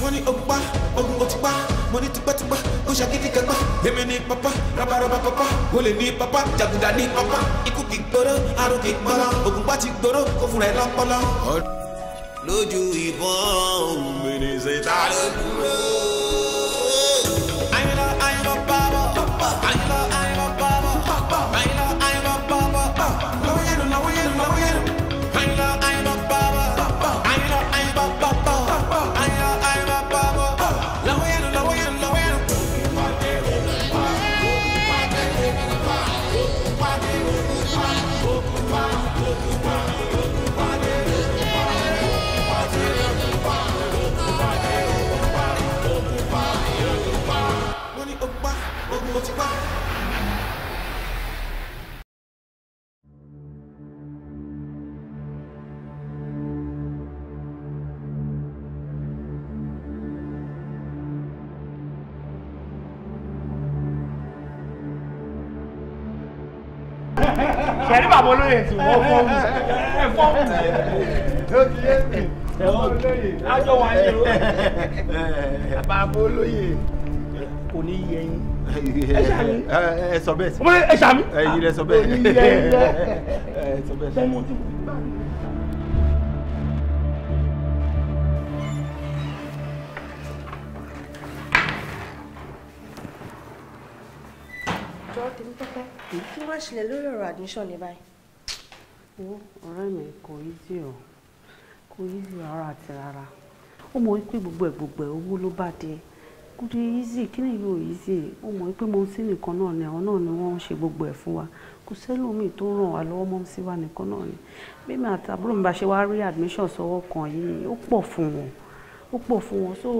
mo ní ogun pa ogun o ti pa mo ní tipẹ́tipẹ́ ó ṣàkìtì kápá èmi ní pápá rabaraba pápá olè ní pápá jàgùdà ní pápá ikú kì í gbóró àrùn kì í gbóró ògùn pa ti gbóró kó fún rẹ lọ́pọlọ. lójú ìbọn òun mi ní ṣe ta ló dúró. sẹ̀rí bàbá olóyè tí wọ́n fọ́ wù ẹ fọ́ wù ló ti yé mi ẹ̀wọ̀n olóyè ájọ wà ní o bàbá olóyè kò ní yẹ yín ẹ sọ bẹ́ẹ̀ sí. ẹ sàmì. ẹ yí kí wọ́n ṣẹlẹ̀ lórí ọ̀rọ̀ admission ní báyìí. wo ọ̀rẹ́ mi kò yí sí o kò yí sí rárá àti rárá ó mọ̀ pé gbogbo ẹ̀ gbogbo ẹ̀ owó ló bá dé kò dé easy kí ni yóò easy ó mọ̀ pé mo sí nìkan náà ni àwọn náà ni wọ́n ń ṣe gbogbo ẹ̀ fún wa kò sẹ́lòmíì tó ràn wá lọ́wọ́ mọ́ sí wa nìkan náà ni bẹ́ẹ̀ mi àtàbúrò mi bá ṣe wá rí admission sọ́wọ́ kan yìí ó pọ̀ fún wọn ó pọ̀ fún wọn so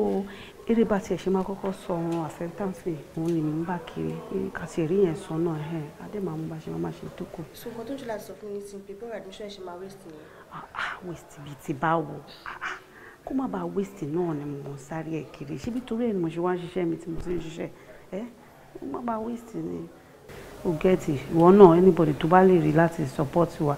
eré bá tiẹ̀ ṣe máa kọ́kọ́ sọ ọ̀run acceptance òun lèmi ń bá kiri pé kàtì ẹ̀rí yẹn sọ náà ẹ̀ adé màá mú bá ṣe máa ṣe tó kù. so nǹkan tó ń jù sọ fún mi ti ń pè bọ́ọ̀rọ̀ ṣe máa waste ni. Ah, ah, waste bíi ti báwo ah, kó má bàa waste náà ni mo ń sáré ẹ̀ kiri ṣé bí torí ẹ̀ ni mo ṣe wá ń ṣiṣẹ́ mi tí mo ti ń ṣiṣẹ́ ẹ́ kó má bàa waste ni. o get it ìwọ náà anybody tó bá lè rí láti support wa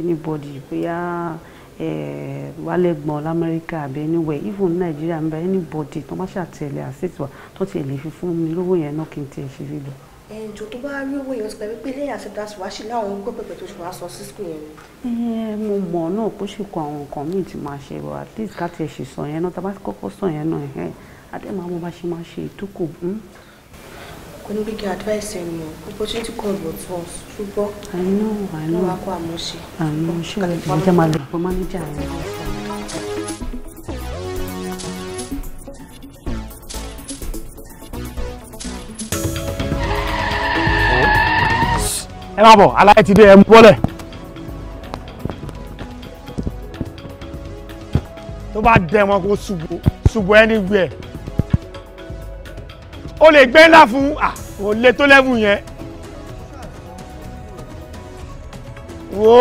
anybody bóyá. Yeah Eh, wálé gbọ́n lamẹ́ríkà àbí anywhere even nàìjíríà ń bẹ anybody tó bá ṣàtẹ̀lé àṣìṣe wa tó tiẹ̀ lè fi fún mi lówó yẹn náà kí n tiẹ̀ ṣe lílọ. ẹnjọ tó bá rí owó yẹn pẹ̀lú pé lẹ́yìn àṣetà sí wa ṣe láwọn gbọ́ pẹ̀pẹ̀ tó ṣe wá sọ sí skul yẹn. ẹ eh, mo mọ̀ náà kó sì kọ àwọn nǹkan míì tí màá ṣe wà at least ká tiẹ̀ ṣe sọ yẹn náà tá a bá kọ́kọ́ sọ yẹn náà onígbèké advice ẹ̀ nù opportunity call but once ṣùgbọ́n wọ́n wá kó àmúṣe. àmúṣe rẹ̀ ìjọba máa lè pọ́ mánéjà rẹ̀. ẹ má bọ̀ aláyé ti dé ẹ mú bọ́lẹ̀. tó bá dẹ̀ wọn kó ṣubú ṣubú ẹni gbé ẹ̀ o lè gbẹ́ ńlá fún ò lè tó lẹ́bù yẹn wo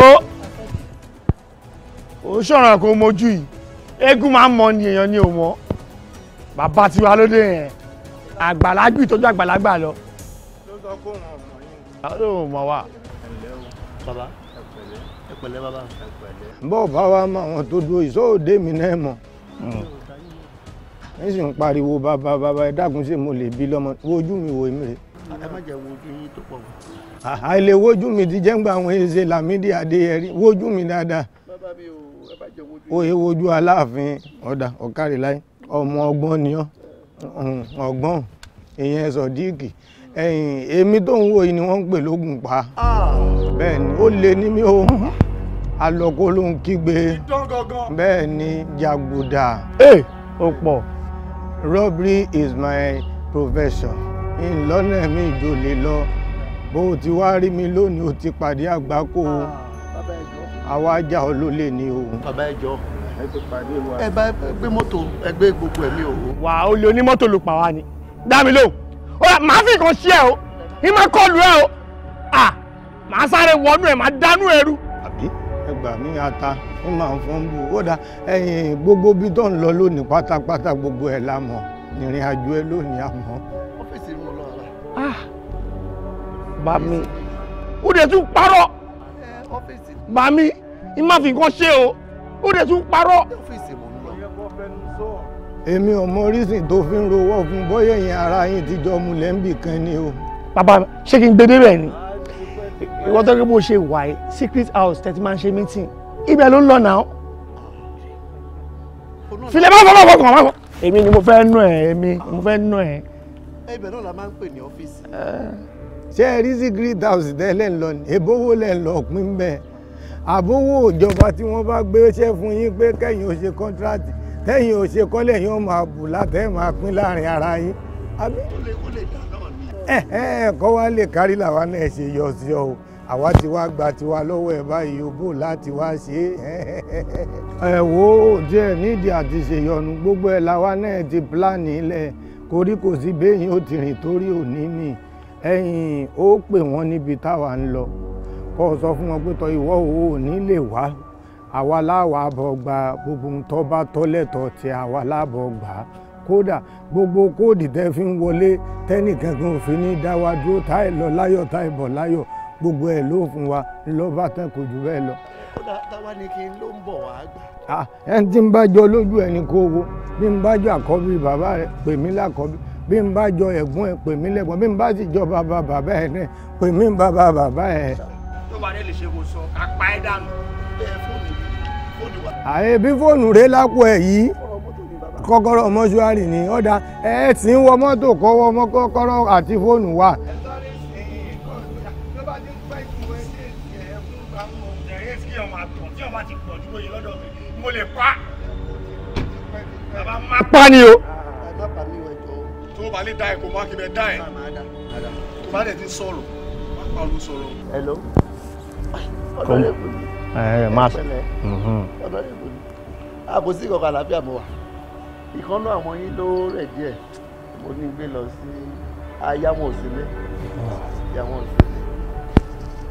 ò ṣọ̀ràn kò mojú yìí eégún máa ń mọ ni èèyàn ni ò mọ bàbá tiwa lóde yẹn àgbàlagbà ìtọ́jú àgbàlagbà lọ. ló sọ kó wọn mọ yín. àwọn ò wa. bàbá ẹ bàbá ẹ pẹ̀lẹ́. bá wa mọ àwọn tó dúró ìṣòòdè mi náà mọ̀. Hmm ń sì ń pariwo bàbá bàbá ẹ dákun mo lè bí lọ́mọ wojú mi wo èmi rè. ẹ má jẹ́ wojú yín tó pọ̀ wá. àìlè wojú mi ti jẹ́ ń gba àwọn èsè Lámídì Adéyẹrí wojú mi dáadáa. bàbá mi ò ẹ má jẹ́ wojú. òye wojú Aláàfin ọ̀dà ọ̀kárì ọmọ ọgbọ́n ni ọ́ ọgbọ́n èèyàn Sodiq ẹ̀yìn èmi tó ń wò yìí ni wọ́n ń pè lógun pa ah! bẹ́ẹ̀ ni ó lé ní mi ó alọ́kó ló ń kígbe bẹ́ẹ̀ ni jàgùdà ó pọ̀ robbery is my profession ńlọ́nà mi ìjò lè lọ bó o ti wá rí mi lónìí o ti pàdé àgbákò ah, àwa ajá olólè ni o. bàbá ẹ jọ ẹ bá gbé mọ́tò ẹgbẹ́ gbogbo ẹ̀mí o. wà á olè onímọ́tò ló pa wá ni dá mi lóhùn ó rà máa fi kan ṣí ẹ o ní máa kọlu ẹ o à máa sáré wọnú ẹ máa dánú ẹrú ẹgbà mí ata ń máa fún bù ó dá ẹ̀yìn gbogbo bí tó ń lọ lónìí pátápátá gbogbo ẹ̀ la mọ̀ ìrìn àjò ẹ lónìí àmọ́. ọ́fíìsì mi lọ ara. ah bami mi ó dẹ̀ tún parọ́ bá mi má fi nǹkan ṣe o ó dẹ̀ tún parọ́. ọ́fíìsì mi lọ. èmi ò mọ rísìn tó fi ń rowọ́ fún bóyá ẹ̀yin ara yín ti jọ mulẹ̀ ń bì kan ni o. bàbá ṣé kí n gbé débẹ̀ ni. Ah ìwọ́n tó ń gbé bó ṣe wà ẹ́ secret house tẹ́tí máa ń ṣe meeting ibẹ̀ ló ń lọ náà filẹ̀ bá fọwọ́ fọwọ́ kàn wá. èmi ni mo fẹ́ nù ẹ́ èmi mo fẹ́ nù ẹ́. ibẹ̀ náà la máa ń pè ní ọ́fíìsì. ṣé ẹ rí secret house tẹ́ lẹ́ ń lọ ni ebówó lẹ́ ń lọ pín bẹ́ẹ̀ àbówó ìjọba tí wọ́n bá gbéṣẹ́ fún yín pé kẹ́yìn ò ṣe contract tẹ́yìn ò ṣe kọ́lẹ̀ yín ó máa bù látẹ́ máa pín láàrin ara yín. ó lè ó lè dá kọ́ wá lè kárí làwa náà ṣe yọ sí ọ o àwa ti wá gba tiwa lọ́wọ́ ẹ̀ báyìí obó láti wá ṣe é ẹ wo díẹ̀ nídìí àti ṣèyọnu gbogbo ẹ̀ làwa náà ti pílánì ilẹ̀ korí kò sí béèyàn ó ti rìn torí òní mi ẹ̀yìn ó pè wọ́n níbi táwa ń lọ kọ́ sọ fún wọn pé tọ́ ìwọ ò ní lè wá àwa láwa bọ̀ gba gbogbo ń tọ́ bá tọ́lẹ̀tọ̀ tí àwa lábọ̀ gbà á kódà gbogbo kóòdì tẹ́ fi ń wọlé tẹ́nìkankan òfin ní dáwà dúró táì lọ láyọ̀ táì bọ̀ láyọ̀ gbogbo ẹ̀ ló fún wa lọ́ba tán kò jù bẹ́ẹ̀ lọ. kódà táwa ni kí n ló ń bọ̀ wá gbà. ẹni tí ń bá jọ lójú ẹ ní kó wo bí n bá jọ àkọ́bí bàbá rẹ pè mí lákọ́bí bí n bá ẹ̀gbọ́n ẹ pè mí lẹ́gbọ́n bí n bá sì jọ bàbá bàbá ẹ náà pè mí bàbá bàbá ẹ. tó bá dé lè ṣe kó sọ ká pa ẹ dànù. àyè bí fóònù rẹ lápò ẹ yìí kọ́kọ́rọ́ mọ́ṣúárì ni ọ̀dà ẹ ti ń wọ mọ́tò kọ́wọ́ mọ́ kọ́kọ́rọ́ àti fóònù wa. apá ni o. tó bá lè dá ẹ kó má kí bẹ dá ẹ tó bá lè ti sọ̀rọ̀ má pa olú sọ̀rọ̀. hello. ọ̀dọ́ lè kú ni. ẹ máa sọ. ọ̀dọ́ lè kú ni. àbòsí kankan àlàáfíà mo wà ìkànnà àwọn yín ló rẹ̀ díẹ̀ mo ní gbé lọ sí ayáwọn òsínlẹ̀ ayáwọn òsínlẹ̀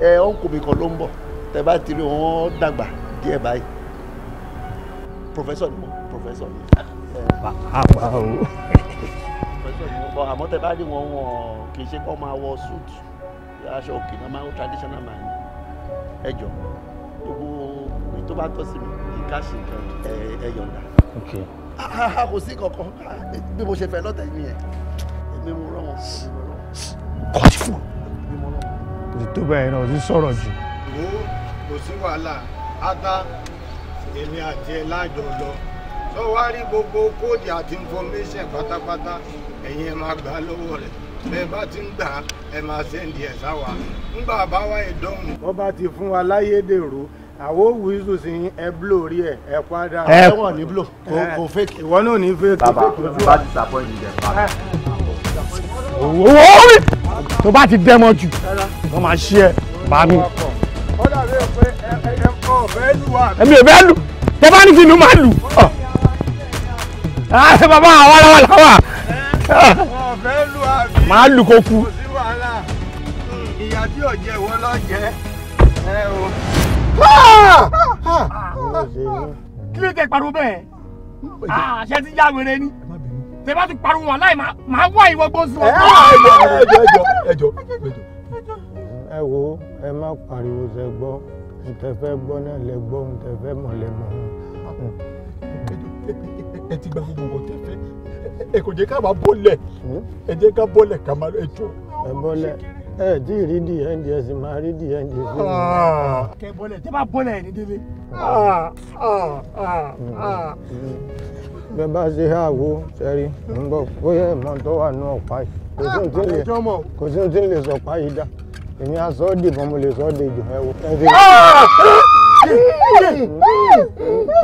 ẹ ọ̀nkùnrin kan ló ń bọ̀ tẹ bá ti rí wọn dàgbà díẹ̀ báyìí professor ni mo professor ni. bàbá o. professor ni mo bọ àmọ́ tẹ bá rí wọn wọn kì í ṣe kó máa wọ suit aṣọ òkè náà máa ń traditional man ẹ jọ gbogbo ètò bá tọ́ sí mi kí ká ṣe ẹ yọ̀ǹda. okay. Ah, kò sí kankan bí mo ṣe fẹ́ lọ́tẹ̀ mi yẹn èmi mo rán wọn. kọ́ ti fún ọ. ètò bẹ́ẹ̀ náà ti sọ̀rọ̀ jù. wo kò sí wàhálà ata èmi àti ẹ láàjọ lọ tó wá rí gbogbo kóòdì àti information pátápátá ẹ̀yin ẹ máa gbà lọ́wọ́ rẹ̀ bẹ́ẹ̀ bá ti ń gbà ẹ máa ṣẹ́ǹdì ẹ̀ sáwà ńgbà bá wá ìdánwò. wọ́n bá ti fún wa láyédèrú àwo wíìsù sí ẹ blo rí ẹ ẹ padà. ẹ wọ ní blo kò fake. ìwọ náà ní fake. bàbá bá ti sàpọ̀ ní ìjẹ̀bá. owó mi tó bá ti dẹ́mọ̀ jù wọ́n máa ṣí ẹ bá mi. èmi ò fẹ́ lù tó bá ní kí inú máa lù. bàbá àwa làwa làwa. màá lù kó kú. ìyá tí ò jẹ ìwọ lọ ẹ o kí ló tẹ pariwo bẹ́ẹ̀ ah, ṣe ti ya wèrè ni tẹ bá ti pariwo wọn láì máa wá ìwọ gbósù wọn. ẹjọ́ ẹjọ́ ẹjọ́ ẹjọ́ ẹ wo ẹ má pariwo ṣe gbọ́ n tẹ fẹ́ gbọ́ náà lẹ gbọ́ n tẹ fẹ́ mọ̀ lẹ mọ̀. ẹ ti gba gbogbo nǹkan tẹ ẹ kò jẹ́ ká máa bọ́lẹ̀ hmm? ẹ jẹ́ ká bọ́lẹ̀ ká ẹ jọ. ẹ bọ́lẹ̀ ẹ tí ì rí di nds máa rí di nds. Ah. kẹ bọ́lẹ̀ tẹ bá bọ́lẹ̀ ẹ̀ ní délé. Ah, ah, mm-hmm. bẹ bá ṣe àwo sẹ́rí ń bọ̀ bóyá ẹ̀mọ́ tó wà ní ọ̀pá yìí kò sí ohun tí ń lè sọ̀pá yìí dá èmi aṣọ ọ́ dìbọn mo lè sọ ọ́ dèjò ẹ wo.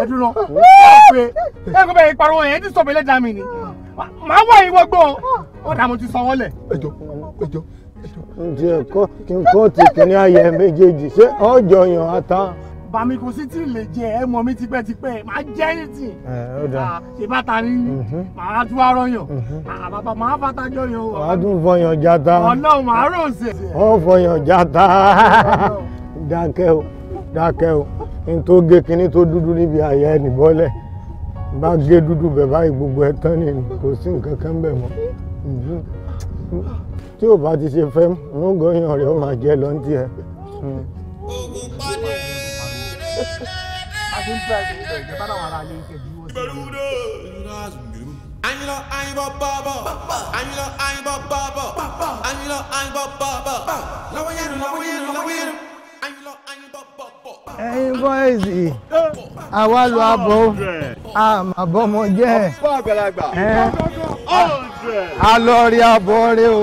ẹ dúró pé ẹ kò bẹ̀rẹ̀ ìpariwo yẹn ti sọ̀bẹ̀lẹ̀ dà mí ni màá wà yín wọ́gbọ́n ó dà mo ti sanwó lẹ̀. ẹjọ ẹjọ ǹjẹ́ ẹ̀kọ́ kí n kọ́ ti kìnní ayẹ méjèèjì ṣé ọjọ́ yan ata. bàmí kò sí tí ì lè jẹ ẹ mọ mi tipẹ́tipẹ́ máa jẹ́ ní tì. ṣe bàtà ni mhm. màá tún wá rọyàn mhm. bàbá màá fata jọyàn o. wàá tún fọyàn jata. ọlọ́run màá rọ̀ọ̀sẹ̀. ọ fọyàn jata dákẹ́ o dákẹ́ o n tó gé kinní tó dúdú níbi àyà ẹnì bọ́lẹ̀ bá gé dúdú bẹ̀ báyìí gbogbo ẹ̀ tán ni kò sí nǹkan kan bẹ̀ mọ́. Mhm tí ò bá ti ṣe fẹ́ mú gọ́yàn rẹ̀ ó máa jẹ́ lọ ní tiẹ̀. ogun ayinbọ bọbọ, ayinlọ ayinbọ bọbọ, ayinlọ ayinbọ bọbọ, lọ́wọ́ yẹnu lọ́wọ́ yẹnu lọ́wọ́ yẹnu ẹyin bọ́ìsì àwa lu abo àmàbọ́mọ jẹ́ ẹ alọ́ọ̀rí abọ́ rẹ o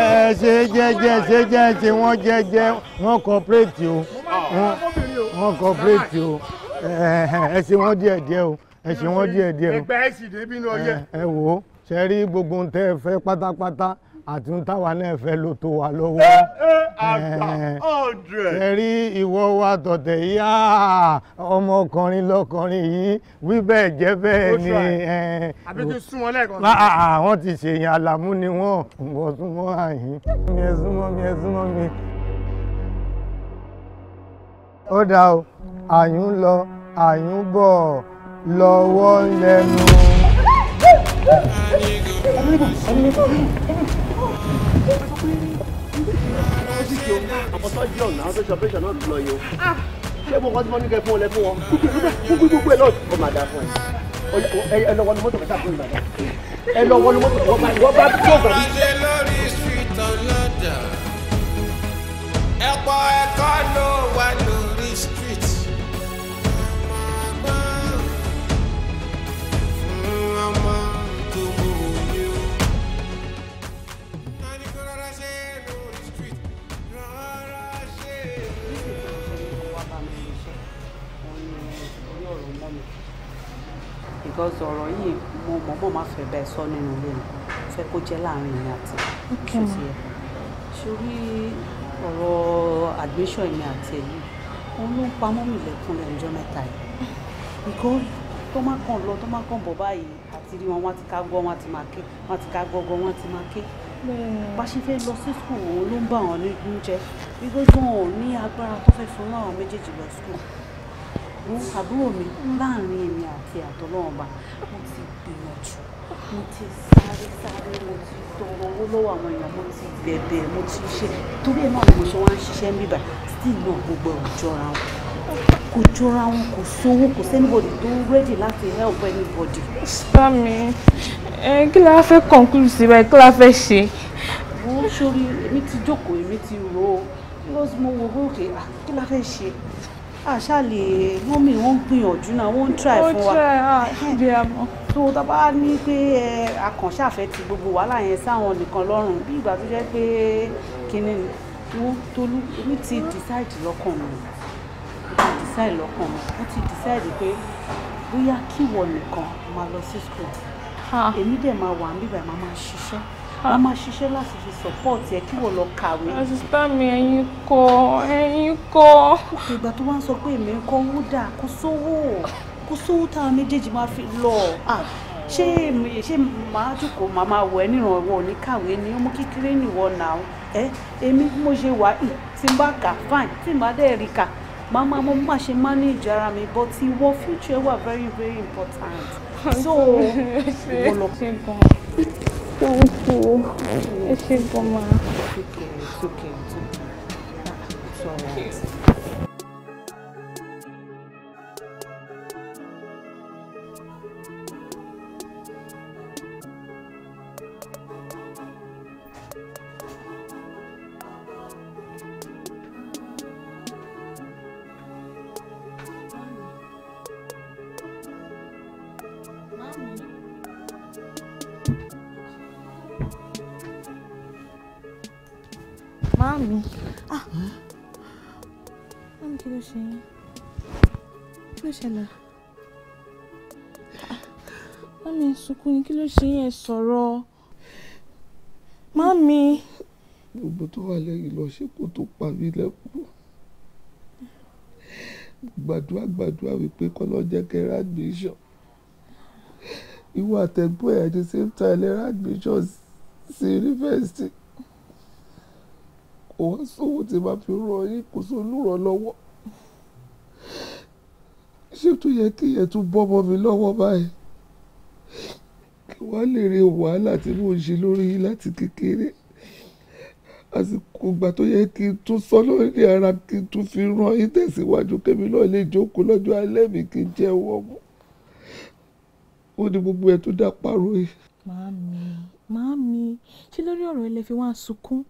ẹ ṣe jẹ́jẹ́ ṣe jẹ́ǹtì wọ́n jẹ́jẹ́ wọ́n kọ́pẹ́rẹ́tì o wọ́n kọ́pẹ́rẹ́tì o ẹ ṣe wọ́n díẹ̀ o ẹ ṣe wọ́n díẹ̀ o ẹ wò ṣe rí gbogbo ohun tẹ́ pátápátá àtúntáwa náà fẹ́ ló tó wa lọ́wọ́. ẹ ẹ àgbà hundred. ẹ rí ìwọ wa tọ̀tẹ̀ yá ọmọkùnrin lọkùnrin yìí wí bẹ́ẹ̀ jẹ́ bẹ́ẹ̀ ni. àbí kí sún wọn lẹ́ẹ̀kan. àwọn ti ṣèyàn àlàmú ni wọ́n wọ́n súnmọ́ àyín. mi ẹ súnmọ́ mi ẹ súnmọ́ mi. ó dà o àyùn lọ àyùn bọ̀ lọ́wọ́ lẹ́nu. lọ́jọ́ on àwọn ah. tó ṣe operation náà ti lọ yìí o ṣé gbogbo ọtí because ọ̀rọ̀ yìí mo mọ̀ mọ̀ máa fẹ́ bẹ́ẹ̀ sọ nínú ilé mi fẹ́ kó jẹ́ láàrin ìyá àti ṣòṣì ẹ̀ sórí ọ̀rọ̀ admission mi àti èyí òun ló ń pamọ́ mi lẹ́kùn lẹ́njọ́ mẹ́ta yìí because tó má kàn lọ tó má kàn bọ̀ báyìí àti rí wọn wọn ti ká gbọ́ wọn ti máa ké wọn ti ká gbọ́gbọ́ wọn ti máa ké bá lọ sí school òun ló ń bá wọn ní jẹ́ because wọn ní agbára tó fẹ́ fún láwọn méjèèjì lọ school àbúrò mi láàrin èmi àti àtọ́lọ́ọ̀ba mo ti gbìyànjú mo ti sáré sáré mo ti tọrọ owó lọ́wọ́ àwọn èèyàn mo ti bẹ̀bẹ̀ mo ti ṣe torí ẹ̀ náà ni mo ṣe wá ń ṣiṣẹ́ ń bíbà still náà gbogbo ẹ̀ ò jọra wọn kò jọra wọn kò sówó kò sẹ́nibọ̀dì tó rẹ́dì láti help anybody. sami ẹ kí la fẹ́ conclude sí báyìí kí la fẹ́ ṣe. wọ́n sórí èmi ti jókòó èmi ti rò ó lọ́sùn mo wo bókè ah, kí la fẹ́ ṣe àṣà ah, lè mọ́mì wọ́n ń gbìyànjú náà wọ́n try fún wa. ó try ah bí tó tá bá ní pé akànṣàfẹ́ ti gbogbo wàhálà yẹn sáwọn nìkan lọ́rùn bí ìgbà tó jẹ́ pé kinní ni tolú èmi ti decide lọ́kàn mi ti decide lọ́kàn mi wọ́n ti decide pé bóyá kíwọ nìkan máa lọ sí school ah. èmi dẹ̀ máa wà níbẹ̀ máa máa ṣiṣẹ́ a máa ṣiṣẹ́ láti fi support ẹ kí wọ́n lọ kàwé. àṣìṣe mi ẹ̀yin kọ́ ẹ̀yin kọ́. òkè ìgbà tó wá ń sọ pé èmi kọ́ wó dà kó sówó kó sówó táwọn méjèèjì máa fi lọ ṣé ṣé màá jókòó màá máa wọ ẹ nírànwọ́ ní kàwé ni ọmọ kékeré nìwọ náà ẹ èmi mo ṣe wà tí n bá kà fine tí n bá dẹ̀ rí kà màmá mo má ṣe manage ara mi but ìwọ future wà very very important so ìwọ lọ. 痛苦，为什么？ṣẹlẹ̀? Mami sunkún ni kí ló ṣe yẹn sọ̀rọ̀? Mami. Gbogbo tó wà lẹ́yìn lọ ṣe kó tó pa mí lẹ́kùn. Gbàdúrà gbàdúrà wípé kọ́lọ́ jẹ́ kẹ́rẹ́ admission. Ìwọ àtẹ̀gbọ́ ẹ̀ àti same time lẹ́rẹ́ admission sí yunifásitì. Kò wá sówó tí màá fi ràn yín kò sólùrànlọ́wọ́ ṣé tó yẹ kí yẹn tún bọ́mọ mi lọ́wọ́ báyìí kí wàá lè rí wàhálà tí mò ń ṣe lórí yìí láti kékeré àsìkò ìgbà tó yẹ kí n tún sọ lórí ara kí n tún fi ràn yín tẹ̀síwájú kémi náà lè jókòó lọ́jọ́ alẹ́ mi kí n jẹ́ owó mu ó ní gbogbo ẹ̀ tó dá parọ́ yìí. màámi màámi ṣé lórí ọ̀rọ̀ ilé fi wá sunkún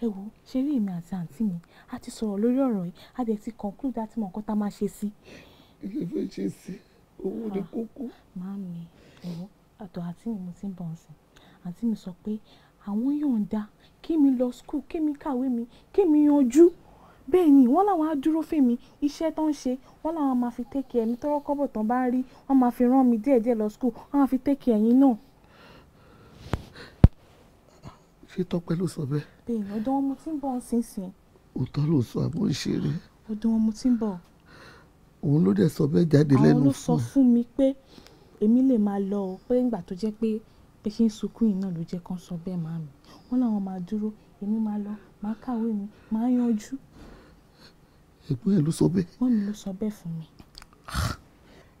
ẹ wò ṣe rí èmi àti àǹtí mi a ti sọ̀rọ̀ lórí ọ̀rọ̀ yìí a dẹ̀ ti conclude láti mọ̀ nǹkan tá a máa ṣe sí i kí lè fẹ́ ṣe sí owó ní ah, kókó. màámi ọ̀rọ̀ àtọ̀ àti mi mo ti ń bọ̀ ń sìn àǹtí mi sọ pé àwọn yọ̀ǹda kí mi lọ skul kí mi kàwé mi kí yanjú bẹ́ẹ̀ ni wọ́n làwọn á dúró fún mi iṣẹ́ tó ń ṣe wọ́n làwọn máa fi tẹ́kì ẹ̀mí tọ́rọ́ kọ́bọ̀ tán bá rí wọ́n máa fi rán mi díẹ̀díẹ̀ lọ skul wọ́n máa fi tẹ́kì ẹ̀yìn náà. ṣé tọ́pẹ́ ló sọ bẹ́ẹ̀. bẹ́ẹ̀ ọ̀dọ̀ wọn mo ti ń bọ̀ ń sínsìn. òótọ́ ló sọ àbọ̀ ń ṣeré. wọn mo ti ń bọ̀ òun ló dẹ̀ sọ bẹ́ẹ̀ jáde lẹ́nu fún àwọn ló sọ fún mi pé èmi lè máa lọ pé ńgbà tó jẹ́ pé pé kí n sunkún yìí náà ló jẹ́ kán sọ bẹ́ẹ̀ máa mi wọ́n làwọn máa dúró èmi máa lọ máa kàwé mi máa yanjú. ẹ̀gbọ́n ẹ̀ ló sọ bẹ́ẹ̀. wọ́n mi ló sọ bẹ́ẹ̀ fún mi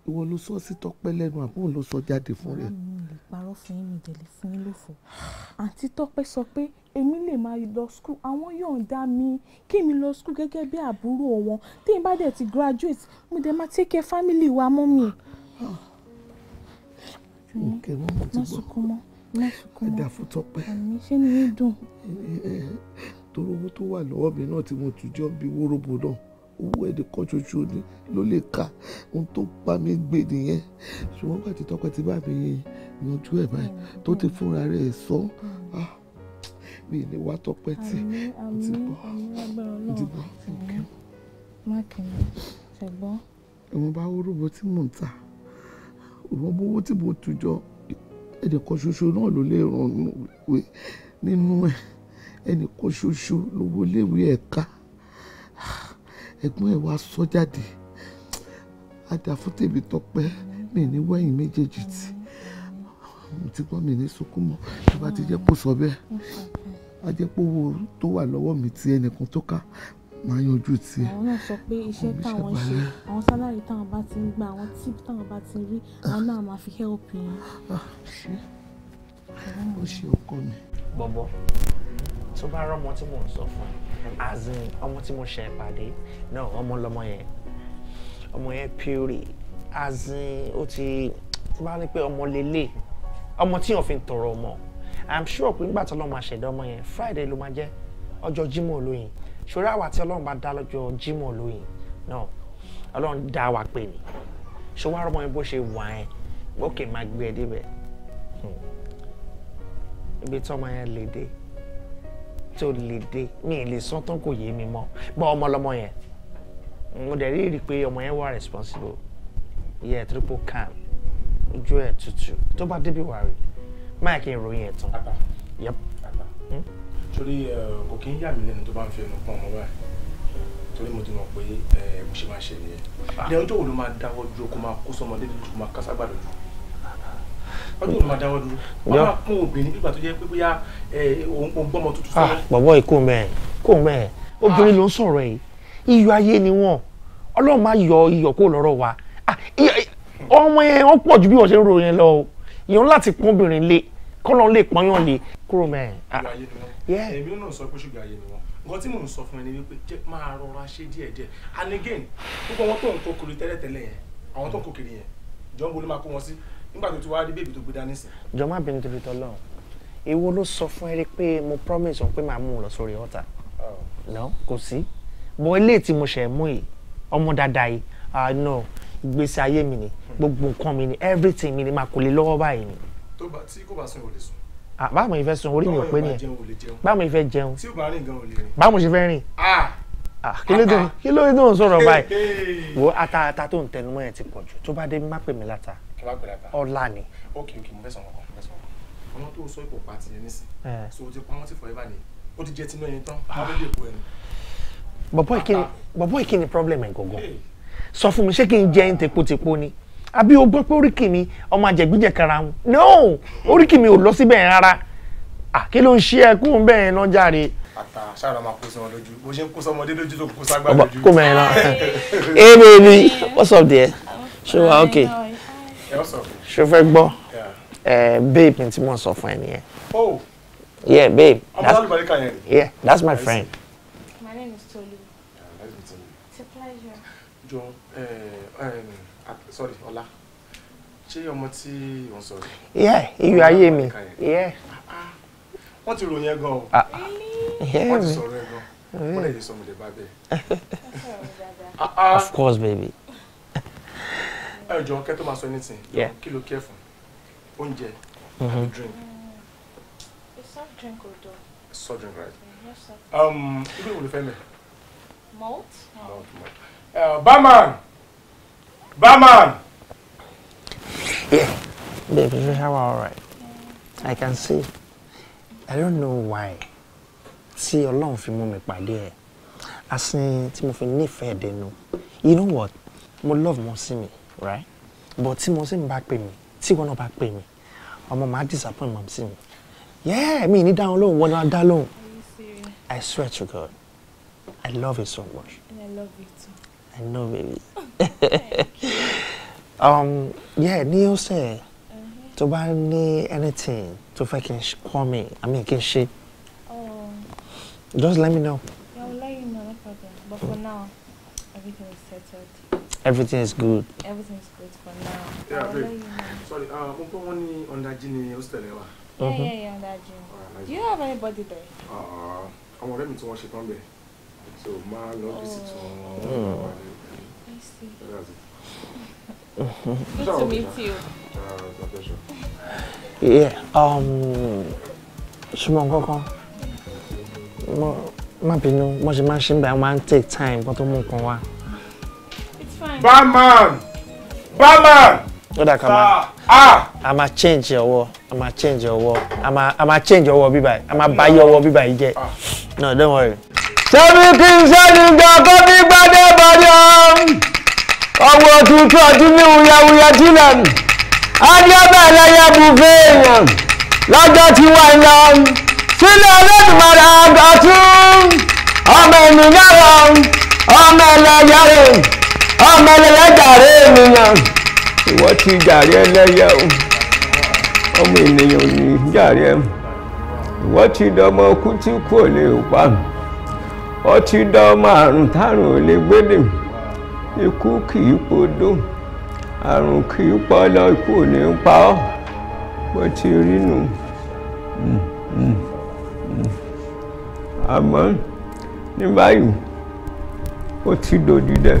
ìwọ ló sọ sí tọ́pẹ́ lẹ́nu àbúrò ló sọ jáde fún rẹ. mi parọ́ fún yín mi ìdẹ̀lẹ̀ fún yín lófo àǹtí tọ́pẹ́ sọ pé èmi lè máa lọ skul àwọn yọ̀ǹda mi kí mi lọ skul gẹ́gẹ́ bí àbúrò wọn tí n bá dẹ̀ ti graduate mo dẹ̀ máa take care family wa mọ́ mi. òkè wọn mo ti gbọ́ mọ́sùkún mọ́ ẹ̀dá fún tọ́pẹ́ àmì ṣé ni yín dùn. torí tó wà lọ́wọ́ mi náà tí mo tù jọ bí wóróbo náà owó ẹnìkan ṣoṣo ni ló lè kà ohun tó bá mi gbé nìyẹn ṣùgbọ́n nígbà tí tọpẹ ti bá mi yanjú ẹ̀ báyìí tó ti fúnra rẹ̀ sọ ah, mi ní wá tọpẹ tí mo ti bọ mo ti bọ thank you. mákìnnì ṣẹ̀gbọ́n. ìwọ̀n bá orúbọ tí mò ń ta ìwọ̀n bówó tí mo tù jọ ẹnìkan ṣoṣo náà ló lè ràn nínú ẹ̀ ẹnìkan ṣoṣo lówó léwu ẹ̀ka ẹ̀gbọ́n ẹ̀ wá sọ jáde àdàfún tèmi tọpẹ́ mi ní wẹ́yìn méjèèjì tí mo ti gbọ́ mi ní sunkún mọ́ tó bá ti jẹ́ kó sọ bẹ́ẹ̀ á jẹ́ kó owó tó wà lọ́wọ́ mi ti ẹnìkan tó ká máa yanjú tiẹ̀. àwọn náà sọ pé iṣẹ́ táwọn ṣe àwọn sálárì táwọn bá ti ń gba àwọn tíìpù táwọn bá ti rí àwọn náà máa fi help yín. Ah, ó ṣe ọkọ mi. bọ́bọ́ tó bá rọ́mọ tí mò ń sọ fún ẹ as in ọmọ tí mo ṣe pàdé náà ọmọ lọmọ yẹn ọmọ yẹn pure as in ó ti ti bá ní pé ọmọ lélẹ̀ ọmọ tí yàn fi ń tọrọ ọmọ i'm sure pé nígbà tí ọlọ́run máa ṣẹ̀dá ọmọ yẹn friday ló máa jẹ́ ọjọ́ jímọ̀ lóyìn ṣòro àwa tí ọlọ́run bá dá lọ́jọ́ jímọ̀ lóyìn náà ọlọ́run dá wa pè ní ṣòwò àrọ́mọ yẹn bó ṣe wà ẹ́ ókè máa gbé ẹ débẹ̀ hmm. ibi tí ọmọ yẹn lè dé tó lè dé mi lè sọ tán kò yé mi mọ́ bọ́ ọmọ lọ́mọ yẹn mo dẹ̀ rí rí pé ọmọ yẹn wà responsible yẹ triple cam ojú ẹ̀ tutù tó bá débi wà rí máa kí n ròyìn ẹ̀ tán. àbá àbá hmm? torí kò kí ń yà mí lẹ́nu tó bá ń fi ẹnu pọ̀ ọmọ báyìí torí mo ti mọ̀ pé mo ṣe máa ṣe nìyẹn ní ah. ọjọ́ wo ló máa dáwọ́ dúró kó máa kó sọmọ dédé máa káságbàdo dúró ọjọ́ wo ló máa dáwọ́ dúró máa kún obìnrin nígbà tó jẹ́ pé bóyá òun eh, gbọ́mọ tuntun ah, sọ́wọ́. bọ̀bọ̀ ikú mẹ́ẹ̀ kó mẹ́ẹ̀ obìnrin ah. ló ń sọ̀rọ̀ yìí iyọ̀ ayé ni wọ́n ọlọ́run máa yọ iyọ̀ kó lọ́rọ̀ wa ah, ọmọ yẹn wọ́n pọ̀ ju bí wọ́n ṣe ń ro yẹn lọ o ìyẹn láti pọ́n obìnrin lé kọ́lọ́n lè pọ́nyàn lé kúrò mẹ́ẹ̀. èmi náà sọ pé ṣùgbọ́n ayé ni wọ́n nǹkan tí mò ń sọ fún ẹ ni wípé jẹ́ máa rọra ṣe díẹ̀díẹ̀ and again gbogbo àwọn tó ń kókiri tẹ́lẹ̀tẹ́lẹ̀ yẹn àwọn tó ń kókiri yẹn jọ́ ń bolú máa kó wọn sí nígbà tó ti wá rí bèbí tó gbé dání sí. jọ má bínú torí tọ́lọ́run èwo ló sọ fún ẹ rí pé mo promise òun pé màá mú un lọ sórí ọ̀tà oh. no kò sí bọ́ ilé tí mo ṣẹ̀ mú yìí ọmọ dáadáa yìí ah no ìgbésí ayé mi ni hmm. gbogbo nǹkan mi ni everything mi ni màá kò lè lọ́wọ́ báyìí ni. tó bá tí kò bá sún ìwòlè sùn ah, báwo mo fẹ́ sun orí mi ò pé nìyẹn báwo mo fẹ́ jẹun tí o bá rìn gan o lè rìn báwo mo ṣe fẹ́ rìn ah. Ah, kí ló dé kí ló dé òun sọ̀rọ̀ báyìí wo ata ata tó ń tẹnumọ́ ẹ̀ ti pọ̀ jù tó bá dé má pè mí láta ọ̀la ni. ok ok mo fẹ́ sọ̀rọ̀ àwọn tó sọ ipò pàtì ní nísìn so o ti pa wọn ti forever ni ó ti jẹ tinú ẹyin tán wọn lè kó ẹnu. bọ̀bọ̀ ìkí ni problem ẹ̀ gangan sọ fún mi ṣé kí n jẹ ẹyin tepotepo ni àbí o gbọ́ pé oríkì mi ọmọ àjẹgbíjẹ kara wọn no oríkì mi ò lọ síbẹ̀ rárá kí ló ń ṣe ẹkún bẹ́ẹ̀ náà jáde ata ṣáàrà máa kó sọmọ lójú bó ṣe ń kó sọmọdé lójú tó kó ságbá lójú. kó mẹ́rin náà hey baby what's up there ṣé wà ok ṣé fẹ́ gbọ́ uh, babe nti mo sọ fún ẹ oh yeah babe. abudulayi barika yẹn. yeah that's my friend. my name is Tolu. Yeah, nice meeting it's a pleasure. jọ eh, um, ẹ sorry ọlá ṣé ọmọ tí ò ń sọ̀rọ̀. yeah iyọ̀ ayé mi yeah. Ah, ah. wọ́n ti ròyìn ẹ gan o. Ah, wọ́n ti sọ̀rọ̀ ẹ gan wọ́n lè yẹ sọmọ lè bá bẹ́ẹ̀. of course baby. ẹ eh, jọ kẹ́ tó máa anything Yeah, ló kẹ́ fún oúnjẹ àbí mhm. drink. Mm. soft drink ò dọ̀. soft drink right. Um, ibi wo ló fẹ́ mẹ́. malt. malt malt. Uh, barman barman. yeah Baby, you shower all right i can see i don't know why See, your fi mú me, pàdé ẹ̀ asin tí mo fi nífẹ̀ẹ́ dẹnu you know what My love mo sí mi right but tí mo sì ń bá pè mí tí wọn náà ọmọ màá disappoint mọ̀ sí mi yeah mi ní dáhùn lóhùn wọn náà dá lóhùn I swear to God I love you so much. And I love you too. I know baby. um, yeah ní ọ̀sẹ̀ uh-huh. tó bá ní anything tó fẹ́ kí n call me I mean kí n ṣe um, just let me know. Yeah, I will let you know no problem but for now everything everything is good. everything is good for now. yeah I'll babe sorry uh, mo gbọ́ wọn ní ọ̀ndájí ní yeah yeah yeah ọ̀ndájí do you have anybody there. Uh, I'm mi to wọ́n it on bẹ̀ so my lọ is wọn. Oh. I see. Good to meet you. Uh, yeah, um, ṣùgbọ́n kankan má bínú mo ṣe máa ń ṣe ń bẹ̀ wọ́n máa ń take time kó tó mú nǹkan wá. Batman! Batman! Lọ́dà kan máa. A máa change I'm a máa change ọwọ́, a máa change ọwọ́ bíbáyìí, a máa báyé ọwọ́ bíbáyìí jẹ́. No, don't worry. Ṣẹ́mi kí n ṣẹ́ni gbàgbọ́ ní gbàdébàdé ọwọ́ tuntun àti ní wuyawuya jìnnà adébẹ̀ lẹ́yẹ bùfẹ́ èèyàn lọ́jọ́ tí wà ń lọ sílẹ̀ olódùmarè àgbà tún ọmọ ènìyàn rẹ̀ ọmọ ẹlẹ́yẹ rẹ̀ ọmọ ẹlẹ́yà jàre ènìyàn ìwọ ti jàre ẹlẹ́yà o ọmọ ènìyàn ní jàre ìwọ ti dọmọ ọkú tí kò lè pa ọ ti dọmọ àrùn tárùn ò lè gbédè ikú kì í podó àrùn kì í pọ̀ lọ ikú ò ní pa ọ́ bó ti rí nù àmọ́ ní báyìí ó ti dòdì dẹ̀.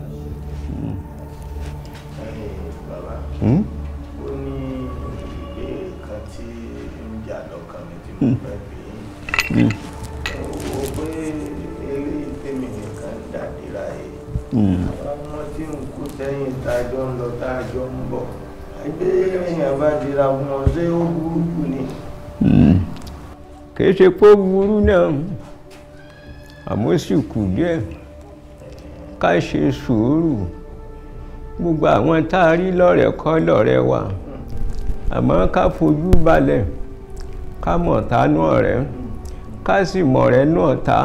Hmm? ó ní ìgbé kan tí ń jà lọ́kàn mi tí mo hmm. fẹ́ bí i ó pé eré tèmi nìkan dàdíra yìí hmm. àwọn ọmọ tí ń kú sẹ́yìn tájọ ń lọ tájọ ń bọ̀ ẹgbẹ́ èèyàn bá dira wọn ṣé ó burú jù ni. kì í ṣe pé ó burú náà àmọ́ sì kù díẹ̀ ká ṣe sùúrù gbogbo àwọn tá a rí lọ́rẹ̀ẹ́ kọ́ lọ́rẹ̀ẹ́ wa àmọ́ ká fojú balẹ̀ ká mọ̀ tá nú ọ̀rẹ́ ká sì mọ̀ rẹ́ nú ọ̀tá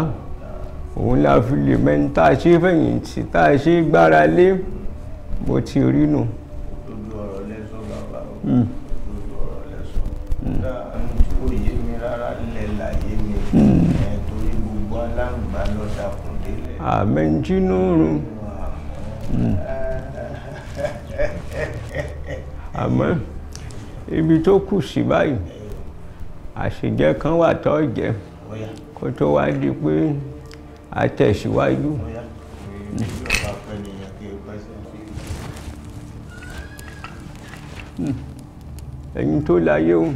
òun la fi lè mẹ́ni tá a ṣe fẹ̀yìntì tá a ṣe gbára lé bó ti rí nù. ojú ọ̀rọ̀ lẹ́sọ̀ bàbá hmm. o ojú ọ̀rọ̀ lẹ́sọ̀ dáa ní àmọ́ ibi tó kù sí báyìí àṣejẹ kan wà tó jẹ kó tó wá di pé a tẹ̀síwájú. ẹ̀yin tó láyé o.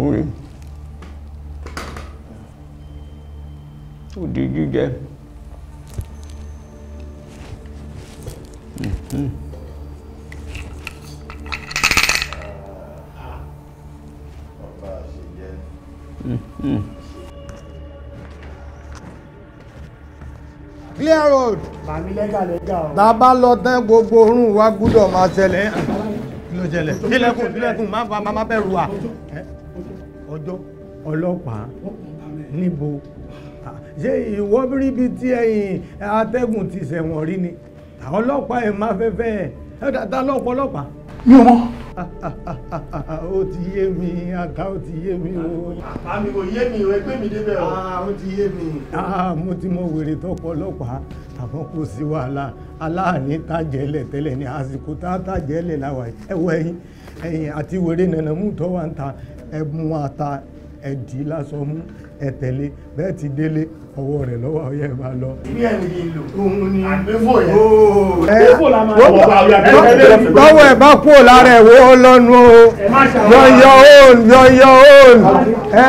Orin. Ó di jíjẹ. clear road bàbá lọ tán gbogbo orun wa gbúdọ̀ máa ṣẹlẹ̀ ló ṣẹlẹ̀ sílẹ̀kùn sílẹ̀kùn má má bẹ̀rù wa ọjọ́ ọlọ́pàá níbo ṣé ìwọ́bíríbi tí ẹ̀yìn atẹ́gùn ti ṣẹ̀wọ̀n rí ni àwọn ọlọ́pàá ẹ̀ máa fẹ́fẹ́ ẹ̀ dáadáa lọ́pọ̀ ọlọ́pàá. mi ò mọ. ó ti yé mi ata ó ti yé mi o. àmì kò yé mi o ẹgbẹ́ mi débẹ̀ o. Ah, ó ti yé mi. Ah, mo ti mọ wèrè tọpọ ọlọ́pàá àmọ́ kò sí wàhálà aláàní tàjẹ́lẹ̀ tẹ́lẹ̀ ní àsìkò tá a tàjẹ́lẹ̀ làwà ẹ̀wọ̀ ẹ̀yìn ẹ̀yìn àti wèrè nànàmú tọ́wọ́ ń ta ẹ̀mú ata ẹ̀dí lásán mú ẹ tẹ̀lé bẹ́ẹ̀ ti délé ọwọ́ rẹ̀ lọ́wọ́ ọ̀yẹ́ ẹ máa lọ. bí ẹni yìí lò òun ni àgbéfò yẹn. àgbéfò la máa wọ àwọn ẹgbẹ́. báwo ẹ bá kú lára ẹ̀ wo lọ́nu o yọ̀yọ̀ òun yọ̀yọ̀ òun ẹ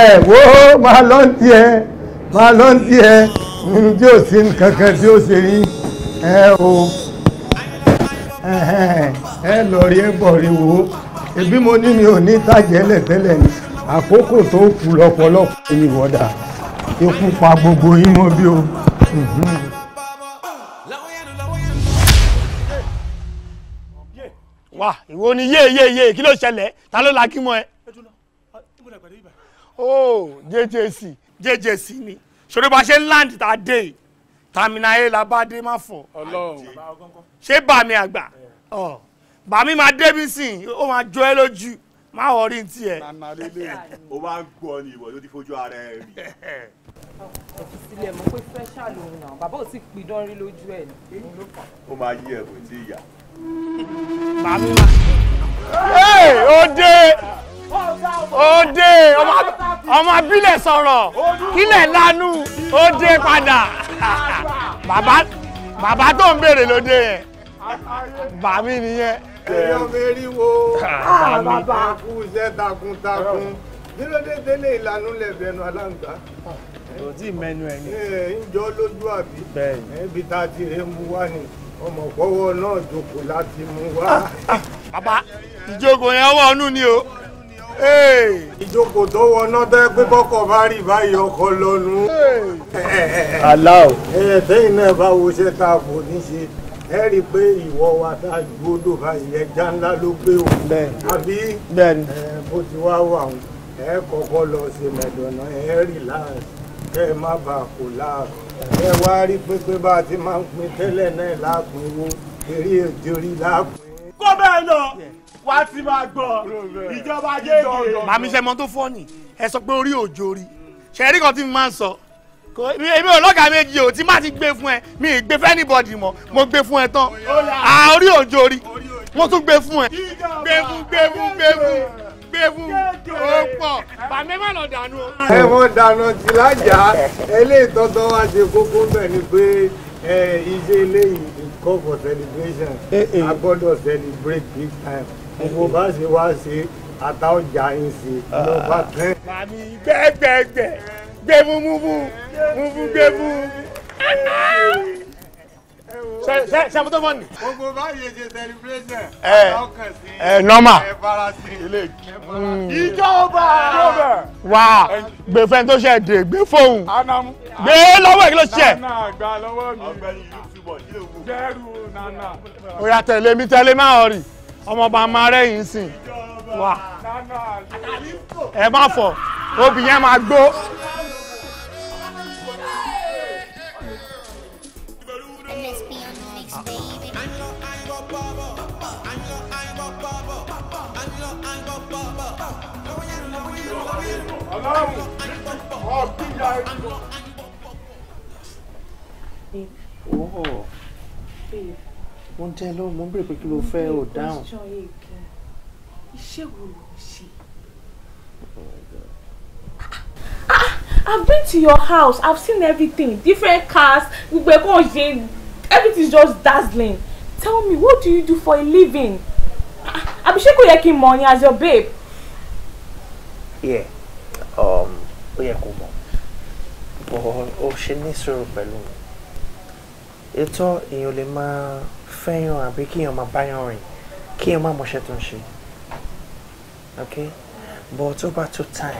ẹ wo máa lọ ń tiẹ̀ máa lọ ń tiẹ̀ nínú tí ó sì ń kankan tí ó ṣe yín ẹ o ẹ lọ rí ẹ bọ̀ rí wo ebi mo ní mi ò ní tàjẹ́ lẹ̀ tẹ́lẹ̀ ni àkókò tó kù lọ́pọ̀lọpọ̀ yìí wọ́dà ikú pa gbogbo yín mọ́ bí o. wà ìwọ ni yéé yéé yéé kí ló ṣẹlẹ̀ ta ló la kí mọ́ ẹ. ó jjc jjc ni ṣòro bá ṣe ń láǹdì tá a dé yìí tàmínà ayé la bá dé má fọ ṣé bàmí àgbà bàmí máa débi sìn ó máa jọ ẹ lójú má wọ rí ti ẹ. màmá lélẹ̀ o máa ń gbọ́ ni ìwọ ló ti fojú ara ẹ rí. ọ̀fi sílẹ̀ mọ̀ pé fẹ́ṣà lòun náà bàbá ò tí pidán rí lójú ẹ̀ ní. ó máa yí ẹ̀ kò tí ì yà. òde òde ọmọ abílẹ̀ sọ̀rọ̀ kílẹ̀ lanu òde padà bàbá tó ń béèrè lóde yẹn bàmí nìyẹn ẹyọ mẹ́rin wo ah, bàbá kú iṣẹ́ takuntakun nílòdé délé ìlànà lẹ́bẹ̀ẹ́nu aláǹgbá. kò tí ì mẹ́nu ẹ̀ ni. ǹjọ́ lójú àbí ibi tá a ti rè mú wá ni ọmọ pọ́wọ́ náà jókòó láti mú wá. Ah, ah, bàbá ìjókòó yẹn wọ̀ ọ́nú ni o. ìjókòó tó wọ náà tẹ́ pé bọ́kọ̀ bá rí báyìí ọkọ̀ lọ́nu. aláwọ̀. ẹ̀ẹ́dẹ́yìn náà bá wo iṣẹ́ tá kò ní ṣe ẹ rí i pé ìwọ wa tá a ju odò báyìí ẹja ńlá ló gbé o àbí ẹ bó ti wá wà o ẹ kọ́kọ́ lọ ṣe mẹ̀dọ̀nà ẹ rí láàrín kẹ́ ẹ má bàa kó láàrín ẹ wá rí pépé bá a ti máa ń pin tẹ́lẹ̀ náà láàpin wo eré èdè orí láàpin. kó bẹ́ẹ̀ lọ wàá ti máa gbọ́ ìjọba jẹ́gẹ̀ẹ́. màmí sẹ́mọ́ tó fọ́ ni ẹ sọ pé orí òjò rí ṣẹ́rí kan tí mo máa ń sọ èmi ò lọ́gàá méjì o tí má ti gbé fún ẹ mi ì gbé fẹ́nìbọ̀dì mọ́ mo gbé fún ẹ tán àórí òjò rí mo tún gbé fún ẹ. gbé fún gbé fún gbé fún gbé fún ó pọ̀ bàmí má lọ dànù. ẹ wọ́n dànù tí lájà eléyìí tọ́tọ́ wá ṣe kókó bẹ́ẹ̀ ni pé iṣẹ́ eléyìí is call for celebration eh, eh. a gbọ́dọ̀ celebrate big time gbogbo bá ṣe wá ṣe àtàwọn ọjà yìí ṣe lọ́ba ah. tẹ́. màmí gbẹ́gbẹ́gbẹ́ gbẹ̀mú múbú múbú gbẹ̀mú. sẹ́mu tó fọ́ọ̀nì. gbogbo báyìí ṣe celebration ọkàn sí ẹ̀fárasí ilé hmm. ìjọba. wà á gbé fẹ́ni tó ṣe dè gbé fóun gbé lọ́wọ́ ẹ̀ kí ló ṣe. nana gba lọ́wọ́ mi ọgbẹ́ni yútúbọ̀ yìí lè wò. jẹ́rù nana. ó yá tẹ̀lé mi tẹ̀lé máa rìn ọmọọba máa rẹ́yìn sìn wà ẹ má fọ obì yẹn máa gbó. mo ń tẹ́ lọ́wọ́ mo ń bèrè pé kí ló fẹ́ ò dáhùn. Ah, I've been to your house. I've seen everything. Different cars. Gbogbo ẹ̀kọ́ ṣe. Everything's just dazzling. Tell me, what do you do for a living? Ah, àbí ṣé kò yẹ kí n mọ̀ ni as your babe. Yeah. Um, yẹ kó mọ̀ bọ́ ó ṣe ní sùúrù pẹ̀lú mi ètò èèyàn lè máa fẹ́yàn àbí kéèyàn máa báyàn rìn kéèyàn má mọṣẹ́ tó ń Okay, but over bá tó time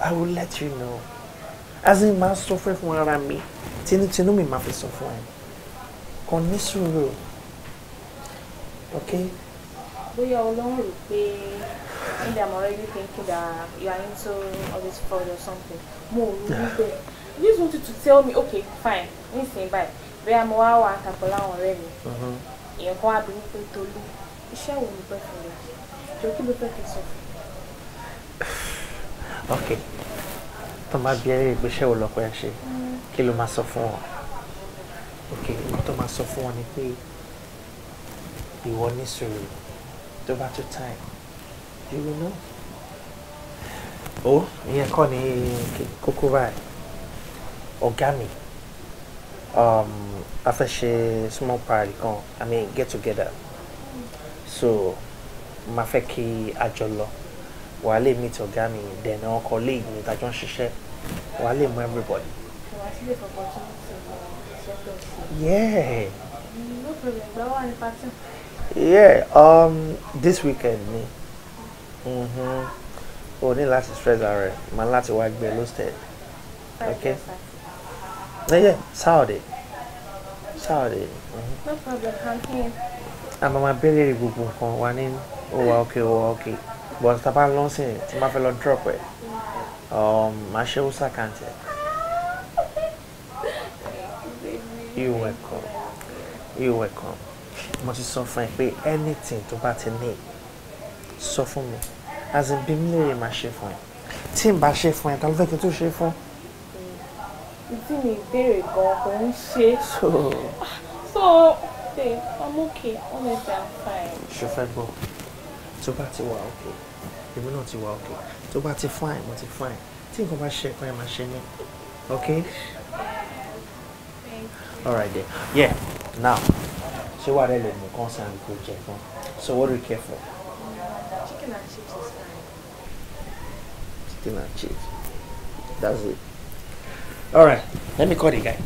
I will let you know as in máa sọ fún ẹ fún ara mi tinútinú mi máa fi sọ fún ẹ kàn ní sùúrù ok bóyá ọlọ́run rò pé maybe I'm already thinking that you are into all this fraud or something mo rò wípé you just wanted to tell me okay fine nísìnyí báyìí bóyá mo wá wà àtàkùn láwọn ọ̀rẹ́ mi uh-huh. èèyàn kan wá bí wípé Tolú iṣẹ́ wo ló fẹ́ fún mi jọ kí ló fẹ́ kí n sọ fún ok tó máa bí ẹrí ìgbésẹ̀ wo lọ́pọ̀ ẹ̀ ṣe kí ló máa sọ fún wọn ok tó máa sọ fún wọn ni pé ìwọ ní sùúrù tó bá tó time you will know. ó oh, ìyẹn kọ́ ni kókó báyìí ọ̀gá mi um, a fẹ́ ṣe small party kan i mean get together so máa fẹ́ kí a jọ lọ wàá lè meet ọ̀gá mi then àwọn colleague mi tàjọ ń ṣiṣẹ́ wàá lè mú everybody. yeah. no problem gba wa ni party yeah um this weekend ni mm-hmm. Oh, ní last stress ara ẹ máa láti wá gbé lóstẹd okay yeah, yeah saturday saturday. Mm-hmm. no problem continue. àmọ́ máa bẹ̀rẹ̀ gbogbo nǹkan wa ní ó oh, wà okay ó oh, wà okay but tá a bá lọ sí tí máa fẹ́ drop ẹ̀ máa um, ṣe ó sàkáǹtì ẹ̀. you welcome you welcome mo ti sọ fún ẹ pé anything tó bá ti ní sọ fún mi as in bí mi lè máa ṣe fún ẹ tí n bá ṣe fún ẹ ta ló fẹ́ kí n tó ṣe fún. ìdí mi ìbéèrè gan kò ń ṣe. so so babe i'm okay honestly i'm fine. ṣe fẹ́ gbọ́ tó bá ti wà okay èmi náà ti wà okay tó bá ti fine mo ti fine tí nǹkan bá ṣe ẹ̀kan ẹ̀ máa ṣe ní okay. all right then yeah now ṣé wàá rẹ lè mú kán sàn jẹ fún so what do you care for. chicken and chips is fine. chicken and chips that's it. all right let me call the guy.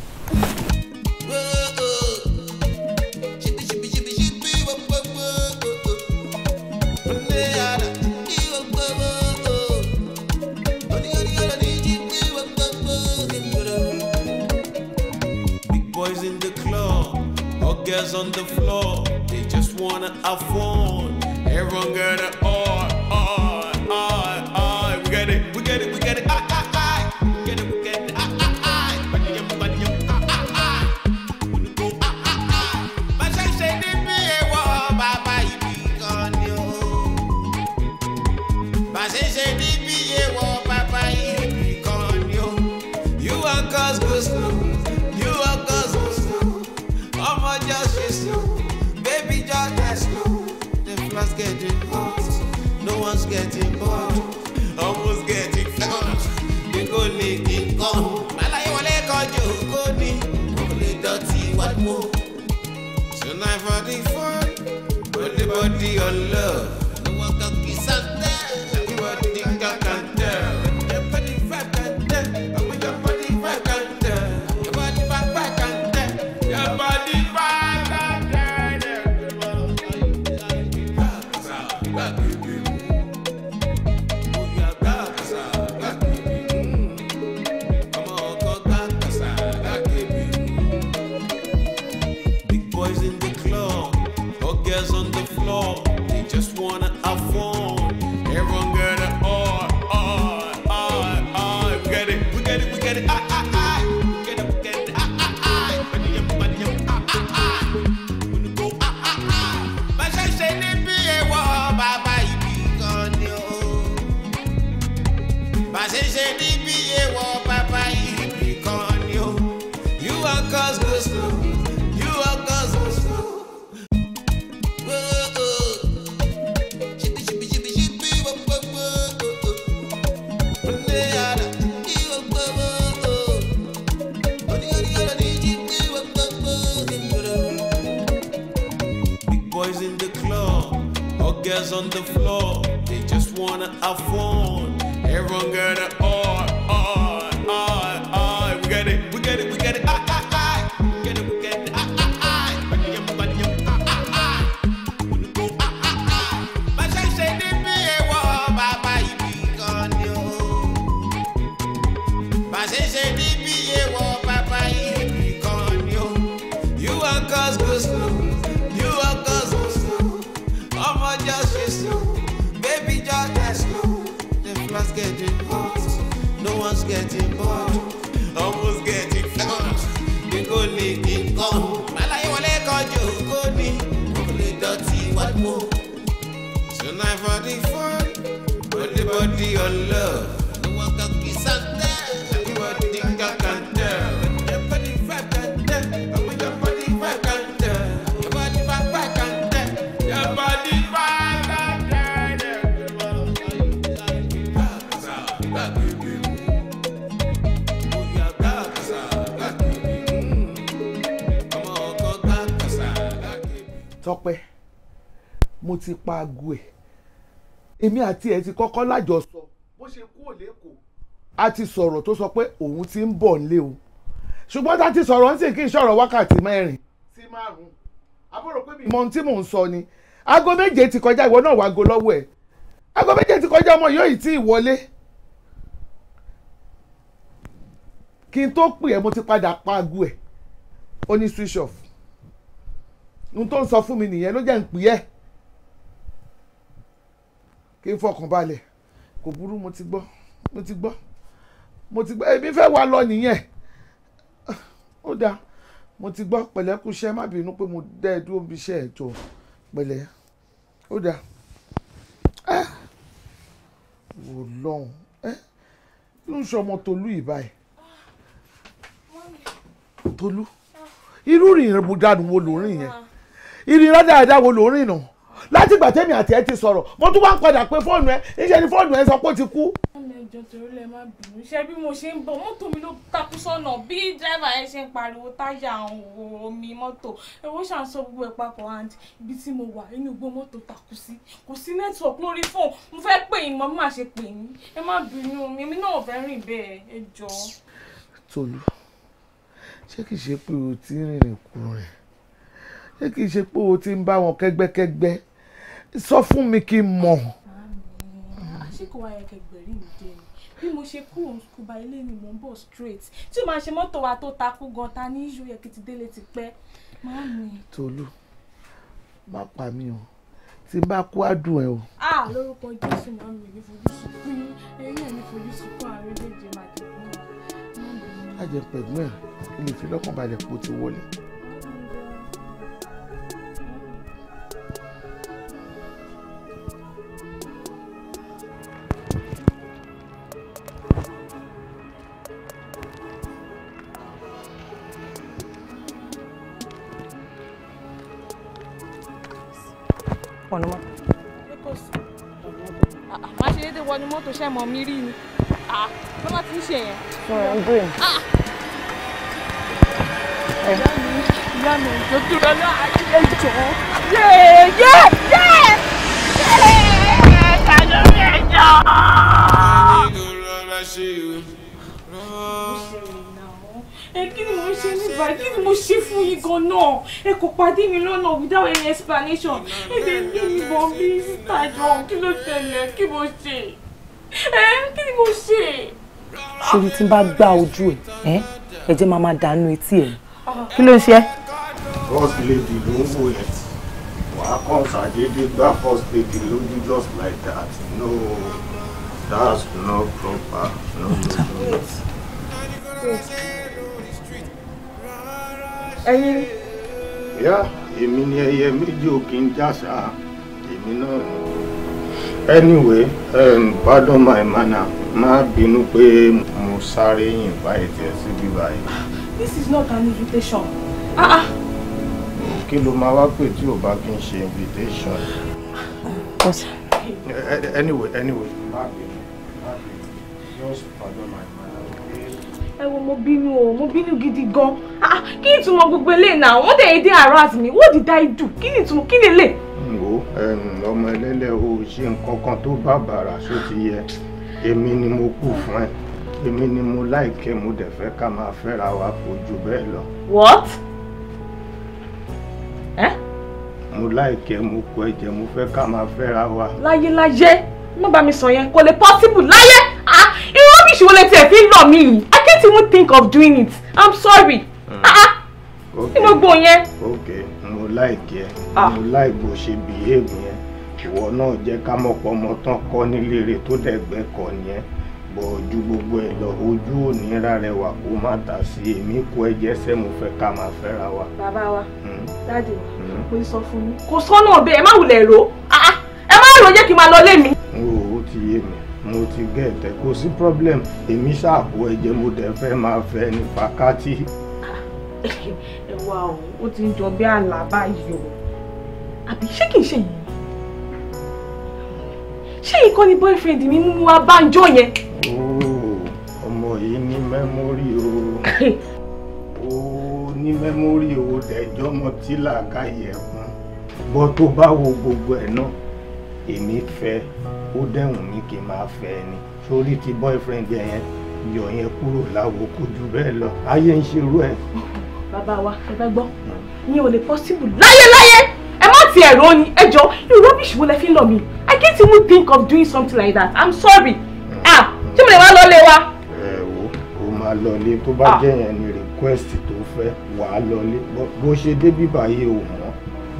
girls on the floor, they just wanna have fun. Everyone got an art. getting bored, almost getting fed. Gbégbó lè kí n kọ́. Màláyé wọlé kọjú kó ní. Kò lè dọ̀tí wọ́dúnwó. Tonight for the fun, only body on love. tọ́pẹ́ mo ti pa aago ẹ̀ èmi àti ẹ̀ ti kọ́kọ́ lájọsọ bó ṣe kúrò lẹ́kọ̀ọ́ a ti sọ̀rọ̀ tó sọ pé òun ti ń bọ̀ nílé o ṣùgbọ́n tá a ti sọ̀rọ̀ ń sìn kí n sọ̀rọ̀ wákàtí mẹ́rin sí márùn-ún àbúrò pé mi mọ ohun tí mò ń sọ ni aago méje ti kọjá ìwọ náà wàá go lọ́wọ́ ẹ̀ aago méje ti kọjá ọmọ yóò tí ì wọlé kí n tó pè ẹ́ mo ti padà pa aago ẹ̀ ó ní switch off n tó ń sọ fún mi nìyẹn ló jẹ́ ń pè ẹ́ kí n fọkàn balẹ̀ kò burú mo ti gbọ́ mo ti gbọ́ mo ti gbọ́ èmi fẹ́ wá lọ nìyẹn ó dáa mo ti gbọ́ pẹ̀lẹ́kùṣẹ́ má bínú pé mo dẹ́ ẹ dúró bí iṣẹ́ ẹ̀ jọ pẹ̀lẹ́ ó dáa wò lọ́hùn ló ń sọ ọmọ Tolú ìbáyìí Tolú irú rìn ìrìnbùdánù wo ló rìn yẹn ìrìnà dáadáa wo ló rìn nà láti ìgbà tẹ́mi àti ẹ ti sọ̀rọ̀ mo tún wá ń padà pé fóònù ẹ níṣẹ́ ni fóònù ẹ sọ pé ó ti kú. ẹjọ torí lẹ má bínú iṣẹ́ bí mo ṣe ń bọ̀ mọ́tò mi ló takú sọ́nà bí dírẹ́fà yẹn ṣe ń pariwo táyà omi mọ́tò ẹwọ ṣàǹsọ gbogbo ẹ papọ̀ àǹtí ibi tí mo wà inú igbó mọ́tò takú sí kò sí nẹ́tíwọ̀kì lórí fóònù mo fẹ́ pè yín mọ́ má ṣe pè yín ẹ má bínú mi èmi náà fẹ́ rìn bẹ́ẹ̀ ẹjọ. Tolú ṣé kìí ṣe pé o ti ń bá wọn kẹ́gbẹ́kẹ́gbẹ́ sọ fún mi kí n mọ̀. àṣìkò ayẹ kẹgbẹ̀rí mi dé bí mo ṣe kúrò ní ilé ni mò ń bọ̀ straight tí màá ṣe mọ́tò wa tó takú gan ta ní ìṣó yẹ kí ti délé ti pẹ́ máa mi. Tolú má pa mí o tí bá kú àdùn ẹ o. a lórúkọ Jésù máa mi ní fojú sunkún eyín ẹ̀ ní fojú sunkún ààrẹ méje máa jẹ pẹ̀lú ẹ̀ kí lè fi lọ́kàn ti wọlé. ṣe mọ̀ mí rí ni bó má ti ń ṣe yẹn. sọ̀rọ̀ ń gbé. ìyá mi ìyá mi ìjọ dúró náà àti ẹjọ́ yéé yéé yéé yéé ìdájọ́ mi ẹjọ́. ẹ kí ni kí ni mo ṣe fún yín gan náà ẹ kò pàdé mi lọ́nà without any explanation ẹ lè gbé mi bí sítájọ́ kí ló tẹ̀lé kí mo ṣe ẹ kí ni mo ṣe. ṣòrí tí n bá gbá ojú ẹ ẹ̀jẹ̀ máa máa dànù etí ẹ kí ló ń ṣe. first lady ló ń wò yẹn wàá kàn ṣàdédé gbá first lady lójú just like that no that's not proper. No, no, no. ẹyin. yá èmi ni ẹyẹ méjì ò kí ń jà sáà èmi náà anyway um, pardon my manner má bínú pé mo sáré invite ẹ síbí báyìí. this is not an invitation. Ah, ah. kí ló máa wá pè tí ò bá kí n ṣe invitation. Eh, anyway anyway má bínú má bínú just pardon my manner. ẹ wo mo bínú o mo binu gidi gan ah, ah, kini ni ìtumọ̀ gbogbo eléyìí náà wọ́n dẹ̀ ẹ́ dé harass what did I do kini ni ìtumọ̀ kí ọmọ ẹlẹ́lẹ̀ ṣe nǹkan kan tó bá bàrà só ti yẹ èmi ni mo kù fún ẹ èmi ni mo láìkẹ́ mo dẹ̀ fẹ́ ká máa fẹ́ra wa kò jù bẹ́ẹ̀ lọ. what? Eh? mo láìkẹ́ mo kọ ẹ̀jẹ̀ mo fẹ́ ká máa fẹ́ra wa. láyéláyé má bá mi sọ yẹn kò lè possible láyé ah irú rubbish wo lè tiẹ̀ fi lọ mi yìí i can't even think of doing it i'm sorry. Hmm. Ah, ah. Okay. kí ló gbọ́ yẹn. okay láìkí ẹ ah. mi ṣe bìhéèbù yẹn ìwọ náà jẹ́ ká mọ̀ ọmọ tán kọ́ nílé tó dẹ̀gbẹ́ kọ́ nìyẹn bọ̀ ju gbogbo ẹ̀ lọ ojú òníra rẹ wà kó má ta sí èmi kó ẹ jẹ́sẹ̀ fẹ́ ká máa fẹ́ra wa. bàbá wa hmm. dáàdì wa hmm. sọ fún mi. kò sọ́nà bẹ́ẹ̀ ẹ má wulẹ̀ rò ah, ah, ẹ má rò jẹ́ kí n máa lọ lé mi. o ti yé mi mo ti gẹ̀ẹ́tẹ̀ kò sí problem èmi ṣáà kó mo dẹ̀ fẹ́ máa fẹ́ nípa kátì wá o ó ti ń jọ bí àlá báyìí o àbí ṣé kìí ṣe yìí ṣé yìí kọ́ ni boyfriend mi mú wa báńjọ́ yẹn. Oh, ọmọ yìí ní mẹ́mórì o ó ní mẹ́mórì o dẹ̀jọ́ mọ tí làákàyè ẹ̀kún bọ́ tó bá wo gbogbo ẹ̀ náà èmi fẹ́ ó dẹ̀wùn mi kì í máa fẹ́ ni sórí ti boyfriend yẹn yọ yẹn kúrò láwo kò jù bẹ́ẹ̀ lọ ayé ń ṣerú ẹ̀. bàbá wa ẹ fẹ́ gbọ́ ìyẹn ò lè possible láyéláyé ẹ má ti ẹ̀rọ ni ẹ jọ irú rubbish wo lẹ fi ń lọ mi I can't even think of doing something like that I'm sorry ah, ah ṣé mo lè wá lọ lé wa. ẹ wo o máa lọ lé tó bá ah. jẹ́ yẹn ni request tó fẹ́ wà á lọ lé bó ṣe débí báyìí o mọ̀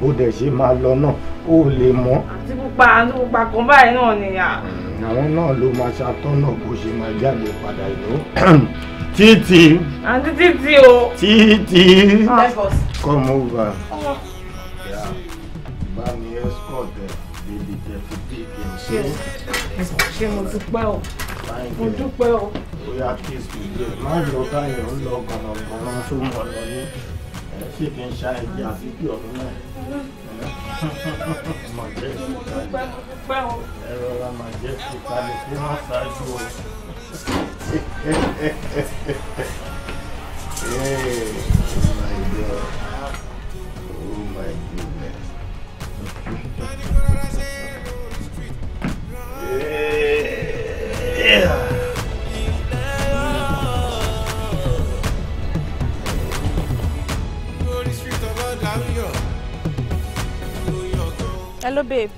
bó dẹ̀ ṣe máa lọ náà ó lè mọ̀. àti pupa àti pupa kan báyìí náà nìyà. Ah. Hmm, àwọn náà ló máa ṣàtọ́nà bó ṣe máa jáde padà ìlú. Titi. Aunty Titi o. Titi. Ah, Come over. Ah. Yeah. Bami escort ẹ débi tẹ fi pick him ṣe. Ṣé Hello, babe.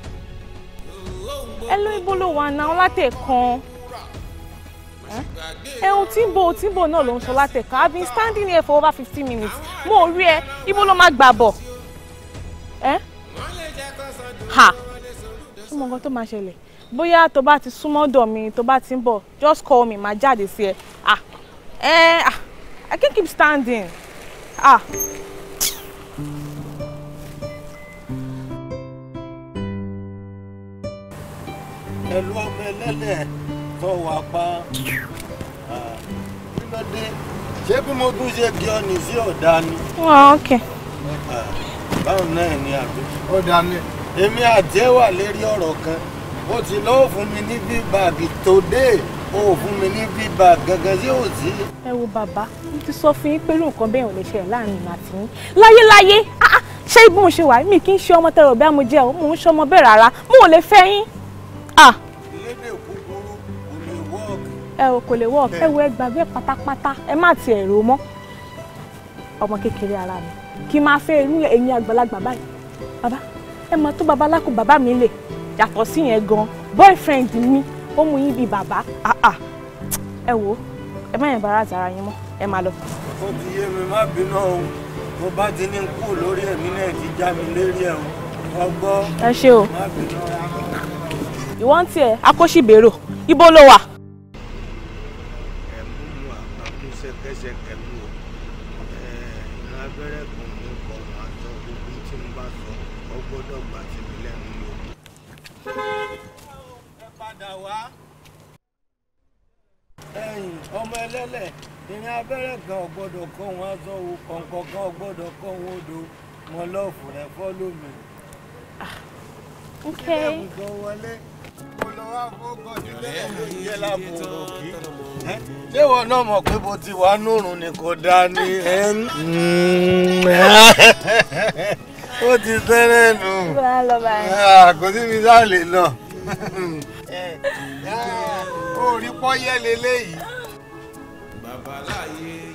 Hello, ibo lo wà náà látẹ̀kan ẹ̀hún tìǹbò tìǹbò náà ló ń sọ látẹ̀kọ́ I've been standing here for over fifteen minutes mo ò rí ẹ ibo ló máa gbà bọ̀ ẹ́ ha ṣé mo nǹkan tó máa ṣẹlẹ̀ bóyá tó bá ti súnmọ́ dọ̀ mi tó bá ti ń bọ̀ just call me màá jáde sí ẹ ah eh ah I can't keep standing ah. ẹ lọ́ọ́ bẹ lẹ́lẹ̀ fọwọ́ apá ah. kí ló ṣé bí mo tún ṣe kí ọ ní sí ọ̀dà ni. Ah, wọ́n náà ni àbí ọ̀dà ni èmi àti ẹ wà lérí ọ̀rọ̀ kan ó ti lọ́ọ́ fún mi ní bíbáàgì today ó fún mi ní bíbá gangan sí òsì. ẹ wo bàbá mo ti sọ fún yín pé nǹkan bẹ́ẹ̀ ò lè ṣẹlẹ̀ láàrin ìrìn àti yín láyéláyé ah, ṣé bí ṣe wà mí kì í ṣe ọmọ tẹrọ bí amújẹ o mò ń ṣe ọmọ bẹ́ẹ̀ rárá mo ò lè fẹ́ yín ẹ ò kò lè work ẹ wo ẹ gbàgbé pátápátá ẹ má tiẹ̀ rò mọ́ ọmọ kékeré ara mi kí n máa fẹ́ irú ẹ̀yin àgbàlagbà báyìí bàbá ẹ mọ tó bàbá lákò bàbá mi lè yàtọ̀ sí yẹn gan boyfriend mi ó mú yín bí bàbá ẹ wo ẹ má yẹn bàrà àtàrà yín mọ́ ẹ má lọ. ó ti yé mi má bínú o mo bá ti ní kú lórí ẹ̀mí náà ti já mi lérí ẹ̀ o ọgbọ́n má bínú rárá. ìwọ́n tiẹ̀ akóṣìbérò ibo ló wà. padà wá. ẹ̀yin ọmọ ẹlẹ́lẹ̀ ìrìn abẹ́rẹ́ kan ọ̀gbọ́dọ̀ kọ́ wọn aṣọ kọ̀ǹkọ̀ kan ọ̀gbọ́dọ̀ kọ́ wọn odò mọ́ lọ́ọ̀fù rẹ̀ fọ́ lómi. Ah, ok. ìrìn náà mọ̀ pé bó ti wà nùrùn ni kò dáa ní mm, ó ti tẹ́rẹ̀ nù ah, kò síbi sáà lè lọ. orí pọ́yẹ́ leléyìí.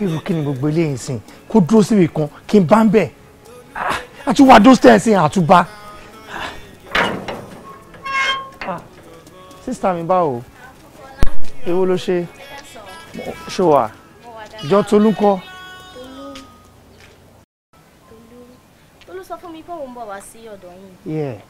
irú kí ni gbogbo eléyìí sìn kó dúró síbi kan kí n bá ń bẹ̀ àti wàá dúró stẹ́ǹsì àtúbá. Ah, sísítà mi báwo èwo ló ṣe ṣó wà jọ Tolú ńkọ́. Tolú sọ fún mi pé òun bọ̀ wá sí ọ̀dọ̀ yìí.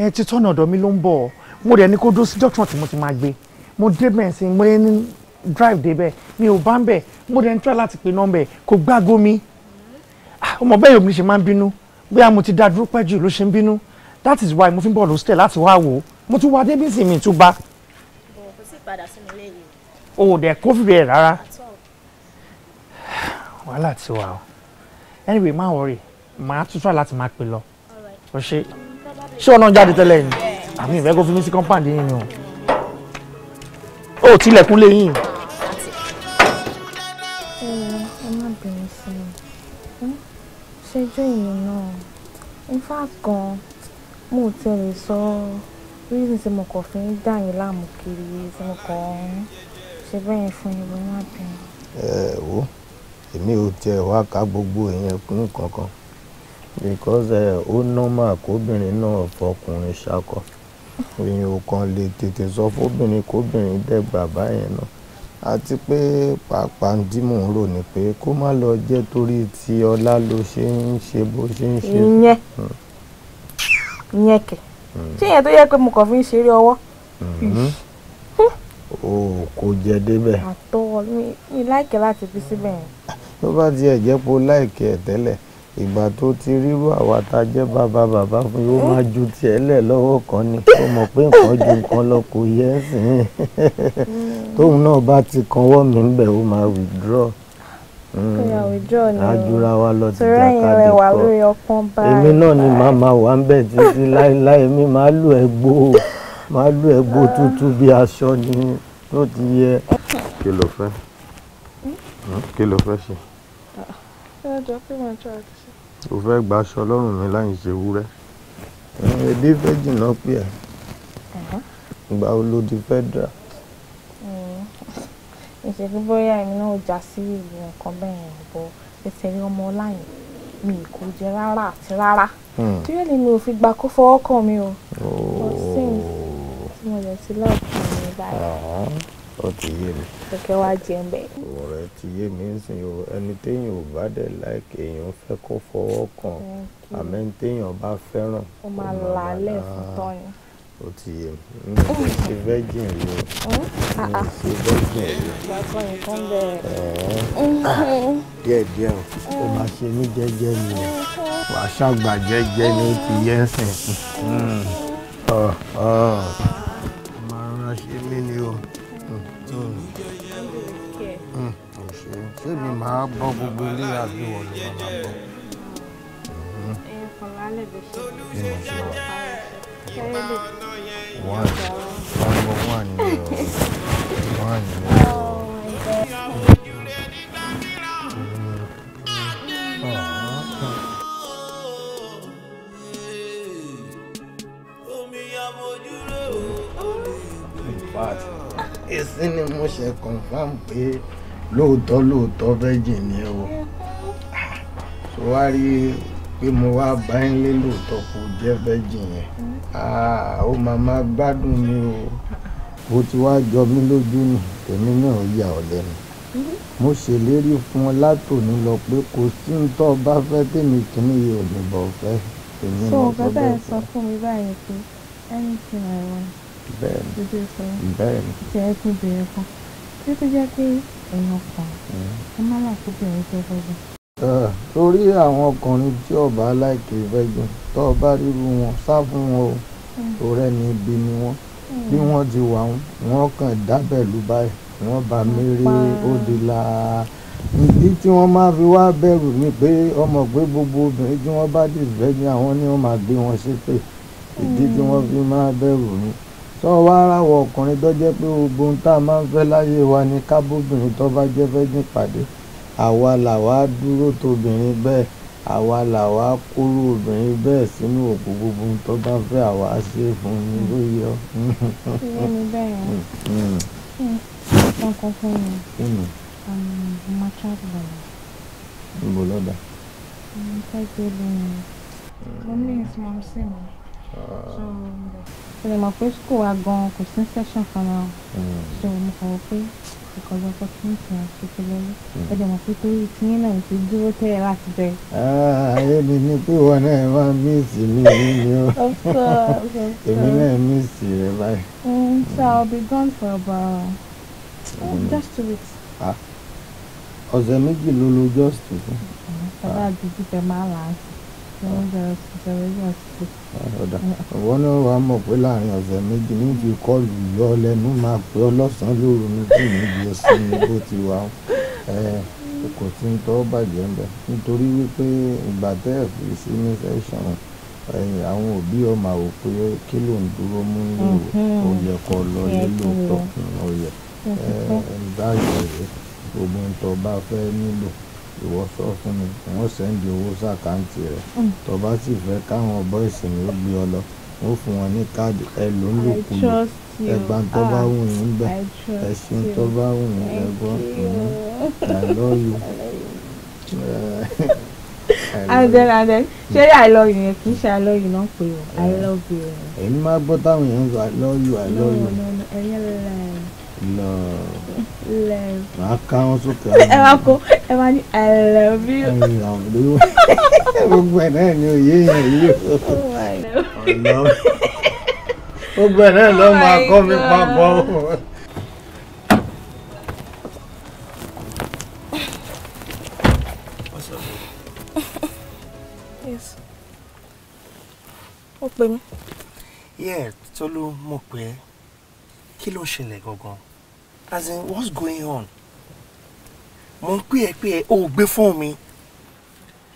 ẹ ti tọ́nà ọ̀dọ̀ mi ló ń bọ̀ ọ́ mo dẹ̀ ní kó dó sí junction tí mo ti máa gbé mo dé sí mo ní drive débẹ̀ mi ò bá ń bẹ̀ mo dẹ̀ ń try láti pe nọ́mbẹ̀ kò gbáàgó mi ah, ọmọ bẹ́ẹ̀ yóò mi ṣe máa ń bínú bóyá mo ti dá dúró pẹ́ jù ló ṣe ń bínú that is why mo fi ń bọ̀ lọ́sítẹ̀ láti wá wò ó mo tún wá débí sí mi tún bá. o ò dẹ̀ kó fìbẹ̀ rárá wàhálà ti wà o anyway má worry màá tún try láti máa pè lọ o ṣe ṣé ọ̀nà jáde tẹ́lẹ̀ yìí àmì ìfẹ́ kó fi mí sí compound yín ni o ó tilẹ̀kùn lé yín. ẹ má bẹ̀rù sí i hmm? ṣẹ́jú ìyẹn náà in fact gan mo ò tiẹ̀ lè sọ reason tí mo kàn fi ń dà yín láàmú kiri tí mo kàn ń ṣe bẹ́ẹ̀ fún yín ló má bẹ̀rù. ẹ wo èmi ò tiẹ̀ wá ká gbogbo èèyàn kún kankan because ó nọ́mà kóbìnrin náà fọkùnrin ṣakọ èèyàn ò kàn lè tètè sọ fóbìnrin kóbìnrin dẹ̀gbà báyẹn náà àti pé pàápàá tí mò ń rò ní pé kó má lọ jẹ́ torí ti ọlá ló ṣe ń ṣe bó ṣe ń ṣe. ìyẹn hmm. ìyẹn kẹ hmm. ṣé ìyẹn tó yẹ pé mo kàn fi ń ṣeré ọwọ́. Hmm. o kò jẹ débẹ̀. àtọ mi láìkẹ́ láti fi síbẹ̀ yẹn. ló bá tiẹ̀ jẹ́ pé o láìkẹ́ tẹ́lẹ̀ ìgbà tó ti rírú àwa tá a jẹ́ bàbá bàbá fún yóò máa ju tiẹ̀ lẹ̀ lọ́wọ́ kan ni tó mọ̀ pé nǹkan ju nǹkan lọ kò yẹ sí i tóun náà bá ti kanwọ́ mi ń bẹ̀ ó máa withdraw àjùra wa lọ ti jàkadì kọ èmi náà ni màá máa wà ń bẹ̀ títí láéláé mi máa lù ẹgbó máa lù ẹgbó tútù bí aṣọ ni tó ti yẹ. kí ló fẹ́ hmm? kí ló ah, ẹ jọ pé màá jọ àti tó fẹ́ gbaṣọ lọ́rùn mi láì ṣe wúrẹ́ èdè fẹ́ jìnnà pé ẹ̀ ìgbà wo ló di federal. Hmm. ìṣèlú bóyá èmi náà já sí ìlú nǹkan bẹ́ẹ̀ yẹn bọ́ ẹsẹ̀ rí ọmọ ọláyìn mi kò jẹ rárá àti rárá tí yóò lè mi ò fi gbà kó fọwọ́ kàn mí o. ọ̀sìn oh. tí mo lè ti lọ́ọ̀kì mi báyìí ó ti yé mi. kẹ̀kẹ́ wá jẹun bẹ́ẹ̀. ọ̀rẹ́ ti yé mi nsìn o ẹni téèyàn ò bá dẹ̀ láìkè èèyàn fẹ́ kó fọwọ́ kàn àmẹ́ ní téèyàn bá fẹ́ràn. ó máa là á lẹ̀ fún tọ́yìn. ó ti yé mi mi ò ṣe virgin rí o ah, mi ò ah. ṣe virgin rí o. ìgbàgbọ́ nǹkan bẹ̀rẹ̀. díẹ̀ díẹ̀ o ó máa ṣe ní jẹ́jẹ́ ni o wàá ṣàgbà jẹ́jẹ́ ni ó ti yẹ ń hmm. ọ̀ ọ̀ máa ń ránṣẹ́ mí ni o. sẹ́mi máa bọ́ gbogbo ilé àbí wọ́n ló máa bọ́. bí mo ṣe wà confirm pé lóòótọ́ lóòótọ́ virgin ni o tó wá rí pé mo wá bá ń lé lóòótọ́ kò jẹ́ virgin yẹn ah, ó máa máa gbádùn mi o bó ti wá jọ mí lójú nù èmi náà yà ọ́ lẹ́nu mo ṣèlérí fún ọ látòní lọ pé kò sí ń tọ́ bá fẹ́ tèmi kìíní yìí ò ní bọ̀ fẹ́ èmi náà sọ bẹ́ẹ̀ so ọ̀gá bẹ́ẹ̀ sọ fún mi báyìí pé anything I want. bẹ́ẹ̀ni bẹ́ẹ̀ni ìṣẹ́ ẹ̀kún bẹ̀rẹ̀ kan títí jẹ́ pé ẹ̀yàn kan mm. ẹ má là kó bẹ̀rẹ̀ fẹ́ fẹ́gbọ́n. torí àwọn ọkùnrin tí ọba aláìkè fẹ́gbọ́n tó o bá ríru wọn sá fún wọn o ọ̀rẹ́ mm. ni ibi ni wọ́n bí mm. wọ́n ti wà wọ́n kàn dábẹ̀ lù báyìí wọ́n bá méré ó la ìdí tí wọ́n máa fi wá bẹ̀rù ni pé ọmọ pé gbogbo obìnrin tí wọ́n bá dì fẹ́ àwọn ni wọ́n máa gbé wọn ṣépè ìdí tí wọ́n fi máa bẹ̀rù ni sọ wá ráwọ ọkùnrin tó jẹ́ pé gbogbo ohun tá a máa ń fẹ́ láyé wa ni kábóbìnrin tó bá jẹ́ virgin pàdé àwa làwa dúró tóbìnrin bẹ́ẹ̀ àwa làwa kóró obìnrin bẹ́ẹ̀ sínú òkú gbogbo ohun tó bá fẹ́ àwa ṣe fún un ni ló yọ. ìwé mi bẹ́ẹ̀ wọ́n hmm, hmm. hmm, kọ́ fún mi machad lọ́la. lọ́dà. mo ní ìtumọ̀ sí mi ṣe mọ̀ pé school wa gan kò sí section kan náà hmm. so mo kàn wọ́n pé ìkọ̀jú opportunity náà ṣe ti lọ́lé hmm. ẹ jẹ́ mọ̀ pé torí tiyín náà ti dúró tẹ́lẹ̀ láti bẹ̀rẹ̀. Ah, ayé mi ni pé ìwọ náà máa míìsì mi nínú o èmi náà míìsì rẹ báyìí. Hmm, so i will be gone for about uh, mm. just two weeks. Ah, ọ̀sẹ̀ méjì ló lo just two. bàbá àdúgbò fẹ́ máa là á sí wọ́n náà wàá mọ̀ pé láàrin ọ̀sẹ̀ méjì níbi kọ́ọ̀lù yọ lẹ́nu máa pé ọlọ́sàn lóru méjì níbi ẹ̀sìn ní bó ti wà ó kò tí ń tọ́ bàjẹ́ ń bẹ̀ nítorí wípé ìgbà tẹ́ ẹ̀ fi sí ní sẹ́sàn àwọn òbí ọmọ àwò pé kí ló ń dúró mú nílò ó yẹ kọ́ lọ nílò tọkùn ó yẹ ẹ̀ ń bá yẹ̀ rẹ̀ gbogbo ń tọ́ bá fẹ́ nílò ìwọ sọ fún mi wọ́n sẹ́ndì owó sàkáǹtì rẹ̀ hmm. tó bá sì fẹ́ káwọn bọ́ìsì mi ó gbé ọ lọ wọ́n fún wọn ní káàdì ẹ ló ń lò kúlò ẹgbà tó bá wù yín ń bẹ ẹṣin tó bá wù yín ẹgbọ́n ìyún hmm. I love you. and then and then ṣé I love you yẹn kì í ṣe I love you náà pé o I love you. èmi máa gbọ́ táwọn èèyàn ń sọ I love you I love you. no no no ẹ̀yin lọ́la ẹ̀ love. Màá ká wọn sókè. Ẹ máa kó ẹ máa ní I love you. Oh I love you. Gbogbo ẹ̀ náà ni òye yẹn love you. Gbogbo ẹ̀ náà ló oh máa kọ́ mi papọ̀ o. ó pè mí. yẹ́ẹ̀ Tolú mo pè é kí ló ń ṣẹlẹ̀ gangan? as in what's going on mo ń pè ẹ́ pé ẹ ò gbé fóònù mi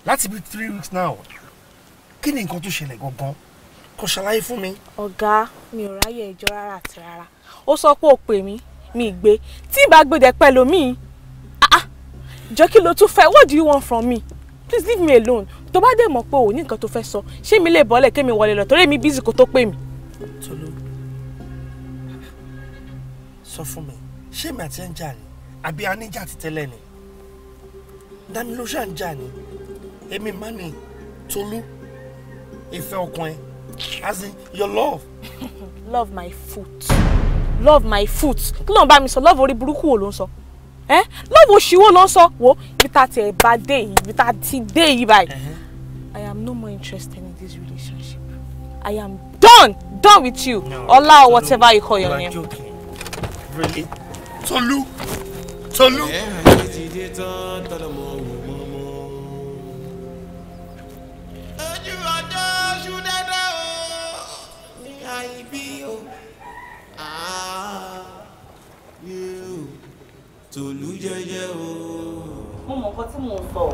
láti bí three weeks now kí ni nǹkan tó ṣẹlẹ̀ gangan kò ṣàlàyé fún mi. ọ̀gá mi ò ráyè ẹjọ́ rárá àti rárá ó sọ pé ó pè mí mi gbé tí ìbá gbèdẹ̀ pẹ̀lú mi jọ kí ló tún fẹ́ what do you want from me please leave me alone tó bá dẹ̀ mọ̀ pé ò ní nǹkan tó fẹ́ sọ ṣé mi lè bọ́lẹ̀ kémi wọlé lọ torí mi bísí kó tó pè mí. Tolú sọ fún mi ṣé èmi àti ẹ̀ ń jà ni àbí aníjà ti tẹ́lẹ̀ ni dami ló ṣàn jà ni èmi má ni Tolú ìfẹ́ ọkàn as in your love. love my foot love my foot kí ló ń bá mi sọ love orí burúkú wo ló ń sọ ẹ love òṣìwò ló ń sọ wo ibi tá a tiẹ̀ bá dé yìí ibi ti dé yìí báyìí i am no more interested in this relationship i am done done with you no, or whatever you call your name. Really? Tolu, Tolu. ojú ọjọ́ o mo mọ̀ nǹkan tí mò ń sọ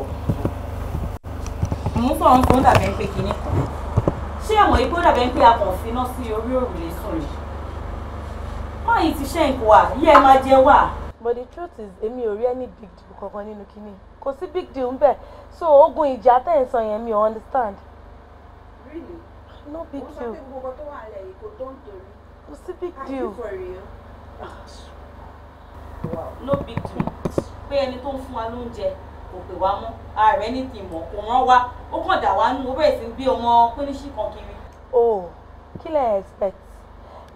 ò mò ń sọ ohun tó ń dàbẹ́ pé kinní kan ṣé ẹ̀mọ̀ igbó dàbẹ́ pé a kàn fi iná sí orí òrùlé sùn yìí báyìí ti ṣe nǹkan wà yí ẹ máa but the truth is èmi ò rí any big deal kankan nínú kinní kò sí big deal ńbẹ̀ so ogun ìjà tẹ̀sán yẹn mi ò understand. really no big deal. wọ́n sọ pé gbogbo tó wà lẹ̀ yìí kò tó ń torí. kò sí big deal. no big deal pé ẹni tó ń fún wa lóúnjẹ kò pè wá mọ́ ààrẹ ní tìmọ̀ kò rán wa ó kàn dà wá nù ó bẹ̀rẹ̀ sí gbé ọmọ pínísì kan kiri. o oh, kí expect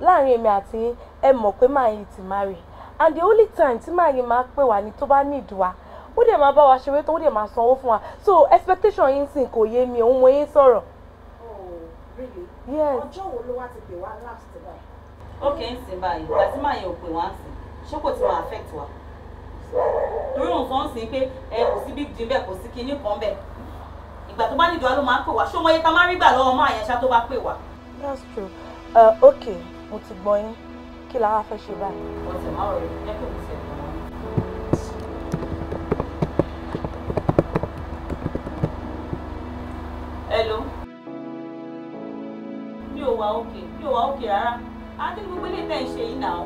láàrin èmi àti yín ẹ mọ̀ pé màá yìí ti marry and the only time tí màá yìí máa pè wá ni tó bá need wa ó dẹ̀ máa bá wa ṣeré tó ó dẹ̀ máa sanwó fún wa so expectation yín sìn kò yé mi òun mo yé sọ̀rọ̀. Oh, really? Yes. ọjọ́ wo ló wá ti pè wá láti ti báyìí. ń sìn báyìí ìgbà tí màá yẹn ò wá ń sìn ṣé kò ti máa affect wa torí òun kan sìn pé ẹ kò sí big deal bẹ́ẹ̀ kò sí kinní kan bẹ́ẹ̀ ìgbà tó bá nídìí wa ló máa pè wá ṣé ọmọ yẹn ta máa rí gbà lọ́wọ́ ọmọ àyẹ̀ṣá tó bá pè wá. that's true uh, ok mo ti gbọ́ yín kí la wá fẹ́ ṣe báyìí. ọ̀sẹ̀ máa rẹ̀ jẹ́ kí n ṣe ẹ̀kọ́. Hello. mi ò wá òkè mi ò wá òkè rárá àti gbogbo ilé tẹ̀ ń ṣe yìí náà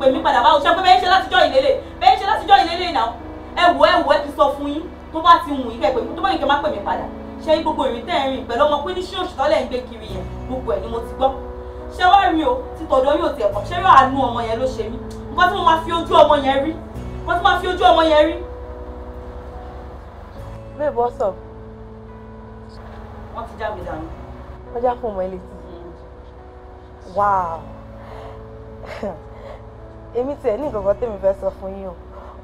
pè mí padà báwo ṣe pé bẹ́ẹ̀ ṣe látijọ́ ìlélẹ̀ bẹ́ẹ̀ ṣe látijọ́ ìlélẹ̀ náà ẹ wò ẹ wò ẹ ti sọ fún yín tó bá ti wù yín kẹ́ pè mí tó bá yín kẹ́ má pè mí padà ṣe gbogbo ìrìn tẹ́ ń rìn pẹ̀lú ọmọ pé ní ṣíòṣì tọ́lẹ̀ ń gbé kiri yẹn gbogbo ẹ̀ ni mo ti gbọ́ ṣé wàá rí o ti tọ̀dọ̀ yóò tẹ̀ pọ̀ ṣé yóò àánú ọmọ yẹn ló ṣe mí nǹkan tí mo máa fi ojú ọmọ yẹn rí nǹkan tí mo máa fi ojú ọmọ yẹn rí. babe what's up. wọ́n ti já mi dànù. wọ́n já fún ọmọ ẹ létí. wow èmi tiẹ̀ ní nǹkan kan tèmi fẹ́ sọ fún yín o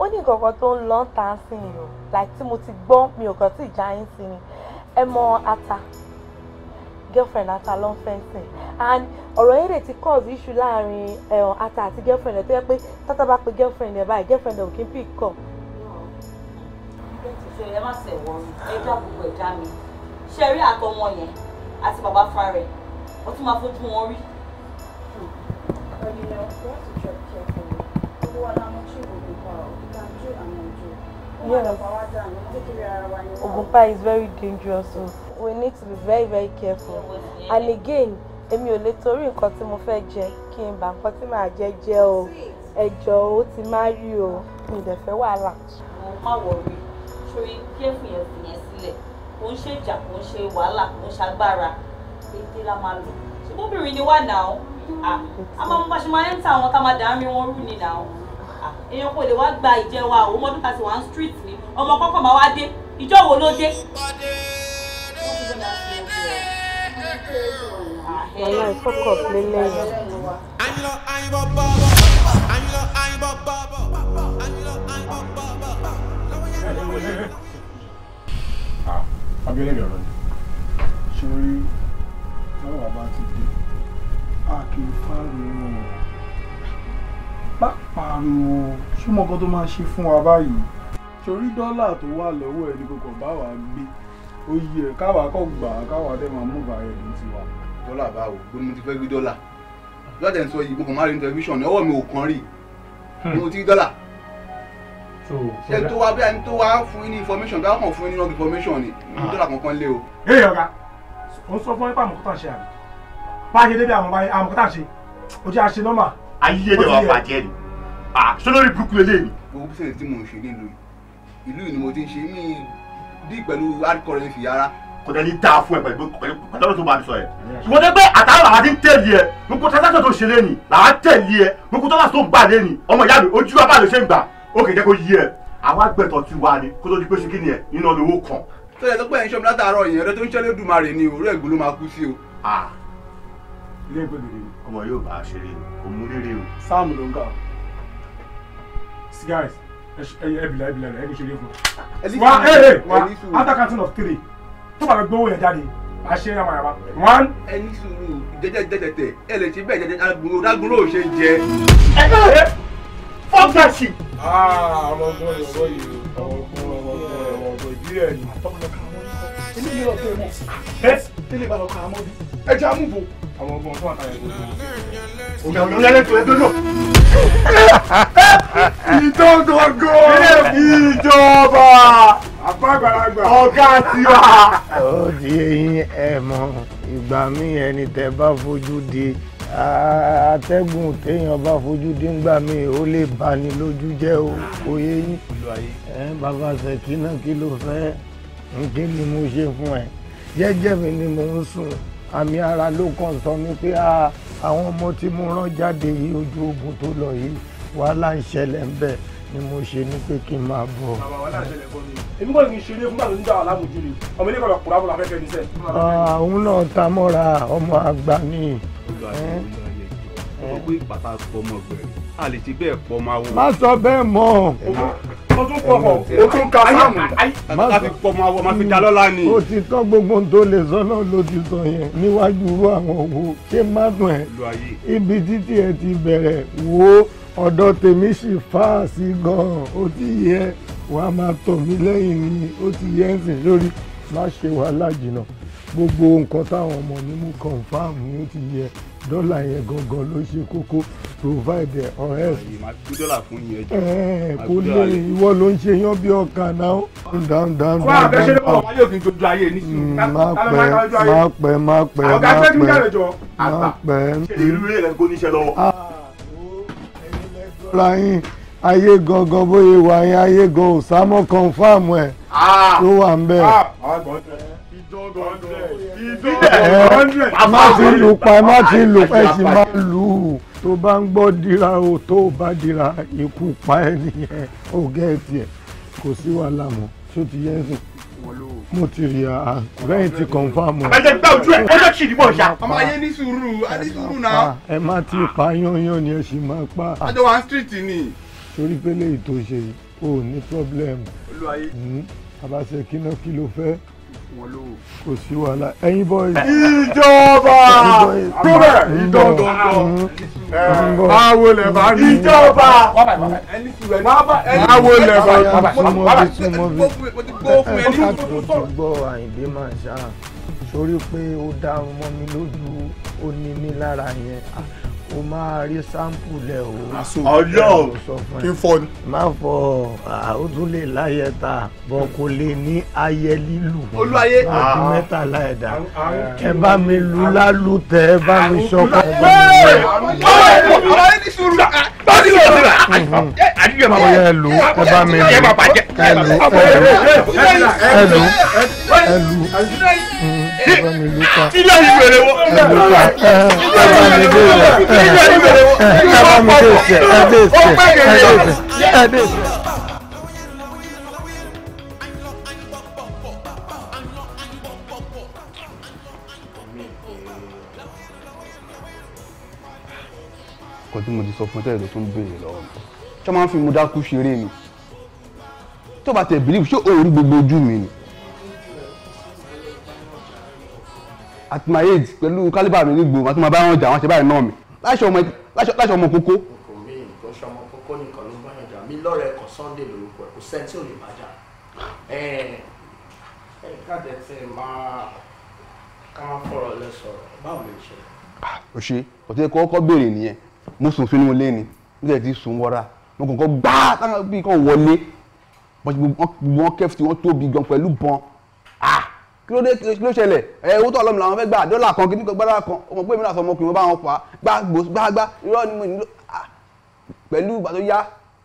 ó ní nǹkan kan tó ń lọ́ọ́ tà á sí yìí o láì tí mo ti gbọ́ mi ò kàn tí ìjà yín sí ni ẹ mọ ata girlfriend ata ló ń fẹ́ sìn and ọ̀rọ̀ yẹn lè ti cause issue láàrin eh, ata àti girlfriend ẹ̀ tó yẹ pé tata bá pe girlfriend ẹ̀ báyìí girlfriend ẹ̀ ò kí ń pick call. ẹ má ṣe wọ ẹjọ́ gbogbo ẹ̀dá mi ṣe rí àtọmọ yẹn àti bàbá fúnra rẹ̀ wọ́n tún máa fojú wọn rí. ọ̀nìyàn wọ́n ti jọ kí ẹ is very dangerous So we need to be very very careful and again èmi ò lè torí nǹkan tí mo fẹ́ jẹ kí n bà nǹkan tí màá jẹ jẹ o ẹjọ o ti má rí o mi ò dẹ̀ fẹ́ wàhálà. mo má wọrí sórí kéfù yẹn fi yẹn sílẹ̀ kò ń ṣe ìjà kò ń ṣe wàhálà kò ń ṣagbára ètè la máa lò ṣùgbọ́n obìnrin ni wà náà a máa mú bá ṣe máa ń ta àwọn ká máa dàámi wọn rú ni náà èèyàn kò lè wá gba ìjẹun àwọn ọmọdún tàbí wà ń street ni ọmọ kọ́kọ́ máa wá dé ìjọ́ wo ló Yàrá ìfọ́kọ̀ pé lẹ́yìn. Àyìnlọ àyìnbọ̀ bọ̀bọ̀. Àyìnlọ àyìnbọ̀ bọ̀bọ̀. Àyìnlọ àyìnbọ̀ bọ̀bọ̀. Abíọ́lá ìrọ̀rọ̀ ni. Ṣé o rí báwa bá ti dé? A kì í fáriwo. Pápáriwo. Ṣé mo kàn tó máa ṣe fún wa báyìí? Ṣé o rí dọ́là tó wà lọ́wọ́ ẹni kò kàn bá wa gbé? ó yí ẹ káwa kọ gbà á káwa dé máa mú bàárẹ̀ ní tiwa. dọ́là báwo ló ní mo ti fẹ́ gbé dọ́là lọ́dẹ̀ ń sọ yìí gbogbo márùn-ún tẹlifíṣàn ní ọwọ́ mi ò kàn rí hmm. mo ti dọ́là. ṣé tó wá bí ẹni tó wá fún yín ní information báwọn kàn fún yín ní wrong information ni mo ah. dọ́là kankan lé o. ẹ yọ ọ̀gá ó ń sọ fún ipa àmọ̀kọ́tà ṣe àmì bá a ṣe débi àmọ̀kọ́tà ṣe ojú àṣe nọ́mà. ayé dẹ̀ wá bàjẹ́ ni sọlọ́ọ̀rì ah, burúkú lélẹ́yìn. gbogbo sẹ́yìn tí mo ń ṣe nílùú ìlú ìlú ni mo dí pẹ̀lú hardcore ní fìyàrá. kò tẹ́ dáa fún ẹ pẹ̀lú pẹ̀lú ọ̀rọ̀ tó máa sọ ẹ. ìwọ tẹ pé àtàwọn làwọn ti ń tẹ̀lé ẹ nukú transaction tó ṣe lẹ́nì làwọn tẹ̀lé ẹ nukú tó láti tó gbà lẹ́nì ọmọ ìyá mi ojú wa bá lè ṣe ń gbà ó kè jẹ́ kó yí ẹ àwọn agbẹ̀tọ̀ ti wà ní kó tó di pé ṣe kí ni ẹ nínú olówó kan. tó yẹ ẹ bìlà ẹ bìlà ẹ kò ṣe eré fún un. wa ee wa after counting of three tó bá mi gbowó yẹn jáde a ṣe yàrá yàrá one. ẹni sùúrù jẹjẹ jẹjẹ tẹ ẹ lè ṣe bẹ́ẹ̀ jẹjẹ agbóró agbóró ò ṣe jẹ. ẹ ẹ fọ́ọ̀mù náà ṣì. ọmọ ọgbọ́n yìí ọmọ yìí ọmọ ọgbọ́n ọmọ ọgbọ́n ọgbọ́n ìbílẹ̀ ni. ilé yìí lọ tẹ wọn ẹ ilé ìbàdàn kan àmọ́ bí ẹ jẹ́ àmúbo. ọmọ ọgbọ́n tó àtàyẹ̀ kò tó. ògàwé ló yẹ lẹ́tọ̀ọ́ ẹ ìtọ́gọ́gọ́ ìjọba àgbàgbàlagbà ọ̀gá tiwa. ó di eyín ẹ mọ ìgbà mi ẹni tẹ bá fojú di atẹ́gùn téèyàn bá fojú dé ńgbà mi ó lè bani lójú jẹ́ o kò yé yín ẹ bàbá ṣèkínà kí ló fẹ́ nkí ni mo ṣe fún ẹ jẹ́jẹ́ mi ni mo ń sùn àmì ara ló kàn sọ mi pé àwọn ọmọ tí mo rán jáde yìí ojú ogun tó lọ yìí wàhálà ń ṣẹlẹ̀ ń bẹ̀ ni mo ṣe ní pé kí n máa bọ̀. èmi kò ní ṣeré fún bàtò níjà aláàbòjú ni ọmọ ilé kọlọ kura bọlá fẹfẹ níṣẹ. Ah, òun náà ta mọ́ra ọmọ àgbà ni. má sọ bẹ́ẹ̀ mọ́. o tún pọ̀ pọ̀ o tún ka fáàmù. má fi fi dalọ́ la ni. o ti tọ́ gbogbo ohun lè sọ náà ló ti sọ yẹn níwájú irú àwọn wo ṣé má dùn ẹ́ ibi títí ẹ ti bẹ̀rẹ̀ wo ọ̀dọ̀ tèmi sì fáàsì gan-an ó ti yẹ wàá máa tọ̀ mí lẹ́yìn ni ó ti yẹ ń sìn lórí má ṣe wàhálà jìnnà gbogbo nǹkan táwọn ọmọ mi mú confam ó ti yẹ dọ́là yẹn gangan ló ṣe kókó provide or else. kò lè ìwọ ló ń ṣe yán bí ọkà náà. down down down down. wọ́n àbẹ̀ṣẹ́ ló wọ̀ wọ́n yóò kí n jojú ayé ní sùn. Mm, má pẹ́ má pẹ́ má pẹ́ má pẹ́ má pẹ́. àgbà fẹ́ kí n jàre jọ àgbà ṣe ìrírí rẹ̀ kò lọ́wọ́. Ah ra yín ayé gangan bóyá wà yín ayé gan òsámọ́ kọ̀ǹfàmù ẹ̀ tó ah. wà ń bẹ̀. Ah. má ti lù pa ẹ má ti lù pa ẹ sì má lù ú tó bá ń gbọ́ dira o tó bá dira ikú pa ẹ nìyẹn ó gẹ́ ẹ tiẹ̀ kò sí wàhálà mọ́ ṣó ti yẹ ẹ sùn wọn lówó. mo ti rí a lẹ́yìn tí kọ̀nfàmù. àbẹ̀jẹ̀ gbá ojú ẹ̀ ọjọ́ kìdí bọ̀ ṣá. ọmọ ayé ní sùúrù adé sùúrù náà. Ah, ẹ má ti pa yányán ni ẹ sì máa pa. àjọ wa street ni. torí pé lè tó ṣe o ní problem. olúwa yìí. àbáṣe hmm, kíná kí ló fẹ́ wọn lówó. kò sí wàhálà ẹ̀yin boys. ìjọba kúrẹ̀ ìdọ̀dọ̀dọ̀ máa wo bá ní. ìjọba máa wo lẹ̀ bá ní. súnmọ́ bí súnmọ́ bí wákàtí tó gbọ́ àyìnbí máa ṣá sórí pé ó dárun mọ́ mi lójú ó ní mi lára yẹn o máa rí sampo lẹ o. Ọlọ́run kí n fọ ni. má fọ o tún lè láyẹ ta bọ kò lè ní ayẹ lílù. olúwayé àti mẹ́tàlá ẹ̀dá ẹ bá mi lu lálù tẹ ẹ bá mi sọkọ. ẹ lu ẹ bá mi lu ẹ lu ẹ lu ẹ lu ẹ bá mi lù pa ẹ lù pa ẹ bá mi dé ìṣẹ ẹ bá mi dé ìṣẹ ẹ dé ìṣẹ ẹ dé ìṣẹ ẹ dé ìṣẹ. nǹkan tí mo ti sọ fún tẹ́lẹ̀ ló tún béèrè lọ́wọ́ mi ṣé máa ń fi mo dákú ṣeré ni tó bá tẹ̀ bílíìfù ṣé òun rí gbogbo ojú mi ni. at my age pẹ̀lú kálíbà mi nígbò àti màá bá wọn jà wọn ṣe báyìí náà mi láṣọ ọmọ láṣọ ọmọ kókó. kò rí nǹkan ṣe ọmọ kókó nìkan ló bá yàn jà mí lọ́rẹ̀ kan sunday lórúkọ ẹ̀ kò sẹ́ni tí ò lè bá jà ẹ̀ káàdẹ̀ tí máa ká máa fọ̀rọ̀ lẹ sọ̀rọ̀ báwo lè ṣe. o ṣe ah, ọ̀tí ẹ̀kọ́ kọ́ béèrè nìyẹn mo sùn sínú ilé ni mo tẹ̀ ti sùn wọra mo kàn kọ́ gbáà bí kàn wọlé gbogbo wọn kẹ́fì tí wọ́n tóbi gan pẹ̀lú bọn ah kí ló dé kí ló ṣẹlẹ̀ ẹ owó tó ọlọ́mọ làwọn fẹ́ gbà dọ́là kan kí nípa gbàdá kan ọmọ pé èmi náà sọ ọmọkùnrin bá wọn fà gbá gbá irọ́ ni mo nílò pẹ̀lú ìgbà tó yá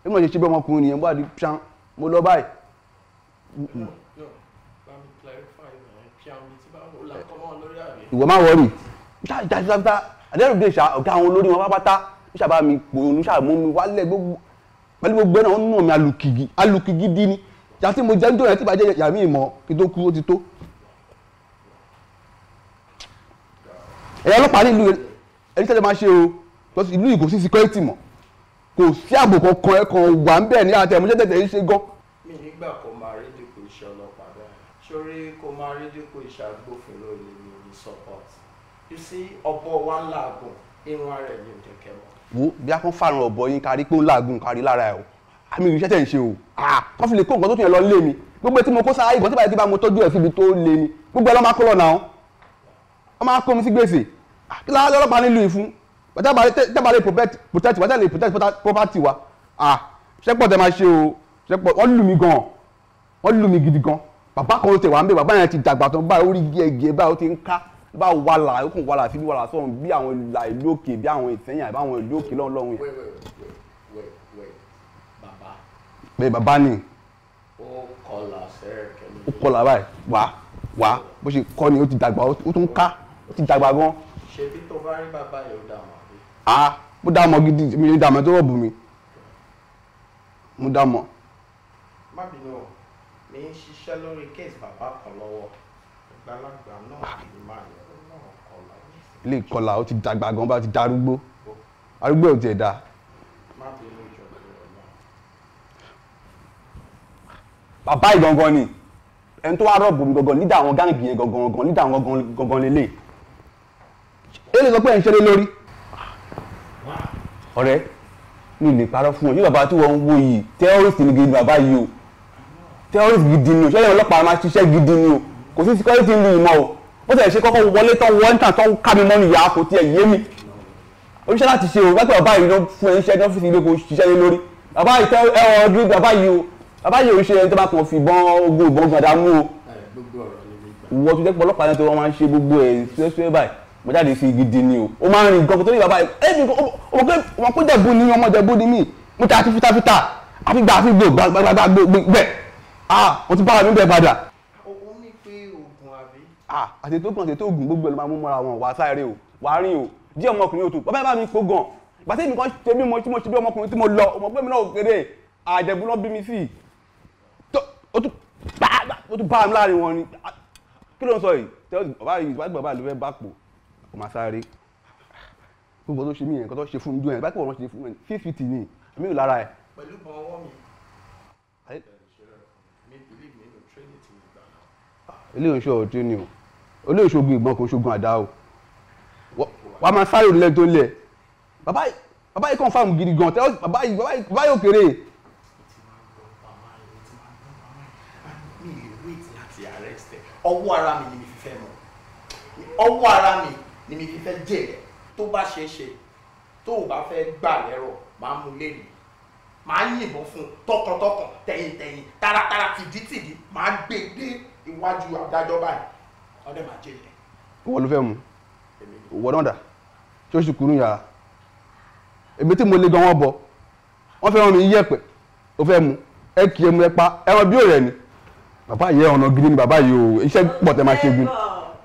bí mo ṣe ṣe bí ọmọkùnrin nìyẹn bá di pian mo lọ báyìí. ìwọ máa wọrí ṣáṣáṣáṣá àdéhùn dé ṣá ọ̀gá àwọn olórí wọn pátá ń ṣàbá mi pòun ṣàmú mi wálẹ̀ gbogbo pẹ̀lú gbogbo náà wọn nù mí alùkìgì alùkìgì dín ní yàtí mo jẹ́ ń dòrò ẹ̀ tí ìbàjẹ́ yàmí ìmọ̀ kí tó kú ó ti tó. ẹ̀yà ọlọ́pàá ní ìlú ẹni tẹ́lẹ̀ máa ṣe o because ìlú yìí kò sí security mọ́ kò sí ààbò kankan ẹ̀kan wà ń bẹ̀ ní àtẹ̀ ẹ̀mú tẹ́tẹ̀ ń ṣe gan. mi nígbà kó máa rí dípò iṣẹ́ ọlọ́pàá bẹ́ẹ̀ sórí kó máa rí dípò iṣẹ́ agbófinró ni mi ò ní support you see ọ̀bọ wa ń làágùn irun ara ẹ̀ ní òjò kẹwàá. wo bí a kàn fàrùn ọ̀bọ yín kárí pé ó ń làágùn kárí lára ẹ̀ o àmì ìrìnsẹ́ tẹ̀ ń ṣe o kọ́ fi lè kó nǹkan tó tún yẹn lọ lé mi gbogbo tí mo kó sára ìgbọ́n tí báyìí tí bá mo tọ́jú ẹ̀ síbi tó lé mi gbogbo ẹ̀ lọ́ máa kó lọ náà wọ́n máa kó mi sí gbèsè kí lára lọ́lọ́pàá nílùú yìí fún tẹ́bà lè protect wa tẹ́bà lè protect property wa ah ṣẹ́pọ̀ tẹ́ máa ṣe o ṣẹ́pọ̀ wọ́n lù mí gan wọ́n lù mí gidi gan bàbá kan ló tẹ̀ wá ń bẹ̀ bàbá yẹn ti dàgbà tán báyìí ó rí gẹ́gẹ́ báyìí ó ti ń ká bá wàlà ó kàn wàlà síbi wàlà sọ̀rọ̀ bí àwọn ìlà ìlú òkè bí àwọn ìsẹ́yìn àbí àwọn ìlú òkè lọ́hùn lọ́hùn yẹn. bẹ́ẹ̀ bàbá ni ó kọlà báyìí wá wá bó ṣe kọ́ ni ó ti dàgbà ó tún ká ó ti dàgbà gan-an ṣebí tó bá rí bàbá yẹn dà mọ́ àbí. ah mo dà mọ́ gidi mi dà mọ́ tó rọ̀ bù mi mo dà mọ́. má bínú o mi ń ṣiṣẹ́ lórí kéèsì bàbá kan lọ́wọ́ ìgbàlagbà náà ah. ni máa yẹ náà kọlà. ilé ìkọlà ó ti dàgbà gan bá ti darúgbó arúgbó ò tiẹ̀ dáa. má bínú ìjọba ìrọ̀lá. bàbá ìgangan ni ẹni tó wá rọ̀bù mi gangan nídà àwọn gáàngì yẹn gangan gangan nídà àwọn gangan lélẹ̀ ẹ lè sọ pé ẹ̀ ń ṣeré lórí. ọ̀rẹ́ mi lè parọ́ fún ọ yóò bàbá tí wọ́n ń wo yìí terrorist ni gidi bàbá yìí o terrorist gidi ni o ṣẹlẹ̀ ọlọ́pàá máa ṣiṣẹ́ gidi ni o kò sí security ń lu ìmọ̀ o ó tẹ̀ ṣe kọ́kọ́ wọlé tán wọ́ntàn tán ká mi mọ́nu ìyá kò tiẹ̀ yé mi oníṣẹ́ láti ṣe o bá pẹ́ bàbá yìí ló fún ẹ iṣẹ́ ní ọ́fíìsì ilé kò ṣiṣẹ́ lé lórí bàbá yìí tẹ́ ẹ ọ dúró bàbá yìí o bàbá yìí ò ṣe ẹni tó bá kàn fi ìbọn ogun ìbọn gbàdá o ìwọ tó jẹ́ pé ọlọ́pàá náà tó wọ́n máa ń ṣe gbogbo ẹ̀ ṣẹ́ṣẹ́ báyìí mo jáde fi gidi ni o o máa ń rìn gan kó tó ní bàbá yìí ẹ mi ò pé jẹ̀bú ni ọmọ jẹ̀bú ni mí mo ta fitafita àfigbà àfigbò gbàgbàgbà gbẹ ah mo ti bá mi bẹ padà. o ní pé oògùn àbí. ah àti tó kàn àti tó oògùn gbogbo ẹ̀ ló máa mú mọ́ra wọn wà á sáré o wà á rìn o díẹ̀ ọmọkùnrin o tó bàbá yìí bá mi kó gan bàtí èmi kan ṣe bí mo tí mo ṣe bí ọmọkùnrin tí mo lọ ọmọ pé mi náà ò kéré àjẹ̀bú náà bí mi sí i tó o tún bá mi láàrin wọn ni kí ló ń sọ yìí tẹ́wọ́ bàbá yìí bàbá yìí ló fẹ́ bá pò kò máa sáré gbogbo tó ṣe mí yẹn kó tó ṣe fún mi dùn yẹn báyìí kò wọ́n ṣe fún mi fífi tì ní àmì ìlú lára ẹ̀. pẹ̀lú kan ọwọ́ mi. ilé ìṣọ́ ọ̀tún ni o ilé ìṣògùn ìgbọ́n kò ṣògùn o wàá máa sáré òrùlé tó lẹ̀ bàbá yìí kàn fáwọn gidi gan tẹ́wọ́ bàbá yìí bàbá yìí òkèrè. ọwọ́ ara mi ni mi fi fẹ́ mọ̀ ọwọ́ ara mi ni mi fi fẹ́ jẹ́ ẹ̀ tó bá ṣe é ṣe tó o bá fẹ́ gbà lẹ́rọ̀ máa mú lé mi máa yìnbọn fún tọkàntọkàn tẹ̀yìntẹ̀yìn taratara tìdítìdí máa gbé e dé iwájú adájọ́ báyìí ọdẹ máa jẹ́ ìyẹn. ìwọ ló fẹ́ mu ìwọ náà dà tí ó sì kúrú yàrá èmi tí mo lè gan wọn bọ wọn fẹ́ràn mi yẹ̀pẹ̀ ó fẹ́ mu ẹ kì í mu ẹ pa ẹran bí òrẹ́ ni bàbá yẹ ọ̀nà gidi ni bàbá yìí o iṣẹ́ pọ̀ tẹ́ máa ṣe gun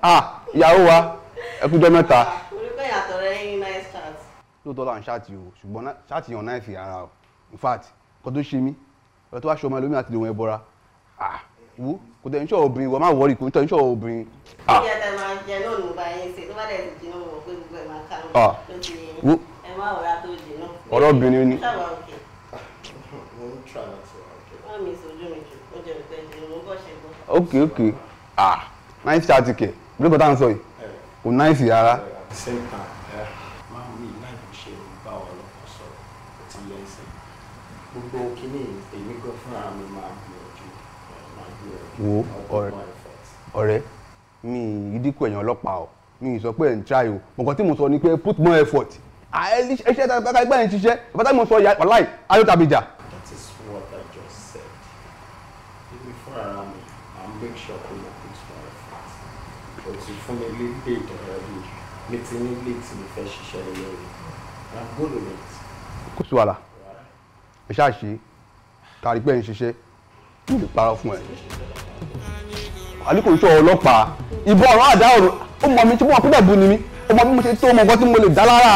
ah ìyàwó wa ẹkújọ́ mẹ́ta. olùkọ́ ìyàtọ̀ rẹ ní nice chat. lóòótọ́ là ń ṣáàtì o ṣùgbọ́n ṣáàtì yàn náà fi ara o in fact kò tó ṣe mí ọ̀rẹ́ tó wá ṣe ọmọ ẹlòmíì àti ìdòwọ̀n ẹ̀bọra wú kò tẹ̀ ń ṣọ́ obìnrin wọ́n máa wọ́ọ̀rì kò ń tẹ̀ ń ṣọ́ obìnrin. ìyá tẹ máa ọ̀rọ̀ obìnrin ni. ok ok ah nine thirty k bí lóko tá à ń sọ yìí kò náìsì rárá. sẹ́ńtà ẹ̀ mi máa gbìyànjú eh, máa gbìyànjú mi sọ pé ẹ̀ ń try o nǹkan tí mo sọ ni pé put more effort ẹṣẹ́ tá a gbá ẹ̀ ń ṣiṣẹ́ bàbá mo sọ yà wàláì ayọ́ tàbí jà. that is what I just said. Ibi fún ara mi, I make sure ti fún mi lè dọ̀rọ̀ yìí mi ti ní lè tí mo fẹ́ ṣiṣẹ́ ilé rẹ̀ i'm good with it. kò sí wàhálà ẹ ṣáà ṣe kárí pé ń ṣiṣẹ́ kí lè parọ́ fún ẹ. àlùkò iṣẹ́ ọlọ́pàá ìbọn ọ̀rọ̀ àdá ọ̀rọ̀ ó mọ mi tí mo wà púpọ̀ bu ni mi ó mọ bí mo ṣe tó mọ nǹkan tí mo lè dá lára.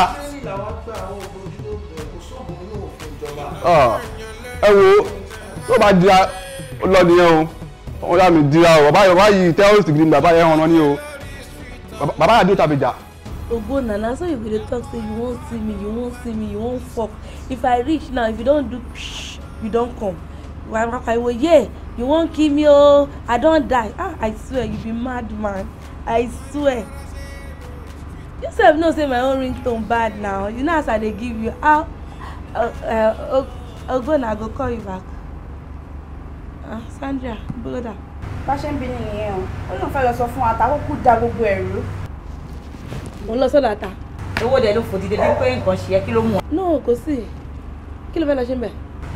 ẹ wo tó bá dira lọ nìyẹn o wọn yà mí dira o bàbá yìí tẹ́wọ́sì gidi bàbá yẹn hàn ní o baba adu tabija. ogbonna Nana. so you go dey talk say you wan see me you wan see me you wan fok if i reach now if you don do shh you don come wapaiwo yeah you wan kill me oo oh. i don die ah i swear you be mad man i swear you sef know say my own ringtone bad now you know as i dey give you how ah, eh, ogbonna go call you back ah sandra brother bá ṣe ń bi ni nìyẹn o ó lóun fẹ́ lọ sọ fún ata ó kú da gbogbo ẹ̀rú. mo ń lọ sọ́dọ̀ ata. owó dẹ̀ ló fò dídé bí pé nǹkan ṣe é kí ló mú ọ. náà kò sí kí ló fẹ́ lọ ṣe ń bẹ̀.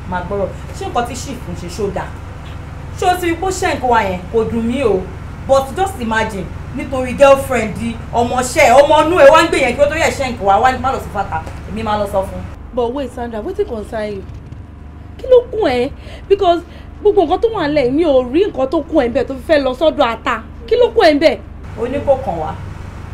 màá gbọ́rọ̀ ṣé nǹkan tí ṣì fún ṣe ṣó ṣé o ti rí pé ṣẹ́ǹkó wa yẹn kò dùn mí o but just imagine nítorí girlfriend ọmọọṣẹ́ ọmọ inú ẹ̀ wá ń gbé yẹn kí ó tó yẹ ṣẹ́ǹkó wa wá ní má lọ sí fata èmi má lọ sọ fún. but wait Sandra wetin concern you kí ló kún ẹ because gbogbo nǹkan tó wà nílẹ̀ mi ò rí nǹkan tó kún ẹ̀ ń bẹ̀ tó fẹ́ lọ sọ́dọ̀ ata kí ló kún ẹ̀ ń bẹ̀. ó ní kò kàn wá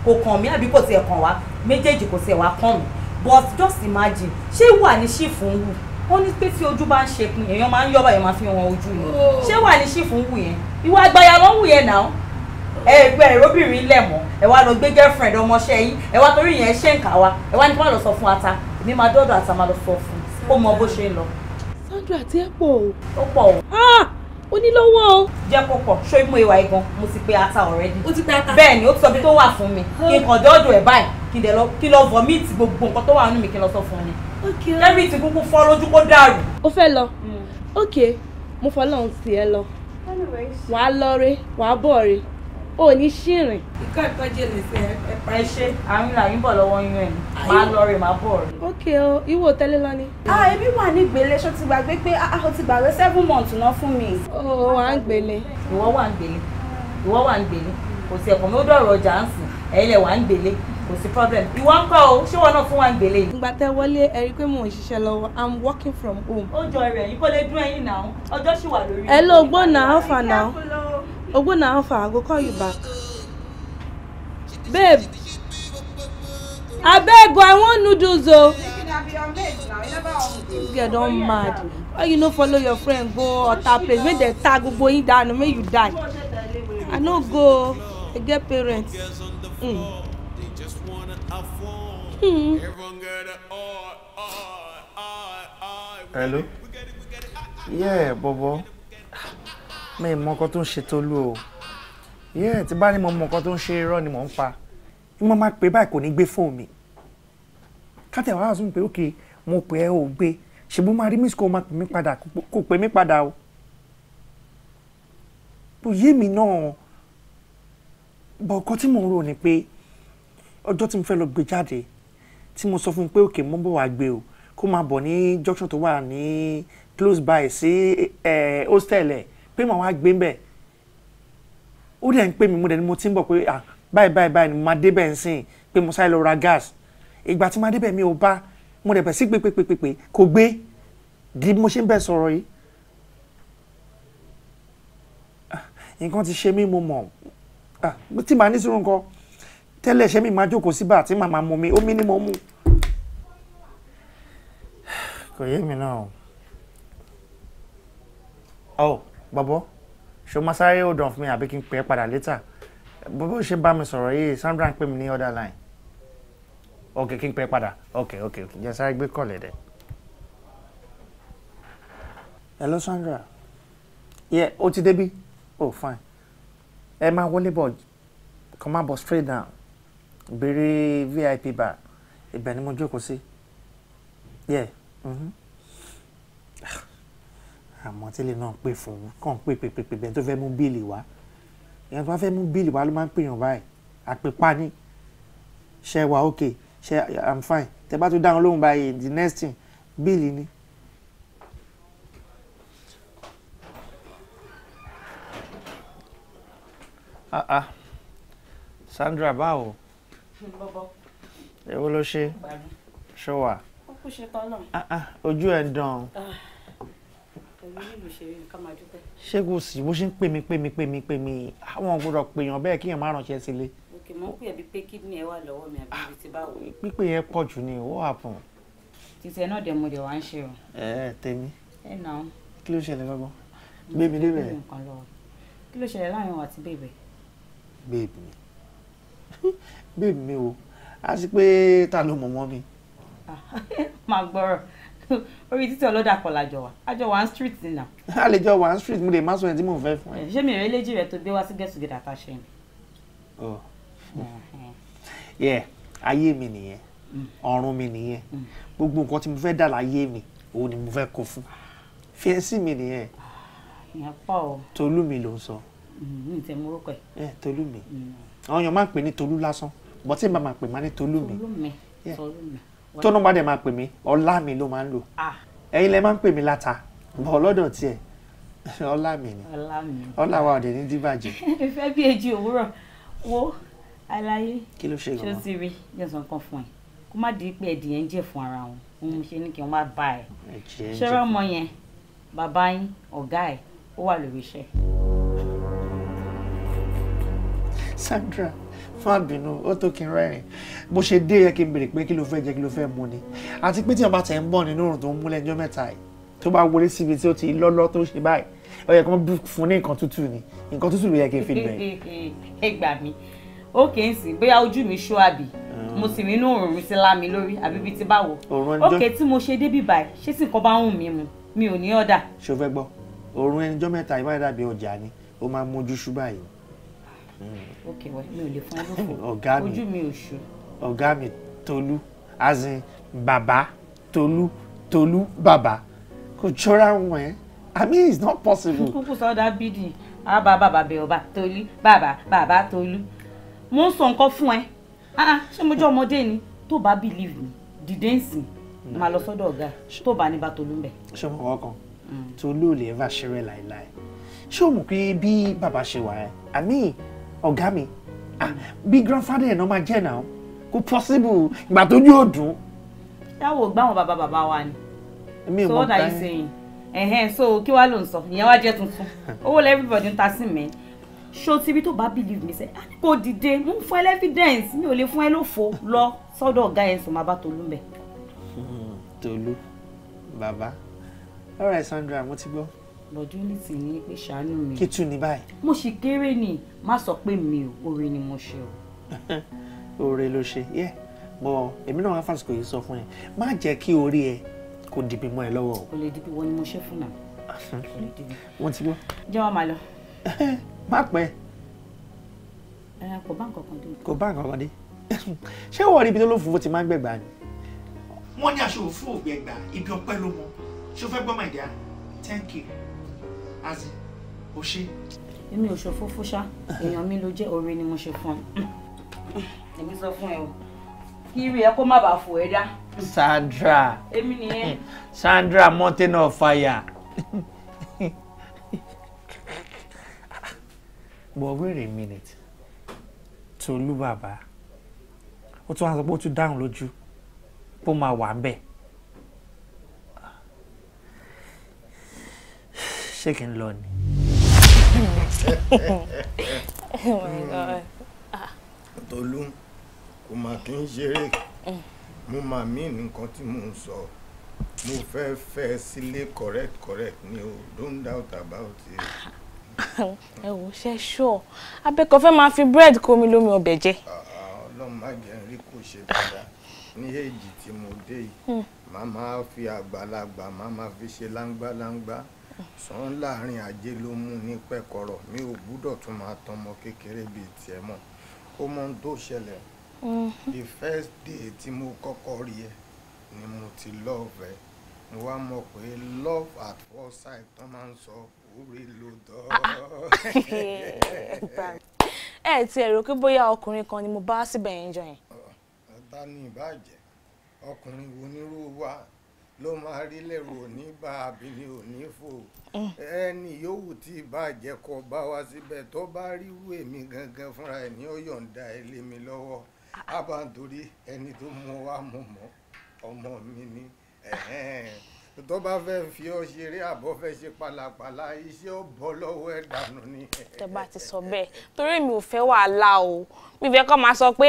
kò kàn mí àbí kò tiẹ̀ kàn wá méjèèjì kò tiẹ̀ wá kàn mí but just imagine ṣé wà ní ṣìfún wù ó ní pé tí ojú bá ń ṣe pin èèyàn máa ń yọ́bà èèyàn máa fi hàn ojú ni oh. ṣé wà ní ṣìfún wù yẹn ìwà àgbàyà ló ń wù yẹn náà ẹ gbẹ ìróbìnrin lẹ̀ mọ́ ẹ wá lọ gbé girlfriend ọmọọṣẹ́ yín ẹ wá torí yẹn ṣé ń kà wá ẹ wá ní kí wọ́n lọ sọ fún ata èmi máa dọ́dọ̀ àtàmà lọ sọ fún ó mọ bó ṣe ń lọ. Sandra ti ẹ̀ pọ̀ o. ó pọ̀ o. onílówó ah! o. jẹ́ kó pọ̀ ṣó imú ìwà igan mo ti pe ata already. ó ti pe ata. bẹ́ẹ̀ ni ó ti sọ bí tó wà fún mi ah. kí n kàn dé ọ̀dọ̀ ẹ̀ báyìí kí n dẹ̀ lọ kí n lọ vomit gbogbo nǹkan tó wà nínú mi kí n lọ sọ fún un. lẹ́bí ti kúkú fọ́ lójú kó dàrú. o fẹ́ lọ hmm. ok mo fọlọ́run sí ẹ lọ wàá lọ re wàá bọ̀ re ò ní ṣìrìn. ikọ́ ìtọ́jú lè ṣe ẹ̀pà ẹṣẹ́ àmì làyín bọ̀ lọ́wọ́ yín ẹ̀ máa lọ rè máa bọ̀ rè. ok o ìwò tẹ́lẹ̀ lọ ni. a ah, ebi wà ní gbélé ṣó ti gbàgbé pé a ah, ah, ti gbàgbé seven months náà fún mi. o wà ń gbélé. ìwọ wà ń gbélé ìwọ wà ń gbélé kò sí ẹ̀kọ́ mi ó dọ̀rọ̀ ọjà ń sìn ẹ̀yin lẹ̀ wà ń gbélé kò sí problem ìwọ ń kọ́ o ṣé wọn náà fún wa ń gbélé. ìgbà tẹ wọlé ẹ rí i pé mò ń ṣiṣẹ́ lọ́wọ́ i'm working from home. ó jọ rẹ̀ yín kó lè dún ẹyin náà ọjọ́ ṣì wà lórí. ẹ lóògbó náà how far now. Ogbona Alpha, I'll go call you back. Babe. I ah, beg, Abeg, I want noodles o. This girl don mad. Why you no follow your friend go other place? Make dem tag gbogbo yín dànù, make you die. I no go. I get parents. Mm. Hello? Yeah, Bobo mi mọ nǹkan tó ń ṣe Tolú o yẹ tí bá ní mo mọ nǹkan tó ń ṣe irọ́ ni mò ń pa bí mo máa pè báyìí kò ní gbé fóònù mi káàtì àwọn àzùn pé òkè mo pè ẹ́ ò gbé ṣèbú máa rí mísíkò máa pè mí padà kò pè mí padà o bó yé mi náà bọ̀ ọkọ tí mò ń rò ni pé ọjọ́ tí mo fẹ́ lọ gbé jáde tí mo sọ fún un pé òkè mo bọ̀ wá gbé o kó máa bọ̀ ní junction tó wà ní close by sí eh, hostel ẹ̀ pé màá wá gbé ń ó dẹ̀ ń pè mí mo dẹ̀ ni mo ti ń bọ̀ pé ah báyìí báyìí báyìí ni màá débẹ̀ ń sìn pé mo sáré lọ ra gas ìgbà tí màá débẹ̀ mi ò bá mo dẹ̀ bẹ̀ sí pé pé pé pé pé kò gbé di mo ṣe ń bẹ̀ sọ̀rọ̀ yìí ah, nǹkan ti ṣe mí mo mọ̀ tí ah, màá ní sùúrù nǹkan tẹ́lẹ̀ ṣe mí máa jókòó síbà tí màmá mú mi omi ni mo mú. kò yé mi náà o. Oh bọ́bọ́ ṣo máa sáré hold on fún mi àbí kí n pè é padà later bó ṣe bá mi sọ̀rọ̀ yìí Sandra ń pè mí ní other line ok kí n pè é padà ok ok ok jẹ́ sáré gbé kọ̀lẹ̀ dẹ̀. hello Sandra yeah o ti débi oh fine ẹ máa wọlé bọ̀ kàn máa bọ̀ straight down béèrè VIP bar ibẹ̀ ni mo jókòó sí yeah. Mm-hmm àmọ́ tẹ́lẹ̀ náà pè fún kàn pè pè pè pè bẹ́ẹ̀ tó fẹ́ mú bíìlì wá èèyàn tó bá fẹ́ mú bíìlì wá ló máa ń pèèyàn báyìí àpèpá ni ṣe wà okay ṣe i'm fine tẹ bá tó dáhùn lóhùn báyìí the next thing bíìlì ni. ah ah Sandra báwo èwo ló ṣe ṣọwà ah, ah. ojú ẹ̀ ń dán. Ah ṣé kò sí bó ṣe ń pè mí pè mí pè mí pè mí àwọn gbọ́dọ̀ pèèyàn bẹ́ẹ̀ kíyàn má ránṣẹ́ sílé. òkè mọ̀ ń pè ẹ́ bíi pé kídìní ẹ wà lọ́wọ́ mi àbí ibi tí báwo. Ah, pípé yẹn pọ̀ jù ni ó wà fún. náà dẹ̀ mo dẹ̀ wá ń ṣe o. ẹ ẹ tèmi. ẹ nà ó. kí ló ṣẹlẹ̀ gbọ́gbọ́ gbé mi débẹ̀. kí ló ṣẹlẹ̀ láàrin wa àti bèbè. bèbè mi bèbè mi o a sì pé ta ló mọ̀ mọ́ mi. Ah, máa gbọ́rọ̀ orí títí ọlọ́dà kan lájọ wa àjọ one street ni náà. a lè jọ one street mo lè má sọ ẹni tí mò ń fẹ́ fún ẹ. ṣé mi rẹ léjì rẹ tó gbé wá sí gẹ̀ẹ́sùgẹ̀dà tá a ṣe ni. Oh. yẹ ayé mi nìyẹn mm. ọ̀run mi nìyẹn mm. gbogbo nǹkan tí mo fẹ́ dà láyé mi òun ni mo fẹ́ kó fún fíẹ́nsì mi nìyẹn. Ah, ìyẹn pọ̀ o. tolú mi ló ń sọ. Mm, mi tẹ mú orúkọ ẹ. ẹ tolú mi àwọn èèyàn máa ń pè ní tolú lásán bọ́tí bá pè má ní tolú mi. tolú mi tolú mi tónú bá dẹ̀ máa pè mí ọlá mi ló máa ń lò ah. ẹ̀yin lẹ máa ń pè mí láta bọ̀ ọlọ́dọ̀ tiẹ̀ ọlá mi ni ọlá wa ọ̀dẹ̀ ní dìbàjẹ́. ìfẹ́ bí èjì òwúrọ̀ wo aláyé kí ló ṣe gan-an ṣó sì rí jẹ́sán kan fún ẹ kó má di pé ẹ̀dìyẹ ń jẹ́ fún ara wọn òun ṣe ní kí wọ́n má bá ẹ̀ ṣọ́rọ́ ọmọ yẹn bàbá yín ọ̀gá ẹ̀ ó wà lórí iṣẹ́. Sandra má bínú ó tó kí n rẹ́rìn bó ṣe dé yẹ kí n béèrè pé kí ló fẹ́ jẹ kí ló fẹ́ mu ni àti pé tí wọn bá tẹ̀ ń bọ̀ nínú òrùn tó ń múlẹ̀ ọjọ́ mẹ́ta yìí tó bá wọlé síbi tí ó ti lọ́lọ́ tó ṣe báyìí ó yẹ kí wọ́n fún ní nǹkan tútù ni nǹkan tútù ló yẹ kí n fi gbẹ̀yìn. ẹ gbà mí ó kì í sìn bóyá ojú mi ṣó àbí ah. mo sì nínú òrùn mi ti lá mi lórí àbí bíi ti báwo ókè tí mo ṣe débi báyìí ṣé tí nǹkan bá ń hùn mu mi ò ní ọ̀dà. ṣo gbọ́ òórùn ẹnijọ́ mẹ́ta ìwádìí dàbí ọjà ni ó máa mójú ṣú báyìí hmm òkè wẹ mi ò lè fún ẹ lóko ojú mi ò ṣù. ọ̀gá mi tolú as in bàbá tolú tolú bàbá kò jọra wọn ẹ i mean it's not possible. kúkú sọdá bídì á bàbá bàbá ọba tolú bàbá bàbá tolú mo ń sọ nǹkan fún ẹ ah, ah, ṣé mo jẹ́ ọmọdé ni tó bá believe me dìde ń sìn máa mm. lọ sọ́dọ̀ ọ̀gá tó bá ní bá tolú ń bẹ̀. ṣé mo kọ́ kan mm. tolú ò lè ever ṣeré láéláé ṣé o mọ̀ pé bí bàbá ṣe wà ẹ́ i mean ọ̀gá mi ah bí grandfather ẹ̀ náà máa jẹ́ náà kò possible ìgbà tó yóò dùn. táwọn ò gbá àwọn bàbá bàbá wa ni so what are you saying ẹ̀hẹ́n so kí wàá ló ń sọ ìyẹn wá jẹ́ tuntun owó lẹ́ everybody ń ta sí mi ṣó tíbi tó bá believe mi sẹ́ kò dìde mo ń fún ẹ lẹ́fídẹ́ǹsì mi ò lè fún ẹ lófo lọ sọ́dọ̀ ọ̀gá yẹn sọ máa bá Tolú ń hmm, Tolú bàbá all right Sandra mo ti gbọ́ bọ̀dún ní tì ní pé ṣàánú mi. kí tún ní báyìí. mo ṣì kéré ni má sọ pé mi ò oore ni mo ṣe o. oore ló ṣe yẹ bọ èmi náà wá fàṣìkò yìí sọ fún ẹ má jẹ́ kí orí ẹ kò dìbì mọ́ ẹ lọ́wọ́ o. kò lè dìbì wọ́n ni mo ṣe fún náà. kò lè dìbì. wọ́n ti gbọ́. jẹ́ wọn máa lọ. má pẹ́. kò bá nǹkan kan dé. kò bá nǹkan kan dé ṣé wọ́n rí ibi tó ló fún fún ti máa ń gbẹ̀gbà ni. wọ́n ní aṣọ òfin ògbẹ̀gbà ibi ọpẹ́ ló mọ ṣó fẹ́ gbọ́ màdìá thank you azi o ṣe. èmi ò ṣòfófó ṣá èèyàn mi ló jẹ́ oore ni mo ṣe fún ẹ. èmi sọ fún ẹ o kí rí ẹ kó má bàa fò ẹ dá. Sandra èmi nìyẹn. Sandra mountain of fire. but wait a minute Tolú bàbá ó tún wá sọ pé ó tún dáhùn lójú pé ó máa wà ń ṣé kí oh my god. Ah. tolú kò mà kí n ṣeré mo mà mí nǹkan tí mò ń sọ mo fẹ́ fẹ́ sílé correct correct ni o don't doubt about it. ẹ wò ṣe ṣọ abẹ́kọ̀ fẹ́ máa fi búrẹ́dì kó mi lómi ọbẹ̀ jẹ. Ah, ah, ọlọ́run má jẹ́ rí kò ṣe dáadáa ní èjì tí mo dé yìí hmm. màá máa fi àgbàlagbà màá máa fi ṣe láńgbáláńgbá sàn láàrin ajé ló mú ní pẹ̀kọ̀rọ̀ mi ò gbúdọ̀ tún máa tọmọ kékeré bíi tiẹ̀ mọ́ ó mọ ohun tó ṣẹlẹ̀ mm-hmm. the first day tí mo kọ́kọ́ rí ẹ ni mo ti love ẹ mo wá mọ̀ pé love at first sight tán máa ń sọ orí ló dọ́. ẹ ti ẹ̀rọ pé bóyá ọkùnrin kan ni mo bá síbẹ̀ yẹn jọ yẹn. ta ni ìbàjẹ́ ọkùnrin wo nírú wa ló máa rí lẹ́rù òní bá àbíní òní fò mm. ẹni yòówù tí ìbàjẹ́ kọ bá wá síbẹ̀ tó bá ríru èmi gangan fúnra ẹ̀ ní ọ̀yọ̀ǹda ẹ̀ mi lọ́wọ́ abá nítorí ẹni tó mú wa mú mọ́ ọmọ mi ni tó bá fẹ́ fi ọ ṣeré àbọ̀ fẹ́ ṣe pàlàpàlà iṣẹ́ ò bọ́ lọ́wọ́ ẹ̀ dànù ni. tẹ bá ti sọ bẹ́ẹ̀ torí mi ò fẹ́ wàhálà o mi fẹ́ kọ́ máa sọ pé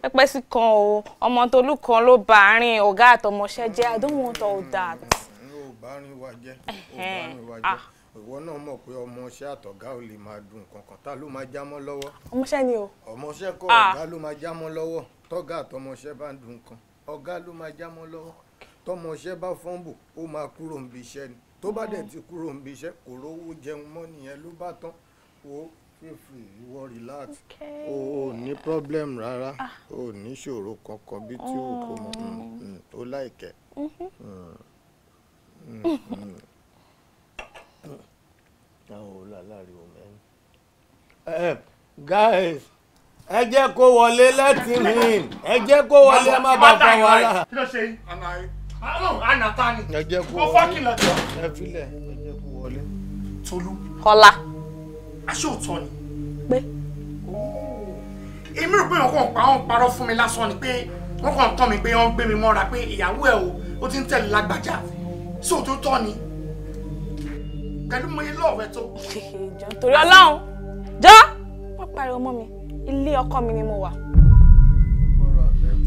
pẹ́pẹ́ sí kan o ọmọ tolú kan ló bá àárín ọ̀gá àtọmọṣẹ́ jẹ́ i don't want all that. o bá rìn wá jẹ́ o bá rìn wá jẹ́ ah. ìwọ náà mọ̀ pé ọmọọṣẹ́ àtọ̀gá ò lè máa dùn kankan ta ló máa jámọ́ lọ́wọ́. ọmọọṣẹ́ ni o. ọmọọṣẹ́ kọ́ ah. ọ̀gá ló máa jámọ́ lọ́wọ́ tọ́gá àtọmọṣẹ́ bá dùn kan ọ̀gá ló máa jámọ́ lọ́wọ́ tọmọṣẹ́ bá fọ́nbù ó máa kúrò níbi iṣẹ́ ni tó bá dẹ̀ mm. ti kúrò níbi iṣẹ́ kò rówó jẹun mọ́ nìyẹn ló bá tán o fífi ìwọ relax o ò ní problem rárá ah. o ò ní ṣòro kankan bí tí o kò mọ̀ o mm. mm, láìkẹ́. Mm-hmm. Eh, eh, guys ẹ jẹ́ kó wọlé let ẹ jẹ́ kó wọlé má bàa fa wàhálà anatani ẹ jẹ́ kó wọlé fọkìlọ jọ ẹ filẹ̀ ẹ jẹ́ kó wọlé. Tolú. Kọ́lá. aṣọ òótọ́ ni. pé. èmi rò pé wọn kàn pa wọn parọ́ fún mi lásán ni pé wọn kàn tán mi pé wọn gbé mi mọ́ra pé ìyàwó ẹ o ó ti ń tẹ̀lé lágbàjá sí òótọ́ ni pẹ̀lú mo ilé ọ̀rẹ́ tó. ìjọ torí Ọlọ́run jọ wọn pariwo mọ́ mi ilé ọkọ mi ni mo wà.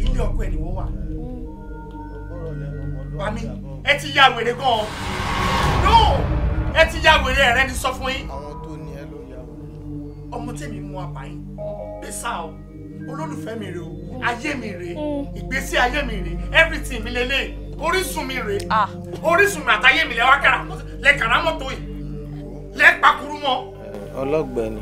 ilé ọkọ ẹ ni wọ́n wà. Mm bami ẹ ti ya wèrè gan o no ẹ ti ya wèrè ẹ̀rẹ́ ni sọ fún yín. àwọn tó ní ẹ ló ya wèrè. ọmọ tèmi mú apá yín bẹ́sà o olólùfẹ́ mi rè o ayé mi rè mm. ìgbésí ayé mi rè everything mi lélẹ̀ orísun mi rè ah. orísun mi àtayé mi lẹ́wà kára lẹ́kàrà mọ́tò yìí lẹ́pàkúrú mọ́. Eh, ọlọ́gbẹ́ni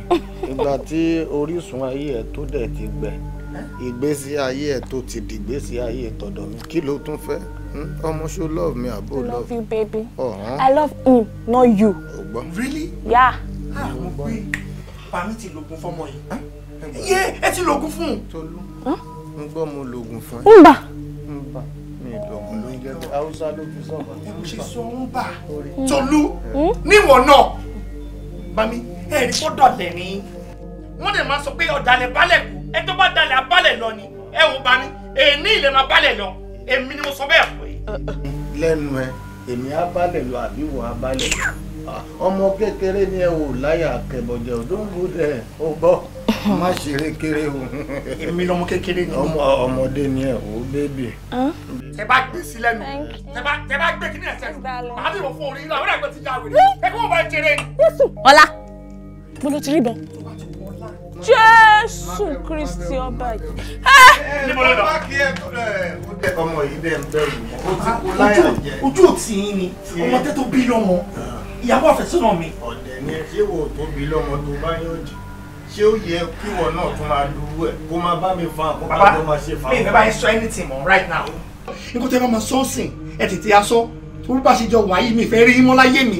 ìgbà tí orísun ayé ẹ̀ tó dẹ̀ ti gbẹ eh? ìgbésí ayé ẹ̀ tó ti dìgbésí ayé tọ̀dọ̀ mi kí ló tún fẹ́. Hmm? ọmọ ṣo love me abo love. love you baby. Uh-huh. I love him not you. ọgbọ́n. really. ya. àwọn ah, gbé pàmí ti lògùn fọmọ yìí. iye ẹ ti lògùn fún un. tolú gbọ́ mo lògùn fún ẹ. ń bà. ń bà mi lògùn ló ń jẹ́ mi haúsá ló fi sọ ọ̀gá. ẹ ṣe sọ ń bà tolú hmm? níwọ̀n náà bami ẹ rí kó dọ̀lẹ̀ ni wọ́n lè máa sọ pé ọ̀dàlẹ̀ balẹ̀ kù ẹ tó bá dalẹ̀ abalẹ̀ lọ ni ẹ wò bami èyí ní ilẹ̀ máa balẹ̀ lọ èmi ni mo sọ bẹ́ẹ̀ lẹ́nu ẹ èmi á lọ àbí wọ́n á ọmọ kékeré ni ẹ ò láyà àkẹbọ̀jẹ̀ òdòǹgò ó bọ́ má ṣeré kéré o. èmi lọmọ kékeré ni. ọmọ ọmọdé ni ẹ o bébì. ẹ bá gbé sí lẹ́nu ẹ bá gbé kíní ẹsẹ màá bí fún orí yìí àwọn àgbẹ̀ ti já ẹ kí wọn bá jẹrẹ. ọlá mo lọ ti rí bọ jésù kristi ọba yìí. Eh! ojú òtí yín ni ọmọ tẹ́ tó bí lọ́mọ ìyàwó àfẹ́sọ́nà mi. ọ̀dẹ̀ ni ṣé wo tó bí lọ́mọ tó bá yàn jù ṣé ó yẹ kí wọn náà tún máa lu ẹ kó máa bá mi fa àkókò àti ọmọ ṣe fa. mi ì bá yẹn sọ anything mọ right now. nǹkan tẹ́ ẹ bá máa sọ sìn ẹ tètè aṣọ torí bá ṣe jọ wàyí mi fẹ́ rí mọ́ láyé mi.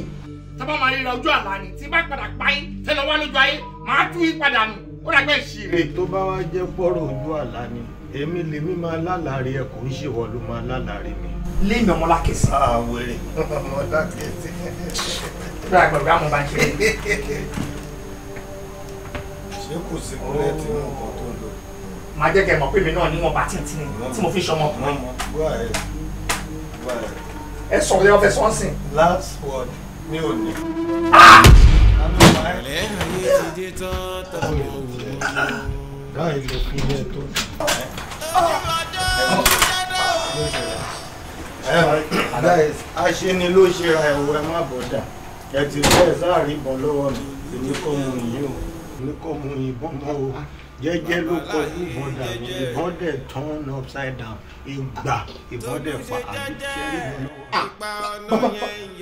tábà máa ríra ojú àlá ni tí bá padà pa yín tẹ́lẹ̀ wá lójú ayé màá tú yín padà nù ó rà pé ṣìrè. ètò bá wá jẹ́ pọ́rọ̀ ojú àlá ni èmi lèmi máa lálàrí ẹ kò ń ṣe wọ́n ló máa lálàrí mi. léèmì ọmọláke sí. àwẹ̀rẹ̀ ọmọláke sí. ó rà gbọ̀dọ̀ àmọ́ bá ń ṣe. ṣé kò sí kúrẹ́ tí mo kọ́ tó lọ. màá jẹ́ kẹ́ mọ̀ pé mi náà níwọ̀n bá tìǹtìǹ tí mo fi ṣọmọ ọkùnrin. ẹ sọ̀rọ̀ yẹn ọ̀fẹ́ sọ́nsìn. last word mi ò ní. Ah! ẹ̀lẹ́ ayé ti dé tán a ṣe ni ló ṣe ra ẹ̀wọ̀ ẹ má bọ̀dà ẹ ti bẹ́ẹ̀ sáàrí ìbọn lọ́wọ́ mi èmi kò mú yín o èmi kò mú ìbọn mọ́ o jẹ́jẹ́ ló kọ ìbọn dànù ìbọn dẹ̀ turn upside down ìgbà ìbọn dẹ̀ fa àbí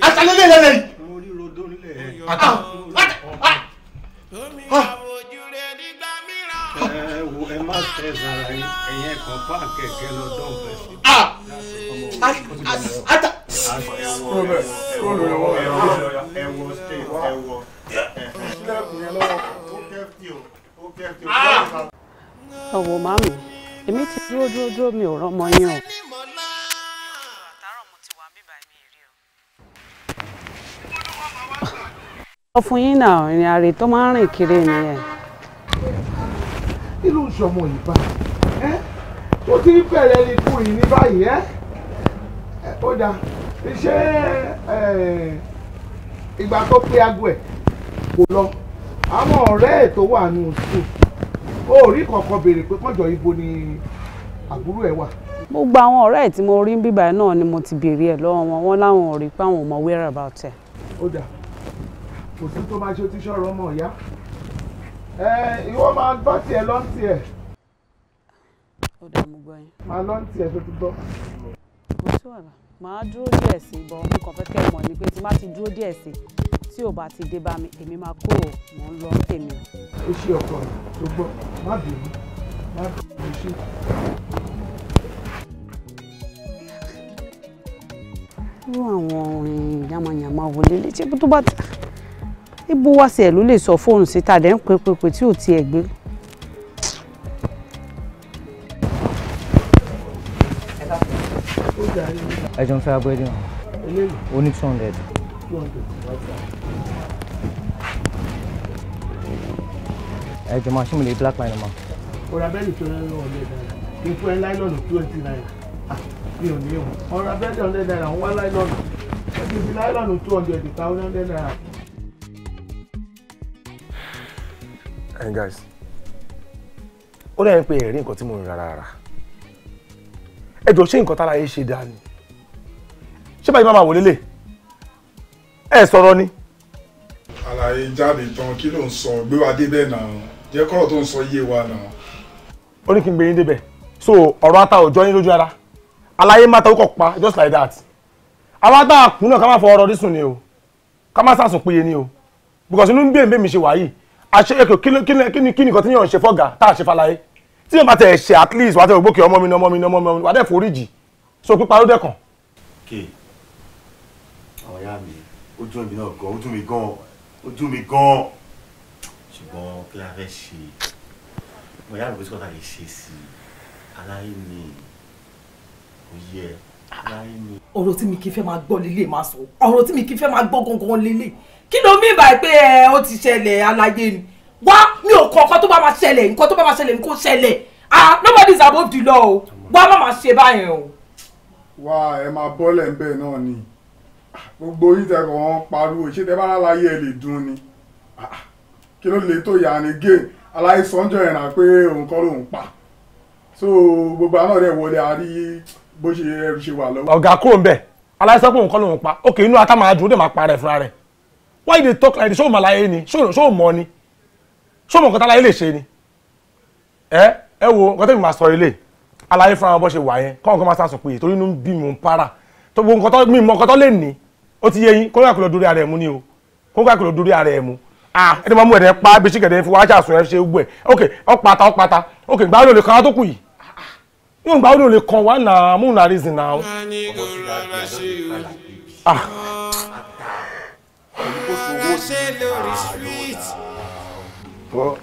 àtàlẹ́lẹ́lẹ́lẹ́ orí rodó nílẹ̀ ah, ah. ẹ̀. ẹ wo ẹ má tẹ sara yín ẹ̀yin ẹ̀kan bá kẹ̀kẹ́ lọ dán fẹsẹ̀. Ah. ẹ wo state èmi ti dúró dúró dúró mi ò rọ́mọ yín o. sọ fún yín náà ìrìn àrè tó máa ń rìn kiri nìyẹn. kí ló ń ṣọmọ yìí bá ẹ tó ti bẹ̀rẹ̀ ní ikú yìí ní báyìí ẹ ó dáa ṣé ìgbà tó pé aago ẹ̀ kò lọ àwọn ọ̀rẹ́ ẹ̀ tó wà nù sùn ó rí kankan béèrè pé kọjọ ibo ni àbúrò ẹ̀ wà. gbogbo àwọn ọ̀rẹ́ ẹ̀ tí mo rí ń bíbá ẹ̀ náà ni mo ti béèrè ẹ̀ lọ́wọ́ wọn wọn láwọn ò rí pé àwọn ò mọ whereabout ẹ̀. ó dáa kò sí tó máa ṣe tí sọ̀rọ̀ ọmọ ìyá ẹ ìwọ máa gbọ́ tiẹ̀ lọ ń tiẹ̀. ó dàá mú gbọ́ yín. máa lọ ń tiẹ̀ tó ti gbọ́. kò sí màá dúró díẹ̀ sí i bọ̀ mo kàn fẹ́ kẹ́ mọ̀ ni pé tí má ti dúró díẹ̀ sí i tí ò bá ti dé bá mi èmi máa kúrò mò ń lọ tèmi. ó ṣe ọkọ rẹ tó gbọ́ má bínú má bínú ṣe. irú àwọn orin yàmàyàmà wọlé létí tó bá ti ibo wá sí ẹ ló lè sọ fóònù síta dẹ̀ ń pè pè pè tí ò tiẹ̀ gbé. ẹ jọ ń fẹ́ abúlé náà ó two hundred. ẹ máa ṣí mi lè black line ma. ọ̀rọ̀ abẹ́lì tó rẹ́rẹ́ wọlé dára kí n láìlọ́nù twenty naira ah, mi ò ní ìwọ̀n ọ̀rọ̀ abẹ́lì ọ̀lẹ́ dára ń láìlọ́nù ẹ ti láìlọ́nù two hundred thousand naira. And guys, ó dẹ̀ ń pe ẹ̀rí nǹkan tí mo rìn rárá rárá. Ẹ jọ ṣé nǹkan tára yé ṣe dáa ni? Ṣé báyìí máa wò lélẹ̀? Ẹ sọ̀rọ̀ ni. Àlàyé jáde tán kí ló ń sọ gbé wa débẹ̀ náà jẹ́ kọ́rọ̀ tó ń sọ yé wa náà. Ó ní kí n gbé yín débẹ̀ so ọ̀rọ̀ ata òjọ́ yín lójú ara àlàyé máta ó kọ̀ pa just like that. Àwọn ata àkùn náà ká má fọ ọrọ̀ dísùn ni o ká má sàsùn péye ni o because inú ń bí èmi ṣe wà àṣeyọkọ kí nìkan tí yàn ń ṣe fọ́gà tá a ṣe falaye tí yàn bá tẹ̀ ṣe at least wàá tẹ̀ ògbókè ọmọ mi ní ọmọ mi ní ọmọ mi wàá dẹ̀ foríjì so pípa ló dẹ̀kàn. kè àwọn ìyá mi ojú mi náà gan ojú mi gan ojú mi gan ṣùgbọ́n kí la fẹ́ ṣe mo yára pé sọ́kọ́tà lè ṣe sí aláyé ni òye aláyé ni. ọ̀rọ̀ tí mi kì í fẹ́ máa gbọ́ lélẹ̀ máa sọ ọ̀rọ̀ tí mi kì í fẹ́ máa gangan lélẹ̀ kí ló mí ìbàyí pé ẹ ó ti ṣẹlẹ̀ aláyé ni wá mi ò kọ nǹkan tó bá máa ṣẹlẹ̀ nǹkan tó bá máa ṣẹlẹ̀ nǹkan ṣẹlẹ̀ ah nobody is above the law o wá má máa ṣe báyẹn o. wá ẹ máa bọ́lẹ̀ ń bẹ̀ náà ni ah, gbogbo yìí tẹ kàn án pariwo ṣé tẹ bá rà láyé ẹ lè dùn ni ah, ah, kí ló lè tó yàrá ni gé aláìsànjọ ìrìn pé òun kọ́ lòun pa so gbogbo àná rẹ̀ wọlé àárí bó ṣe ẹrù ṣe wà lọ́wọ́. ọ̀gá kúrò ń bẹ̀ aláìsàn pé òun kọ́ lòun pa òkè inú ata máa dùn ó dẹ̀ máa para ẹ̀ fúnra rẹ̀ why you dey talk like this ṣé o mọ àlàyé ni ṣé o mọ ni ṣé o mọ nǹkan tá àlàyé lè ṣe ni ẹ ẹ wo nǹkan tẹ́mi máa sọ ilé àlàyé fúnra wọn bọ́ ṣe wà yẹn kọ́ nǹkan máa sàṣùn pé torí inú bí mò ń para tó gbogbo nǹkan tó mi mọ nǹkan tó lè ní ó ti yé yín kó ń kàkùlọ̀ dórí ara ẹ̀ mú ni o kó ń kàkùlọ̀ dórí ara ẹ̀ mú ah ẹni máa mú ẹ̀dẹ̀ pa bí ṣìkẹ̀dẹ̀ fi wájà sùn ẹ̀ ṣe gbogbo ẹ̀ ok ọ̀pata ọ̀pata ok gbàgbọ́ ló lè kan á tó kù yìí yóò gbàgbọ́ ló lè kan wá nà mú nà reason now. ah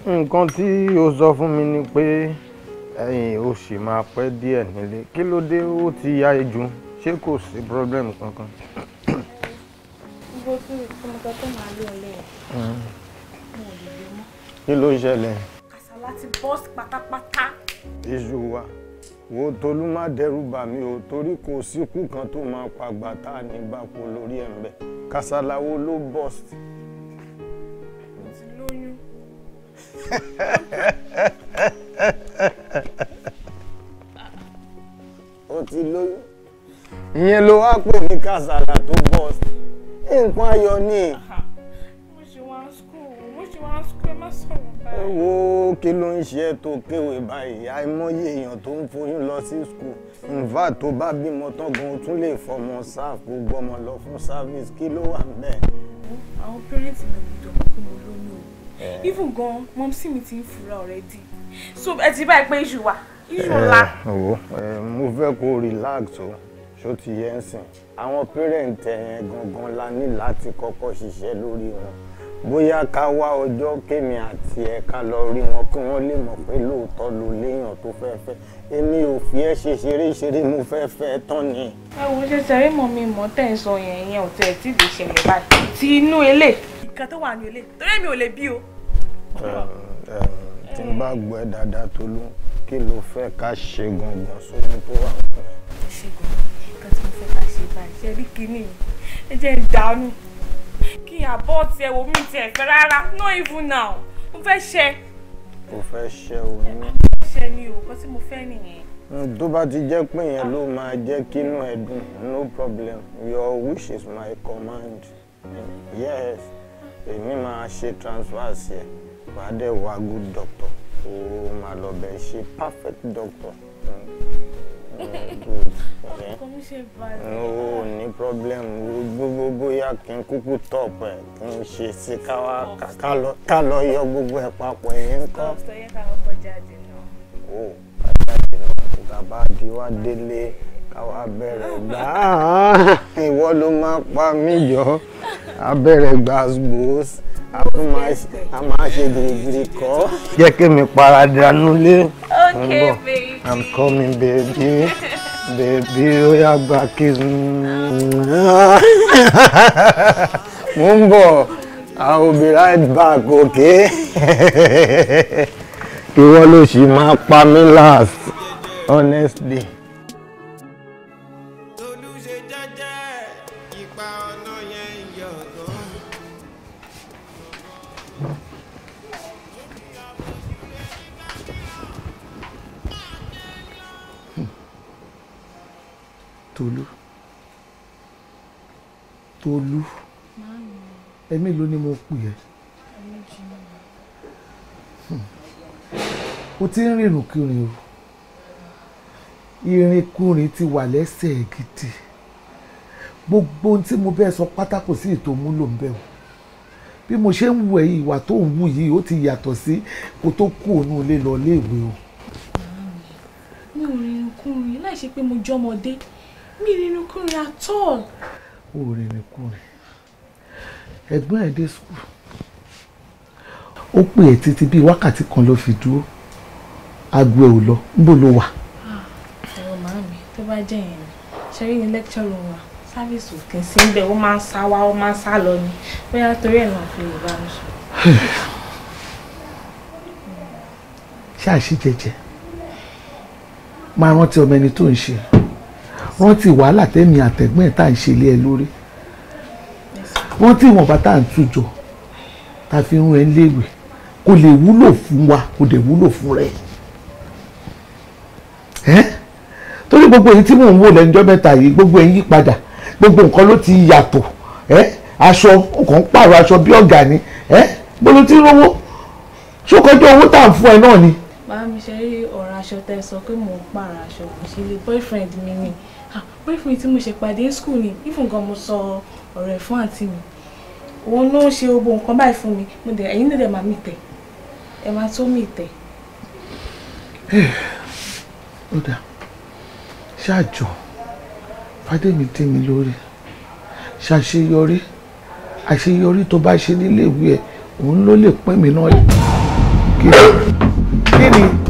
nǹkan tí o sọ fún mi ni pé ẹ̀yin o sì máa pẹ́ díẹ̀ nílé kí ló dé ó ti yá ejò ṣé kò sí problem kankan. gbogbo tí mo sọ pé màá lò lẹ́yìn mo kí ló ń ṣẹlẹ̀. àṣàlá ti bọ́ọ̀sì pátápátá. iṣu wa wo tolú má dẹ́rù bà mí o torí kò síkú kan tó máa pa gbàtà ní báko lórí ẹ̀ ń bẹ̀ kásálàwó ló bọ́st. lóyún. ó ti lóyún ìyẹn ló wá pè ní kásálà tó bọ́st nǹkan ayọ̀ ni. Aha wo kí ló ń ṣe tó kéwé báyìí àìmọye èèyàn tó ń foyún lọ sí skul nva tó bá bímọ tán gan tún lè fọmọ sáàf kó gbọmọ lọ fún service kí ló wà ńbẹ̀. àwọn pẹ́rẹ́ǹtì mi ò dọ̀ pé mo lóyún o eh. even gan mọ́mísì mi ti ń fura already so ẹ ti báyìí pé iṣu wà iṣu ńlá. wo eh, mo fẹ́ kó relax o ṣó ti yẹ ń sìn àwọn pẹ́rẹ́ǹtì ẹ̀yẹn gangan la ní láti kọ́kọ́ ṣiṣẹ́ lórí wọn bóyá ká wá ọjọ́ kémi àti ẹ̀ ká lọ rí wọn kí wọ́n lè mọ̀ pé lóòótọ́ ló léèyàn tó fẹ́ fẹ́ èmi ò fi ẹ́ ṣe ṣeré ṣeré mo fẹ́ fẹ́ tán ni. ẹ wo ṣe sáré mọ mi mọ tẹ ẹ sọ yẹn yẹn ò ẹ tí lè ṣẹlẹ̀ báyìí ti inú ilé. nǹkan tó wà ní ilé torí èmi ò lè bí o. tí n bá gbọ́ ẹ dáadáa tó ló kí ló fẹ́ ká ṣe gangan sómi tó wà fún ẹ. ṣe gangan nǹkan tí mo fẹ́ ká ṣe báyìí ṣe mi àbọ̀ tiẹ̀ wò mí tiẹ̀ fẹ́ rárá even now mo fẹ́ ṣe. mo fẹ́ ṣe òní. ṣe ni o kò tí mo fẹ́ nìyẹn. tó bá ti jẹ́ pé yẹn ló máa jẹ́ kínú ẹ̀ dùn no problem your wish is my command yes èmi máa ṣe transfer sí ẹ wàá dẹ̀ good doctor ó máa lọ bẹ̀ ṣe perfect doctor. Mm o mm-hmm. mm-hmm. ní problem gbogbo bóyá kí n kúkú tọ̀pù ẹ̀ kí n ṣe sí ká lọ yọ gbogbo ẹ̀ papọ̀ ẹ̀yìn kọ́. ọ̀sẹ̀ yẹn ká ọkọ̀ jáde náà. o kájà jìnnà bàbá àti wá délé káwá bẹ̀rẹ̀ gbà á ìwọ ló máa pa mí yọ abẹ́rẹ́ gbàgbó sí. I'm máa ṣe gírígírí kọ́. jẹ́ kí mi para dànù lé ń i'm coming baby baby ó yá gba kí n i will be right back okay. You want to see my family last honestly. Tolú Tolú ẹ̀mí ló ní mo pè ẹ́ o ti ń rìnrìn kiri o irinkurin ti wà lẹ́sẹ̀ gidi gbogbo ohun tí mo bẹ́ẹ̀ sọ pátá kò sí ètò múlò ń bẹ̀ o bí mo ṣe ń wù ẹ́ ìwà tó ń wù yìí ó ti yàtọ̀ sí kó tó kú òun ilé lọ léèwé o. mi ò rìnrìn kùnrin láì ṣe pé mo jọmọdé mi rinu kúrin at all. o ò rìnrìn kúrin ẹ̀gbọ́n ẹ̀ dé sùkúl ó pè é títí bíi wákàtí kan ló fi dúró aago ẹ̀ ò lọ níbo ló wà. Ah, ẹ̀rọ màámi tó bá jẹ́ yẹn ṣe rí ní lẹ́kṣọ̀ ló wà sáfíìsì òkè sí ń bẹ̀ ó máa ń sá wá ó máa ń sá lọ ni bóyá torí ẹ̀ náà fi lè bá mi ṣáà ṣì jẹ́jẹ́ máa rántí ọmọ ẹni tó ń ṣe rántí wàhálà tẹ́mi àtẹ̀gbọ́n ẹ̀ tá à ń ṣe ilé ẹ lórí rántí ìwọ̀nba tá à ń tújọ tá a fi ń rẹ léèwé kò lè wúlò fún wa kò lè wúlò fún rẹ torí gbogbo èyí tí mò ń wò lẹ́njọ́ mẹ́ta yìí gbogbo ẹ̀ ń yí padà gbogbo nǹkan ló ti yàtọ̀ aṣọ nǹkan pààrọ̀ aṣọ bí ọ̀gá ni gbolo tí rówó ṣókọjọ owó tá à ń fún ẹ náà ni. bá mi ṣe rí ọ̀rọ̀ aṣọ tẹ́ sọ pé mò ń pààrọ̀ aṣọ kò sí ilé boyfriend mi ni boyfriend tí mo ṣe pàdé ní school ni even gan mo sọ ọ̀rọ̀ ẹ̀ fún àǹtí mi òun ló ń ṣe gbogbo nǹkan báyìí fún mi mo dẹ̀ ẹ̀yin nílẹ̀ máa mi tẹ̀ ẹ máa tó mi tẹ̀. ó dà ṣáàjọ fàdémi dé mi lórí ṣàṣeyọrí àṣeyọrí tó bá ṣe níléèwé ẹ òun ló lè pín mi náà kí ni.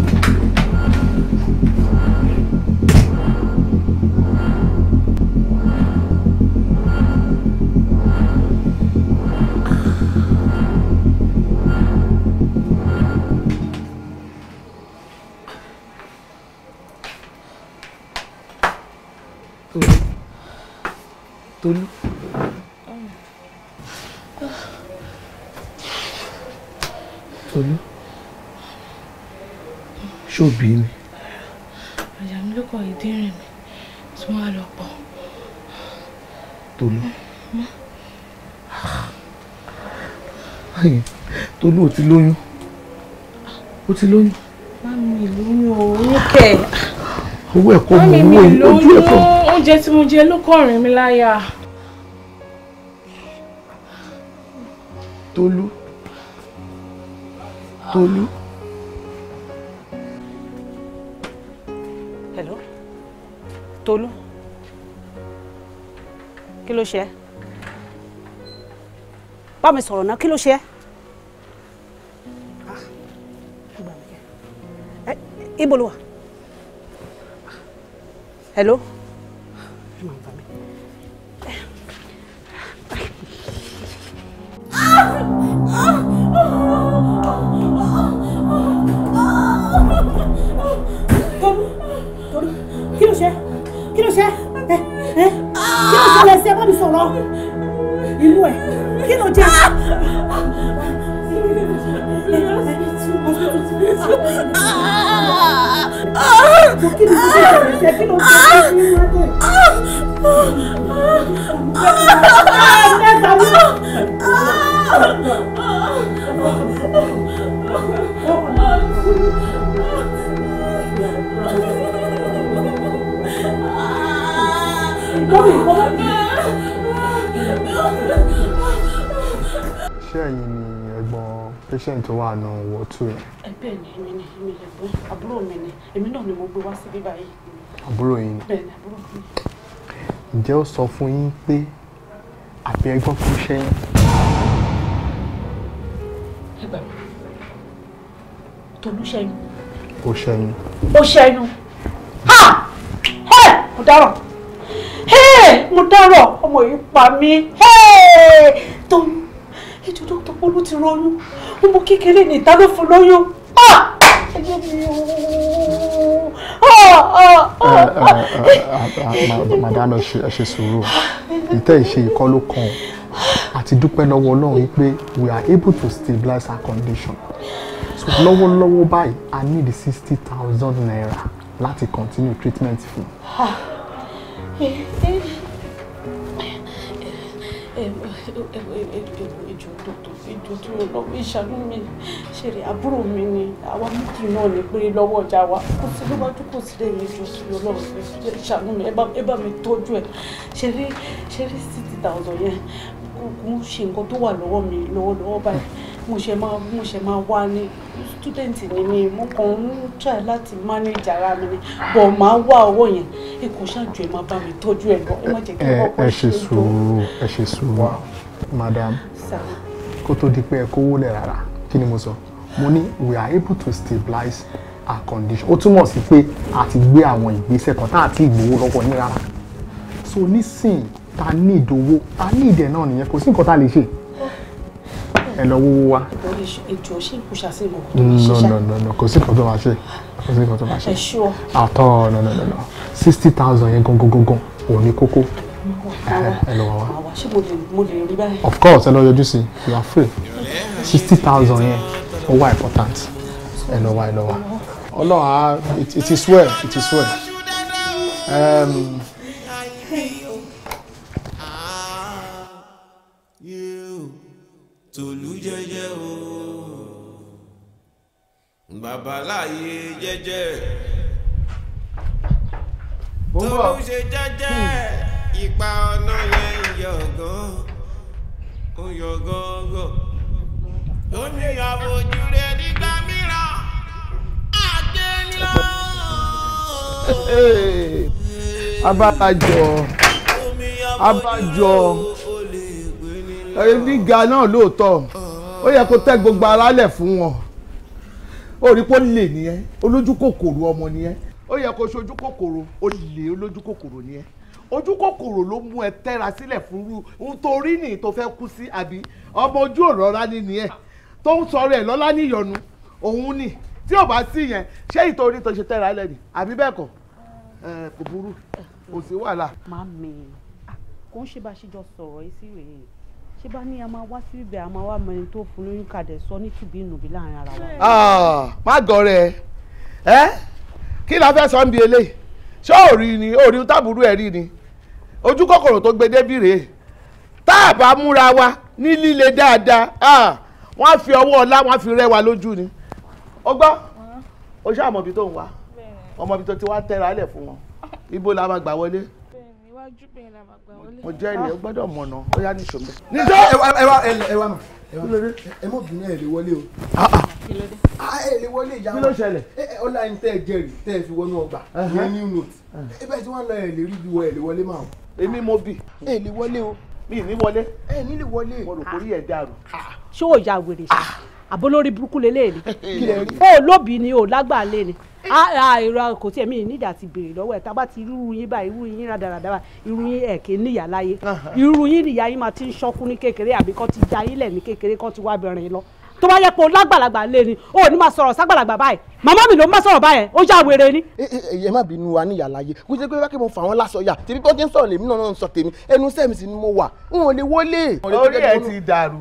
ti lóyún. mami lóyún o oyún kẹ. owó ẹ̀kọ́ mo owó ojú ẹ̀kọ́. oúnjẹ tí mo jẹ ló kọrin mi láyà. Tolú Tolú. hello Tolú kí ló ṣe bá mi sọ̀rọ̀ náà kí ló ṣe. ibo ló wà hello. kí ló ṣe kí ló ṣe eh, eh, ẹ ẹ kí ló ṣe lẹsẹ bá mi sọ̀rọ̀ ìlú ẹ kí ló jẹ ṣé ẹ̀yin patient tó wà nù wọ tù yẹn. ẹ bẹ́ẹ̀ ni èmi ni èmi lè bọ́ àbúrò mi ni èmi náà ni mo gbé wá síbí báyìí. àbúrò yín ni. bẹ́ẹ̀ ni àbúrò mi. ǹjẹ́ ó sọ fún yín pé àbí ẹgbọ́n kò ṣẹ́yìn. ẹ gbà mí tolú ṣẹ́yìn. ó ṣẹ́yìn. ó ṣẹ́yìn. ha ẹ mo dárọ̀ mo dárọ̀ ọmọ yìí pa mí tolú ẹjọ́ dókítà Pọ́lú ti rọyún ọmọ kékeré ní ìta ló fún lóyún ẹjọ́ mi o. madam ẹ ṣe sùúrù ìtẹ́ ìṣe ìkọ́ ló àti dúpẹ́ lọ́wọ́ Ọlọ́run pé we are able to stabilize her condition so lọ́wọ́lọ́wọ́ báyìí I need sixty thousand naira láti continue treatment fún ẹ ẹ ẹ ẹ ẹ ẹ ẹ ẹ ẹ ẹ ẹ ẹ ẹ ẹ ẹ ẹ ẹ ẹ ẹ dúdú lọ́wọ́ ìṣàánú mi ṣeré àbúrò mi ni àwa méjì náà ní péré lọ́wọ́ ọjà wa kò sí lọ́wọ́dún kò sí lẹ́yìn ìjọ sí ọlọ́run ṣe ìṣàánú mi ẹ bá mi tọ́jú ẹ ṣeré ṣeré sixty thousand yẹn kò ṣe nǹkan tó wà lọ́wọ́ mi lọ́wọ́lọ́wọ́ báyìí mo ṣe máa mo ṣe máa wá ní student ni mi mo kàn ń try láti manage ara mi ni bọ̀ máa wá owó yẹn ẹ kò ṣáàjù ẹ máa bá mi tọ́jú ẹ lọ ẹ má jẹ́ kí ọkọ̀ ṣe é lọ. ẹ ṣe sùúrù ẹ ṣe sùúrù madam. sir kó tó di pé ẹ kówó lẹ̀ rárá kí ni mo sọ mo ní we are able to stabilize our condition ó túmọ̀ sí pé a ti gbé àwọn ìgbésẹ̀ kan tá à ti gbowó lọ́wọ́ ní rárá so nísìnyí ta ní ìdòwó ta ní ìdẹ̀ náà nìyẹn kò sí nǹkan tá a lè ṣe ẹ lọ wó wá. ètò ṣì no no no kò sí nǹkan tó máa ṣe kò sí nǹkan tó máa ṣe. àtọ no no no sixty thousand yẹn gangan gangan òun ni kókó ẹ of course ẹ lọ yọjú sí you are free sixty thousand yẹn ó wà important ẹ why. wá ẹ lọ wá ọlọ́run ah it is well it is well. Um, tòlú jẹ́jẹ́ o babaláyé ṣe jẹ́jẹ́ ipa ọ̀nà yẹn ń yọ gan ó yọ gangan. ó ní ìyàwó ojú rẹ nígbà mìíràn àgbẹ̀ lọ. abájọ abájọ gíga náà lóòótọ́ ó yẹ kó tẹ́ gbogbo alálẹ̀ fún wọn ó rí pé ó lè nìyẹn olójú kòkòrò ọmọ nìyẹn ó yẹ kó ṣojú kòkòrò ó lè olójú kòkòrò nìyẹn ojú kòkòrò ló mú ẹ tẹ́ra sílẹ̀ fúru nítorí nìyí tó fẹ́ kú sí àbí ọmọ ojú òrọ̀ra ni nìyẹn tó ń sọ̀rọ̀ ẹ̀ lọ́lá níyọnu òun ni tí ò bá sí yẹn ṣé ìtorí tó ṣe tẹ́ra lẹ́nu àbí bẹ́ẹ̀ kọ́ kò burú kò sí wàhálà. màmí kò ń ṣe bá a ṣe jọ sọ̀rọ̀ yìí sí rèé ṣé bá ní a máa wá sí ibẹ̀ a máa wá mẹ́rin tó fún lóyún kàdé sọ ní tùbí nùbí láàrin ara wa. má gọ̀ọ́rẹ́ ẹ kí la fẹ́ sọ ń bi eléyìí ṣé òòrì ni òòrì tábùrú ẹ̀ rí ni ojú kòkòrò tó gbé débi rèé tá a bá múra wa ní líle dáadáa wọ́n á fi ọwọ́ ọlá wọ́n á fi rẹ́ wa lójú ni ó gbọ́ o ṣe àmọ̀bí tó ń wá ọmọbí tó ti wá tẹ́ra lẹ̀ fún wọn ibo la máa gbà wọlé mo jẹ́ ilé gbọ́dọ̀ mọ̀nà ó yá ní ìṣòmẹ́. níjọ́ ẹ wá ẹ wá ẹ wá ẹ mọ̀ bí ní ẹ lè wọlé o. Ah, ah. Ah, ẹ lè wọlé ìyá wa kí ló ṣẹlẹ̀. ọlá yín tẹ́ ẹ jẹ́rìí tẹ́ ẹ fi wọnú ọgbà ní new note ẹ bẹ́ẹ̀ tí wọ́n lọ ẹ lè rí ju ẹ lè wọlé máa èmi mo bì. ẹ ní wọlé o. mi ní wọlé. ẹ ní lè wọlé. mo rò kórí ẹ dàrú. Ah. ṣé o ya wèrè ṣe ah. àbólórí burúkú lélẹ̀ ni o lóbi ni o lágbàá lé ni eh. ah, ìrora kò tiẹ̀ mí nídìí àti béèrè lọ́wọ́ ẹ̀ tábà ti irú yín báyìí irú yín rádaràdà irú yín ẹ̀kẹ́ níyà láyé irú yín nìyá yín máa ti ń ṣọ́kú ní kékeré àbí ti já yín lẹ̀ ní kékeré kọ́ ti wá bẹ̀rẹ̀ lọ tó bá yẹ pé o lágbàlagbà lé ni o ò ní máa sọ̀rọ̀ ságbàlagbà báyìí màmá mi ló ń bá sọ̀rọ̀ báyẹn ó já wèrè ni. ẹ má bínú wa níyà láyé kó jẹ́ pé wákè mo fà wọ́n lásọ̀yà tèmi tó ti ń sọ̀rọ̀ lèmi náà ń sọ tèmi ẹnu sẹ́mi sì ni mo wà n ò lè wọlé. orí ẹ ti dàrú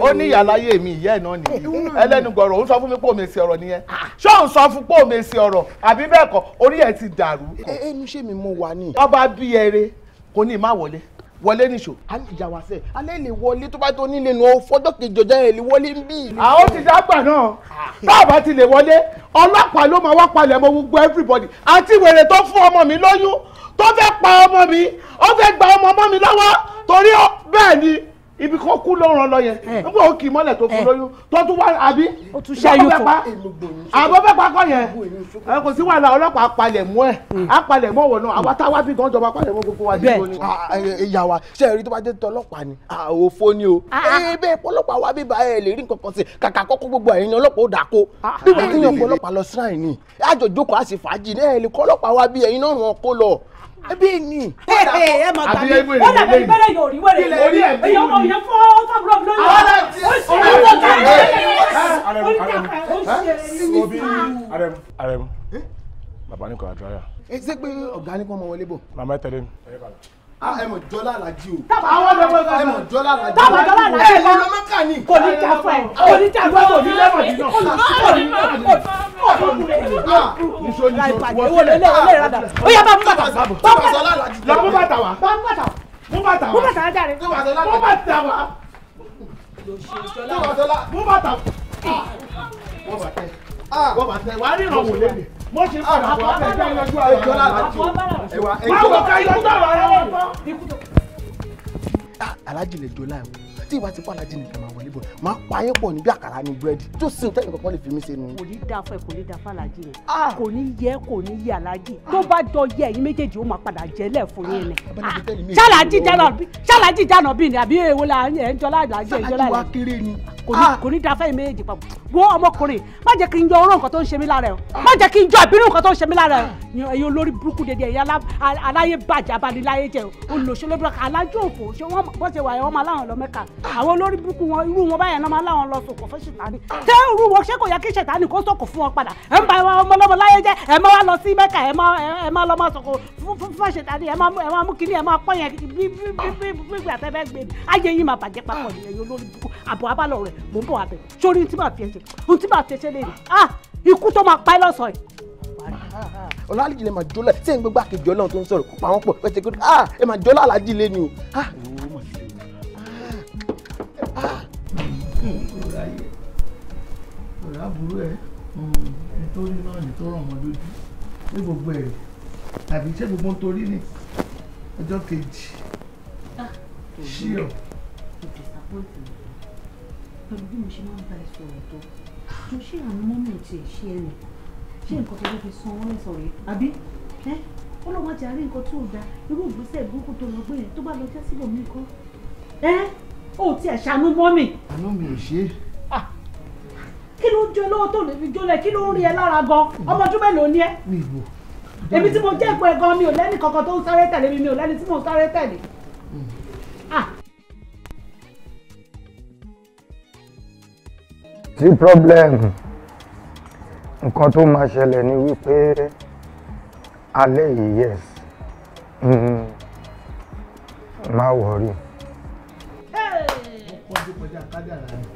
ó níyà láyé mi ìyá ẹ náà nìyí ẹlẹ́nu gbọ̀rọ̀ ó ń sọ fún mi pé òmèsì ọ̀rọ̀ nìyẹn ṣé òun sọ fún pé òmèsì ọ̀rọ̀ àbí bẹ́ẹ̀ kọ́ orí ẹ ti dàrú. ẹnu ṣé mi mo wà ní. ọba bíi ẹrẹ kò ní ì má wọlé wọlé nìṣó a lè jà wá sẹ a lè lè wọlé tó bá tó nílé nu fọjọ́ kejì ọjà yẹn lè wọlé ń bì. àwọn ti dàgbà náà bàbá ah. ti lè wọlé ọlọ́pàá ló máa wá palẹ̀ mọ́ gbogbo everybody àti wèrè tó fún ọmọ mi lóyún tó fẹ́ pa ọmọ mi ó fẹ́ gba ọmọ ọmọ mi lọ́wọ́ torí bẹ́ẹ̀ ni ibi kan kú lọ́rùn lọ yẹn eh. nígbà ó kì í mọ́lẹ̀ tó fún eh. lóyún tó tún wá àbí ìyàwó bẹ́ẹ̀ pa àbọ̀ bẹ́ẹ̀ pa kọ́ yẹn eh, kò sí wàhálà ọlọ́pàá palẹ̀ mọ́ ẹ̀ á hmm. palẹ̀ mọ́ wọ̀ náà àwa táwa fi gan jọba palẹ̀ mọ́ gbogbo wa dìbò ni. ìyàwó ṣe èrè tó bá dé tọlọ́pàá ni ah, òfo ni o ah, ah. ebe ọlọ́pàá wa bíbá ẹ lè rí nǹkan kan sí kàkà kọ́kọ́ gbogbo ẹ̀yin ọlọ́pàá ó dà kó bíbá ti yàn kó ọlọ́pàá lọ síráì ni àjọjókòó àsìfàájì ẹ lè ebi ni. ẹ ma gbà mí ó dàbí ẹni bẹ́rẹ̀ yóò rí wẹ̀rẹ̀ èyí ọmọ yẹn fọ́ sábúrò mi lóyún ó ṣe é wọ́n ká ẹ̀ ẹ̀ ó ń dàgbà ó ṣe é ní sàn. bàbá ní kò àdúrà yà. ẹ ṣe pé ọ̀gá ní kò mọ wọlé bò. màmá ẹ tẹ̀lé mi. Ah, ẹ mọ̀ jọ́lá àlàjì o. tábà àwọn ọmọ ẹgbẹ́ ọgbà ẹ mọ̀ jọ́lá àlàjì. tábà jọ́lá àlàjì. ẹ lọ lọ́mọ kà ní. kò ní jà fún ẹ kò ní jà fún ẹ kò ní lẹ́mọ̀ nínú. kò ní lẹ́mọ̀ nínú. Ah, wọ́n bá tẹ ah. wàá ríran wò lẹ́nu mo ṣe fún àpò abẹ́rẹ́ yanjú ara ẹjọ́ aláàjì ẹwà ẹjọ́ tí ìwà ti pàlàjì nìkan máa wọlé bọ̀ máa pa ayé pọ̀ níbi àkàrà ní búrẹ́dì tó ṣe òtẹ́ nǹkan kan lè fi mí ṣe nù. kò ní da fún ẹ kò ní da fàlàjì rẹ ah! kò ní yẹ kò ní yẹ alájì tó bá dọ yẹ ẹyin méjèèjì ó máa padà jẹlẹ fún yín ni ah! ah! ṣàlàjì dáná bí ni àbí èwo la ẹ ń jọlá àlàjì ẹ ń jọlá àlàjì kò ní da fẹ́yìn méjèèjì papọ̀ wo ọmọkùnrin má jẹ́ kí n jọ oró nǹkan tó ń ṣe mí lára ẹ̀ má jẹ́ kí n jọ ìbínú nǹkan tó ń ṣe mí lára ẹ̀ ẹ̀yin olórí burúkú dédé ẹ̀yin aláyé bàjẹ́ abaniláyé jẹ́ olùlọ́sọ́lọ́dún alájọ́ òfò ṣé wọ́n bọ́ wà ẹ̀ wọ́n máa láwọn lọ àwọn olórí burúkú wọn irú wọn báyẹn náà máa láwọn lọ sọkò fún ṣètàní tẹ irú wọn ṣé kò yẹ kí ṣètàní kó sọkò fún wọn padà ẹ ń ba ẹwà ọmọlọmọ láyé jẹ ẹ má wá lọ sí mẹ́kà ẹ má ẹ má lọ má sọkò fún ṣètàní ẹ má mú kíní ẹ má pọ́n yẹn bí bí bí bí gbé àtẹ́fẹ́ gbé mi ayé yìí máa bàjẹ́ papọ̀ nìyẹn olórí burúkú àbọ̀ abálọ̀ rẹ̀ mò ń bọ̀ abẹ sórí tí màá fi ẹsẹ̀ ohun tí fi ẹsẹ̀ lè ah ikú tó máa pa ẹ́ lè máa jọ́lá sẹ́yìn gbogbo àkejì ọlọ́run tó ń sọ̀rọ̀ kó pa wọ́n pọ̀ pẹ̀sẹ̀ kó ah máa jọ́lá àlájì lé ni o ah, ọ̀rá yẹ ọ̀rá burú ẹ nítorí náà ní tó ràn wọ́n lójú ní ni ọjọ́ kejì ah. ṣíọ̀. pẹ̀lú bí mo ṣe máa ń bá ẹ sọ̀rọ̀ tó tó ṣé àwọn mọ́mẹ́ǹtì ẹ̀ ṣe ẹ̀ nì ṣé nǹkan tó fi san wọ́n lẹ́sọ̀ọ́ rẹ̀ àbí ẹ́ ọlọ́wọ́n ti àárín nǹkan tí ò da irú ìgbésẹ̀ burúkú tó lọ gbé yẹn tó bá lọ já síbò mí kọ́ ẹ́ o ti ẹ̀ ṣàánú mọ́ mi. àánú mi ò ṣe é. kí ló ń jó lọ́wọ́ tó lè fi jólẹ̀ kí ló ń rí ẹ lára gan ọmọ ọdún mélòó ni ẹ. mi ò. èmi tí mo jẹ́ ìpò ẹ̀ gan mi ò lẹ́ni kankan tó ń sáré tẹ̀lé mi mi ò lẹ́ni tí mò ń sáré tẹ̀lé. sí problem nǹkan tó máa ṣẹlẹ̀ ni wípé alẹ́ yìí yes mm wọ̀rí. Mm -hmm kádàrá rẹ̀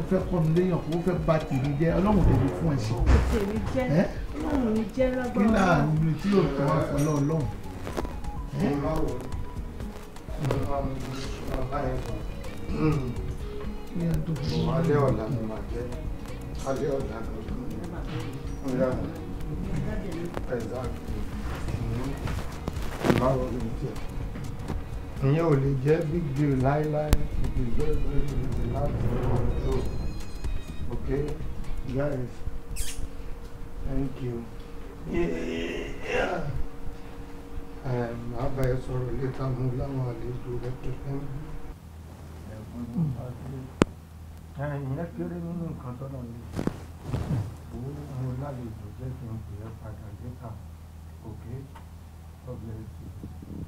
ó fẹ́ kọ́ mi léyàn kó fẹ́ bà tèmi jẹ́ ọlọ́run tèmi fún ẹ̀ sí. tèmi jẹ́ ọlọ́run mi jẹ́ lágbára. kí náà mi tí yóò tọ́ ọpọlọ ọlọ́run. alẹ́ ọ̀la ni màá jẹ́ alẹ́ ọ̀la ni màá jẹ́ ọ̀la ni màá jẹ́ ìyẹn ò lè jẹ́ big deal láíláí it is very very easy láti control okay guys thank you màá bá ẹ sọ̀rọ̀ létà mú láwọn àlejò rẹ pẹpẹ. ìyẹn kéré nínú nǹkan tọ́lọ̀ ni mo lálejò jẹ́ kí n pè é padà létà you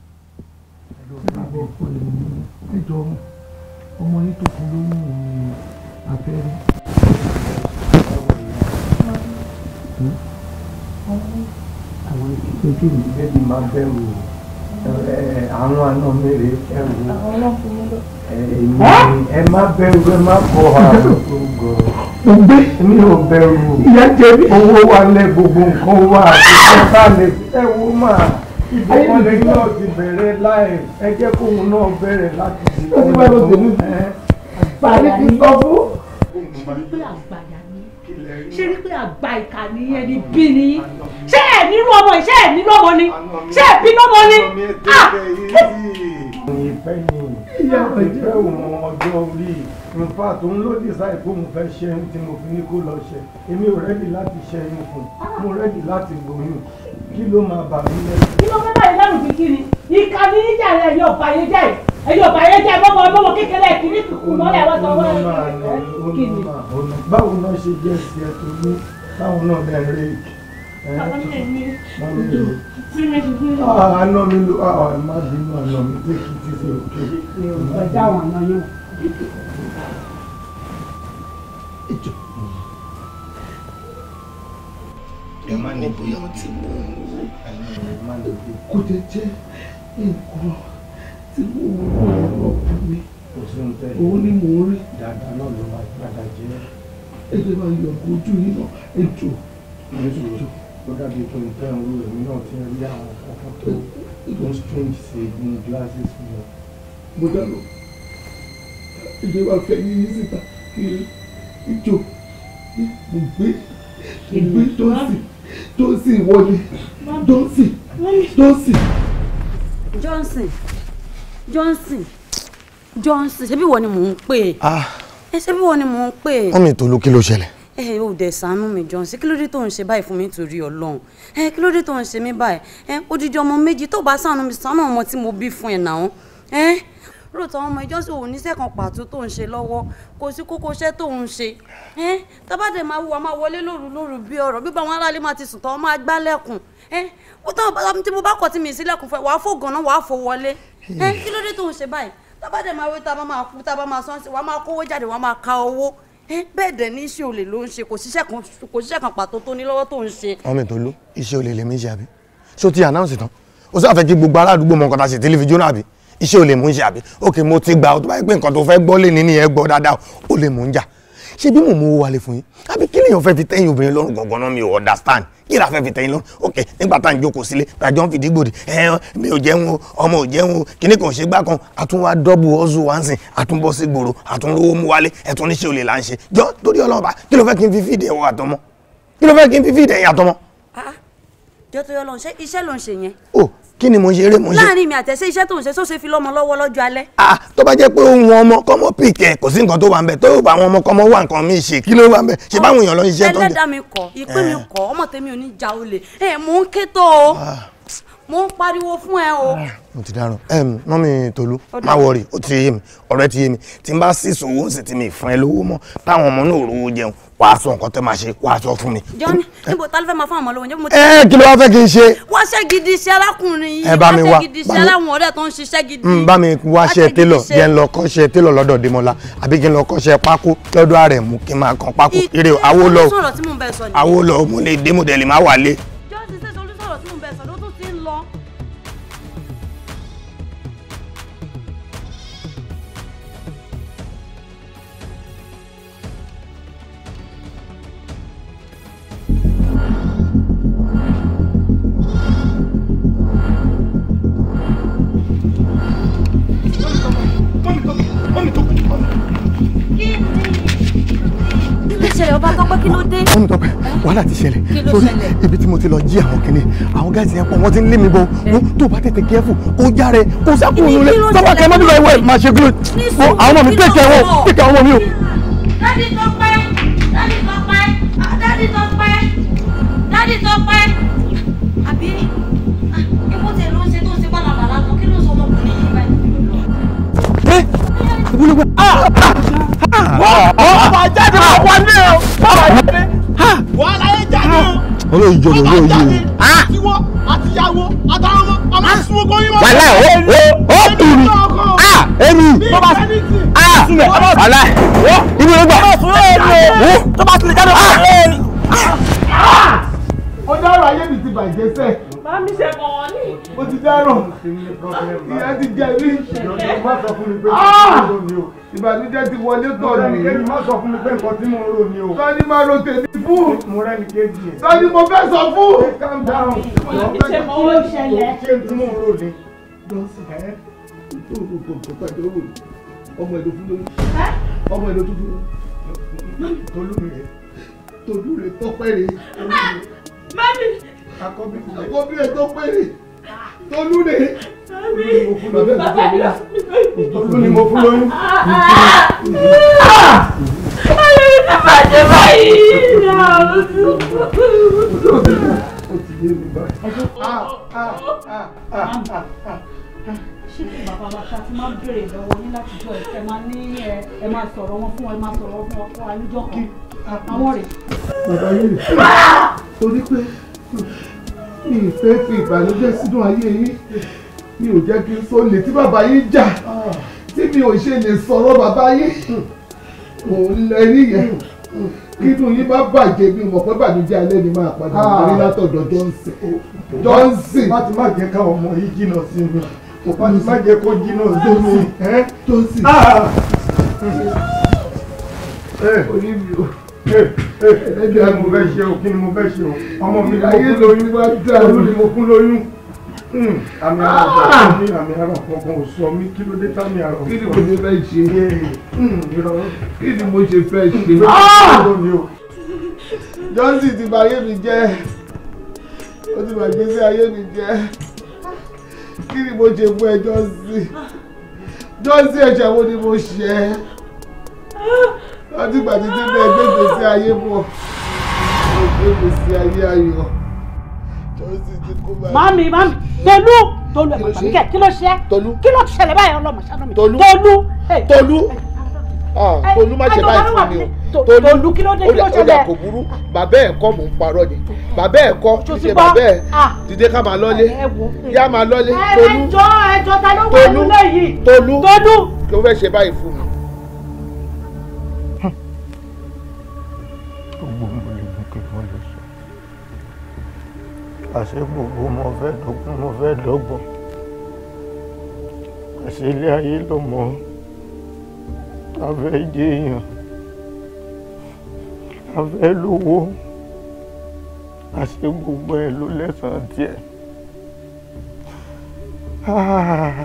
ìgbàgbọ́ ọkọ rẹ̀ nìyí ẹjọ́ ọmọ yín tó fún lóyún ní abẹ́rẹ́. àwọn ìṣojú mi. bẹ́ẹ̀ni máa bẹ̀rù àwọn àna mẹ́rẹ̀ ẹ̀rù ẹ má bẹ̀rù ẹ má kọ àrùn gbogbo. mi ò bẹ̀rù owó wa lẹ gbogbo nǹkan wa àti ẹ̀ka lẹ ẹ wo máa ibo kan lẹ́yìn náà ti bẹ̀rẹ̀ láì ẹ jẹ́ kóun náà bẹ̀rẹ̀ láti ṣe ọ̀rọ̀ tó wọ́n tẹ̀lé bàbá ti sọ fún. ṣé rí pé àgbàyà ni ṣé rí pé àgbà ìkà ni ẹni bí ni ṣé ẹ nínú ọmọ ṣé ẹ nínú ọmọ ni ṣé ẹ bí lọ́mọ ni. ìfẹ́ ni ìfẹ́ òun ọjọ́ orí nfa tó ń lòdì sáì pé mo fẹ́ ṣe ẹni tí mo fi ní kó lọ ṣe èmi ò rẹ́dì láti ṣe ẹni fún mo rẹ́dì láti gbóyún kí ló máa bà mí lẹ́rù. kí ló fẹ́ báyìí lẹ́rù bí kí ni ìka ní níjà rẹ̀ ẹ̀yọ̀ ọ̀bà yẹn jẹ́ ẹ̀yọ̀ ọ̀bà jẹ́ bọ́bọ̀ bọ́bọ̀ kékeré kìíní kùkù mọ́lẹ̀ àwọn tó wọ́n rẹ̀ báwo náà báwo náà ah, Àná mi ló ah, ah, má bínú àná mi pé kí ti ṣe òkè. Ọjà àwọn àná yóò. mọ̀ bóyá ó ti mú un kó jẹ jẹ nǹkan tí mo wọ ọkàn mi òun ni mò ń rí. dáadáa náà ló máa padà jẹ. ẹ lè máa yọ ojú yìí náà ẹ ó dàbí pé nǹkan ìrú èmi náà ti rí àwọn kankan tó tó strange sí ní glasses mi. mo dàrú ilé fẹ́ yíyí síta kí ijó mo gbé tó sì. Johnson wọlé Johnson Johnson. Johnson Johnson Johnson ṣebí wọ ni mò ń pè é ah. eh, ṣebí wọ ni mò ń pè é. wọ́n mi tolú kí ló ṣẹlẹ̀. ẹ eh, ò dẹ̀ ṣàánú mi Johnson kí ló dé tó ń ṣe báyìí fún mi torí Ọlọ́run ẹ eh, kí ló dé tó ń ṣe mí báyìí ẹ odidi ọmọ méjì tó bá ṣàánú mi ṣàánú ọmọ tí mo bí fún ẹ náà ẹ lóòótọ́ ọmọ ìjọsìn òun níṣẹ́ kan pàtó tó ń ṣe lọ́wọ́ kò sí kókó iṣẹ́ tó ń ṣe tábàdé máa wù wá máa wọlé lóru lóru bí ọ̀rọ̀ bíbá wọn aráàlú máa ti sùn tán máa gbálẹ̀kùn tí mo bá kọ̀ tí mi sílẹ̀kùn fẹ́ wàá fò ganan wàá fò wọlé kí ló dé tó ń ṣe báyìí tábàdé máa wé tábà máa kú tábà máa sọ́n sí wàá máa kówó jáde wàá máa ka owó bẹ́ẹ̀ dẹ̀ ní iṣẹ́ olè ló ń ṣe kò síṣẹ́ kan pàtó tó ní lọ́wọ́ tó ń ṣe. ọmọ ìtọ́lú iṣẹ́ olè lèmi ṣe àbí ṣó ti announce tán ó sáfẹ́ kí gbogbo ará àdúgbò mọ̀ nǹkan tá a ṣe tẹlifíjọ́nà àbí iṣẹ́ ò lè mú ń ṣe àbí ok mo ti gbà ọ tó bá yẹ pé nǹkan tó fẹ́ gbọ́ lè ní nìyẹn gbọ́ dáadáa ó lè mú ń jà ṣé bí mò ń mú wálé fún yín àbí kí lèèyàn fẹ́ fi tẹ́yìn obìnrin lọ́rùn gangan mi ò understand kí la fẹ́ fi tẹ́yìn lọ́rùn ok nígbà tá à ń jókòó sílé gbàjọ́ ń fìdí gbòdì ẹ̀ẹ́n mi ò jẹun o ọmọ ò jẹun o kíní kan ò ṣe gbá kan àtúnwá dọ́bù ọ̀zù wá ń sìn àtúnbọ̀ sí gbòòrò àtúnrówó mú wálé ẹ̀tún níṣẹ́ olè là ń ṣe jọ torí ọlọ́ọ̀bà kí ló fẹ́ kí n fi fi fídẹ̀ ẹ̀yìn àtọmọ. Ah, ah kí ni mo ṣe eré mo ṣe. láàrin mi àtẹ̀sẹ̀ iṣẹ́ tó ń ṣe tó ṣe fi lọ́mọ lọ́wọ́ lọ́jọ́ alẹ́. ah tó bá jẹ́ pé ohun ọmọ kọ́mọ pìk ẹ̀ kò sí nǹkan tó wà ń bẹ̀ tó bá àwọn ọmọ kọ́mọ wà nǹkan mi ṣe kí ló wà ń bẹ̀ ṣe báwọn èèyàn lọ ń tó ń jẹ. ẹlẹ́dàá mi kọ̀ ìpín mi eh. kọ̀ ọmọ tèmi ò ní ja olè ẹ̀ eh, mò ń ké tó o. Ah mo ń pariwo fún ẹ o. Ah, mo ti dáràn mọ́mí tolú má wọrí ó ti yé mi ọ̀rẹ́ ti yé mi tí n bá sì sòwò sì ti mi fún ẹ lówó mọ́ táwọn ọmọ náà rówó jẹun wàá sọ nǹkan tẹ́ máa ṣe wàá sọ fún mi. jọ́ni níbo ta ló fẹ́ máa fún àwọn ọmọlọ́wọ́ níbo. ẹ kí ló wá fẹ́ kí n ṣe. wá gidi iṣẹ́ arákùnrin yìí wá gidi iṣẹ́ aláwọn ọ̀rẹ́ tó ń ṣiṣẹ́ gidi. Hmm, bá mi wá ṣe jẹ́ ń lọ kọ́ṣẹ́ télọ̀ lọ́dọ̀ mọ́mí tọ́pẹ́ wàhálà ti ṣẹlẹ̀ torí ibi tí mo ti lọ jí àwọn kìnnì àwọn gáàsì yẹn pọ̀ wọ́n ti ń lé mi bọ̀ wọ́n tó bá tètè kẹ́fù kó já rẹ̀ kó sákùnrin rẹ̀ sábà kẹ́ mọ́mí lọ ẹ̀wọ̀ ẹ̀ ṣe gúlò wọ́n àwọn ọmọ mi kéèké wọn kéèké àwọn ọmọ mi o. dádì tọ́pẹ́ dádì tọ́pẹ́ dádì tọ́pẹ́ dádì tọ́pẹ́ àbí. wúlò wá. ọba jáde wà wọlé o ọba jáde wà láyé jáde o. olóyè ìjọba olóyè yìí. tiwọ àtìyàwó àtàwọn ọmọ ọmọ sunwó kọyìn wọn. wàlá o o o kù mí a èmi a wàlá ibi ló gbà. tó bá tilẹ̀ jáde wà. ọjọ́ ọ̀rọ̀ ayé mi ti bàjẹ́ sẹ́ẹ̀. Mami ṣe mọ̀ wọ́n ní. Mo ti dáràn. Ìyá ti jẹ ilé. Ìyọ̀dọ̀ má sọ fún mi pé nǹkan tí mo rò ní o. Ìbànújẹ́ ti wọlé tọ̀ ní. Ìyá má sọ fún mi pé nǹkan tí mo rò ní o. Sọ́ni máa ro tèmi fún. Mo rẹ́ ní kéjì yẹn. Sọ́ni mo fẹ́ sọ fún. Calm down. Mami ṣe mọ̀ wọ́n ṣẹlẹ̀. Ṣé n tí mo rò ní? Ọmọ ẹ̀dọ̀ fún lórí. Ọmọ ẹ̀dọ̀ tuntun. Tolú rẹ̀. Tolú rẹ̀ tọ́pẹ́ àkọ́bí rẹ̀ tó péré tolú ni tolú ni mo fún lóyún. ayé mi ti bàjẹ́ báyìí. ṣé kí bàbá bàtà ti máa ń béèrè lọ́wọ́ yín láti jọ ẹ̀ máa ní ẹ máa sọ̀rọ̀ wọn fún ẹ máa sọ̀rọ̀ wọn fún ayéjọ́ kan àwọn rẹ̀. bàbá yìí torí pé mi ìfẹ́ fi ìbànújẹ́ sínú ayé yín mi ò jẹ́ kí n so lè tí bàbá yín jà tí mi ò ṣe lè sọ̀rọ̀ bàbá yín òun lẹ níyẹn kínú yín bá bàjẹ́ mi mọ̀ pé bànújẹ́ alẹ́ ni máa padà wọlé látọ̀dọ̀ Johnson Johnson. má ti má jẹ́ káwọn ọmọ yìí jìnnà sí mi kò bá ti má jẹ́ kó jìnnà sí mi. Johnson. Ah! orí mi o ẹbí àti mo fẹ́ ṣe o kí ni mo fẹ́ ṣe o ọmọ mi ayé lóyún wá dáa lórí mo fún lóyún hmm. àmì ara ah! àmì ara ọ̀kan ò sọ mí kí ló dé tàmí ara hmm, kí ni mo ṣe fẹ́ ṣe kí ah! ni mo ṣe fẹ́ ṣe. Johnson ti bà ayé mi jẹ́ ó ti bà gbèsè ayé mi jẹ́ kí ni mo ṣe fún ẹ Johnson Johnson ẹ̀ṣẹ̀ wo ni mo ṣe. Ah! láti ìgbà títí bẹ́ẹ̀ gbèsè sí ayé bọ̀ gbèsè sí ayé ayọ̀. mami mami tolu tolu ẹ pàtàkì kẹ kí ló ṣe kí ló ṣẹlẹ̀ báyìí ọlọmọ ṣáná mi tolu tolu tolu má ṣe báyìí fún mi o tolu kí ló dé kí ló ṣẹlẹ̀ ó dà kò burú bàbá ẹ̀ kọ́ mò ń parọ́ ni bàbá ẹ̀ kọ́ ṣe bàbá ẹ̀ ah. dìde ká máa lọ́lé yá máa lọ́lé tolu tolu tolu tolu kí ló fẹ́ ṣe báyìí fún mi. àṣé gbogbo mo fẹ́ dọ́gbọ́n mo fẹ́ dọ́gbọ́n àṣé ilé ayé ló mọ̀ a fẹ́ jẹ́ èèyàn a fẹ́ lówó àṣé gbogbo ẹ̀ ló lẹ́sàn-án tiẹ̀ ah,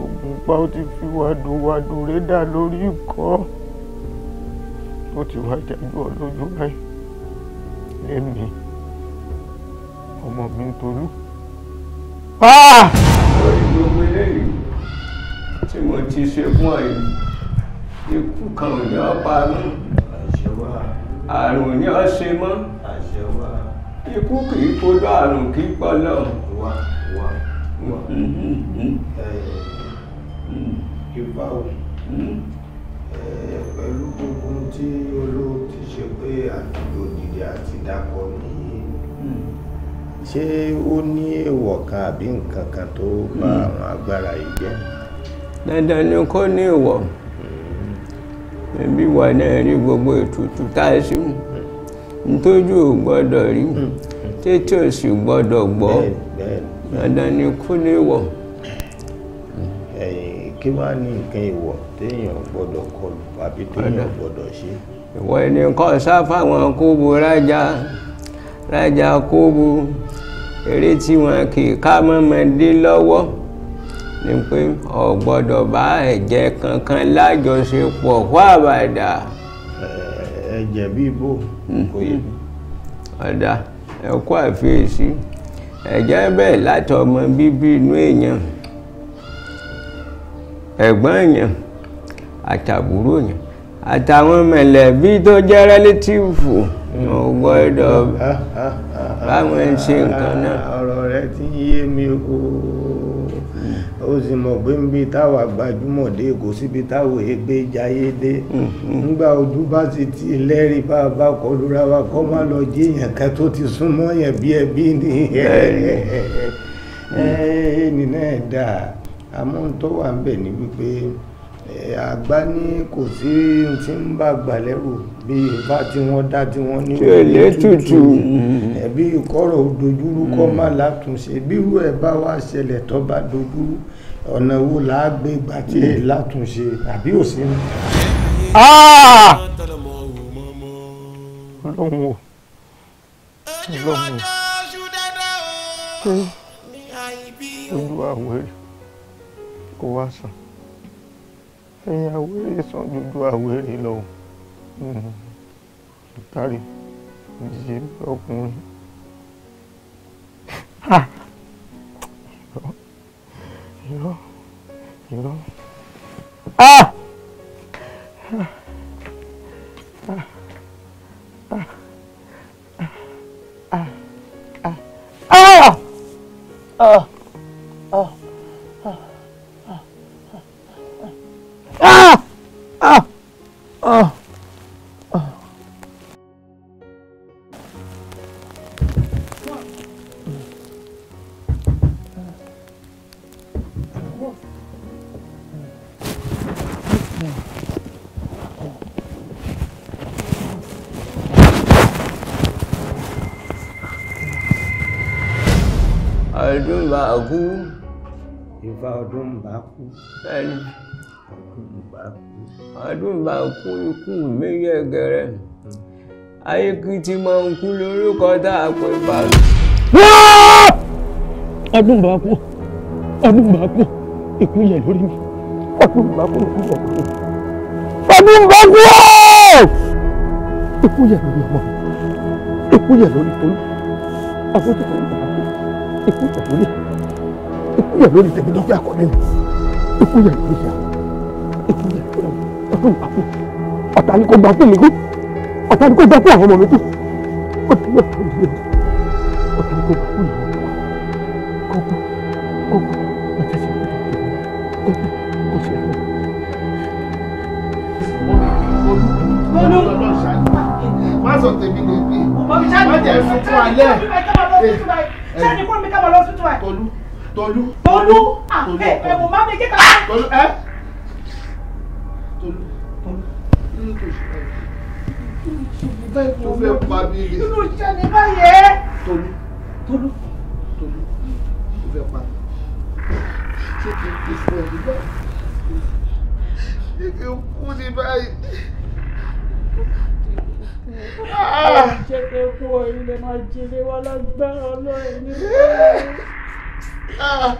oògùn pa ó ti fi wàdùwàdù rẹ̀ dà lórí ikọ́ ó ti wá jágbọ́ lójú báyìí lẹ́mìí ọmọ mi Tolú. Ah! lórí gbogbo eléyìí tí mo ti ṣe fún ọ yìí ikú kan ò ní ọ pa mí àrùn ní ọ ṣe mọ́ ikú kì í kodó àrùn kì í pẹ̀lú gbogbo tí olóò ti ṣe pé àdúgbò dìde àti dákọ̀ ṣé ó ní èèwọ̀ kan àbí nǹkan kan tó bá hmm. àwọn agbára yìí jẹ́. dandan ni kò ní èèwọ̀ hmm. ẹbí wa náà rí gbogbo ètùtù tá a sí hmm. ntójú ò gbọ́dọ̀ rí tètè ò sì gbọ́dọ̀ gbọ́ dandan ni kò ní èèwọ̀. kí wàá ní nǹkan èèwọ̀ téèyàn gbọ́dọ̀ kọlù àbí téèyàn gbọ́dọ̀ ṣe. ìwọ ẹni kọ́ sá fáwọn kóbu rájà rájà kóbu eré tí wọn kì í ká mọ́mọdé lọ́wọ́ ni pé ò gbọ́dọ̀ bá ẹ̀jẹ̀ kankan lájọṣepọ̀ kó àbàdà. ẹ̀jẹ̀ bíi bò hmm. kò yé mi. ọ̀dà ẹ̀kọ́ àfiyèsí ẹ̀jẹ̀ bẹ́ẹ̀ látọmọ bíbí inú èèyàn ẹ̀gbọ́n èèyàn àtàbúrò èèyàn àtàwọn mẹ̀lẹ́bí tó jẹ́ rẹ́lẹ́tíìfù. gbọ́dọ̀ báwọn ń ṣe nǹkan ọ̀rọ̀ rẹ ti yé mi o ó hmm. sì mọ̀ pé gbajúmọ̀ dé kò síbi táwa ègbé jayé dé hmm, hmm. nígbà ojú bá ti ti lẹ́rìí bá bá kọlu ra wa kọ́ má lọ jí èèyàn tó ti súnmọ́ yẹn bí ẹbí ni ẹni náà dáa àmọ́ tó wà ń bẹ̀ ni àgbá ní kò sí tí ń bá gbà lẹ́rù bí ìfá tí wọ́n dá tí wọ́n ní ilé tútù ẹ̀bí ìkọ́rọ̀ dojúrú kọ́ mm-hmm. má látúnṣe bírú ẹ̀ bá wá ṣẹlẹ̀ tó bá dojúrú ọ̀nà wo là gbà tí ẹ̀ mm-hmm. látúnṣe àbí ò sí ni. Ah! ọlọ́run o ọlọ́run o olúwa àwọn èrè kò wá sàn ẹ̀yin àwérè sàn dúdú àwérè lọ hmm. kárí ìyè ọkùnrin irọ́ irọ́ irọ́. bẹ́ẹ̀ni àdúrà bá kú ikú mi yẹ gẹrẹ ayé kí ti máa ń kú lórúkọ tá a pè bá. ọdún bá kú ọdún bá kú ikú yẹ lórí mi ọdún bá kú ikú yẹ lórí mi ọdún bá kú ikú yẹ lórí ọmọ ikú yẹ lórí tolú àbójútó ìgbà ikú yẹ lórí ikú yẹ lórí tẹmí lójú mi ikú yang ikú yà ikú yà ikú yà ọdún ìgbà kú ni kò gbà kú mi kú ọ̀tá ni kò gbà kú àwọn ọmọ mi kú ó ti yẹ kú yẹ ọ̀tá ni kò gbà kú ìyàwó mi kó kú kó kú ọ̀tá sì kú kó kú kó sì kú. má sọ tèmi lè gbé má jẹ́ sùn fún alẹ́. sẹ́ni kúrò mi ká bọ̀ lọ sùn Tolú. Tolú ah ẹ wò má mi jẹ́ ká. Tolú ẹ. Tolú. Tolú. Tó fẹ́ pa mí lè. Inú ìṣẹ́ mi báyẹn. Tolú. Tolú. Tolú. Tó fẹ́ pa mí. Ṣé kí n kú fún ẹni báyìí? Ṣé kí n kú ní báyìí? Ṣé ah! kí n kú ọ̀yin lè máa jíire wá lágbára lọ́yìn nígbà yẹn? Ah.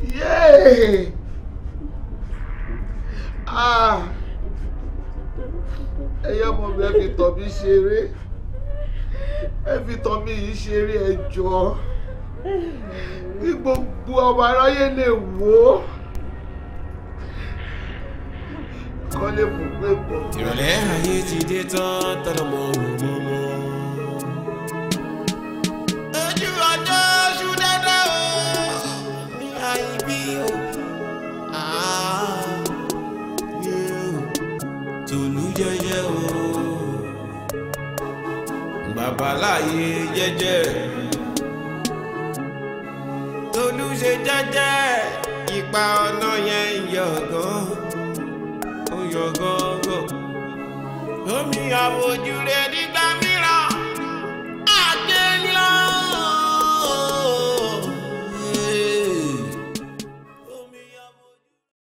Yeah. Ah. Ẹyẹ ọmọ mi ẹ fi tọ̀ mí ṣeré. Ẹ fi tọ̀ mí yìí ṣeré ẹ jọ. Kí gbogbo ọmọ aráyé lè wò ó. Kọ́lé mú pé bọ̀. Ìrọ̀lẹ́ ayé ti dé tán tọ́lọ́mọ òun mọ́mọ́. Ojú ọjọ́ ṣúdẹ́dẹ́ you. Ah, you. Tùnú jẹ́jẹ́ o. Babaláyé jẹ́jẹ́. Tolú ṣe jẹ́jẹ́. Ipa ọ̀nà yẹn yọ̀ gan. Ó yọ̀ gan gan. Omi àwòjú rẹ̀ nígbà mìíràn.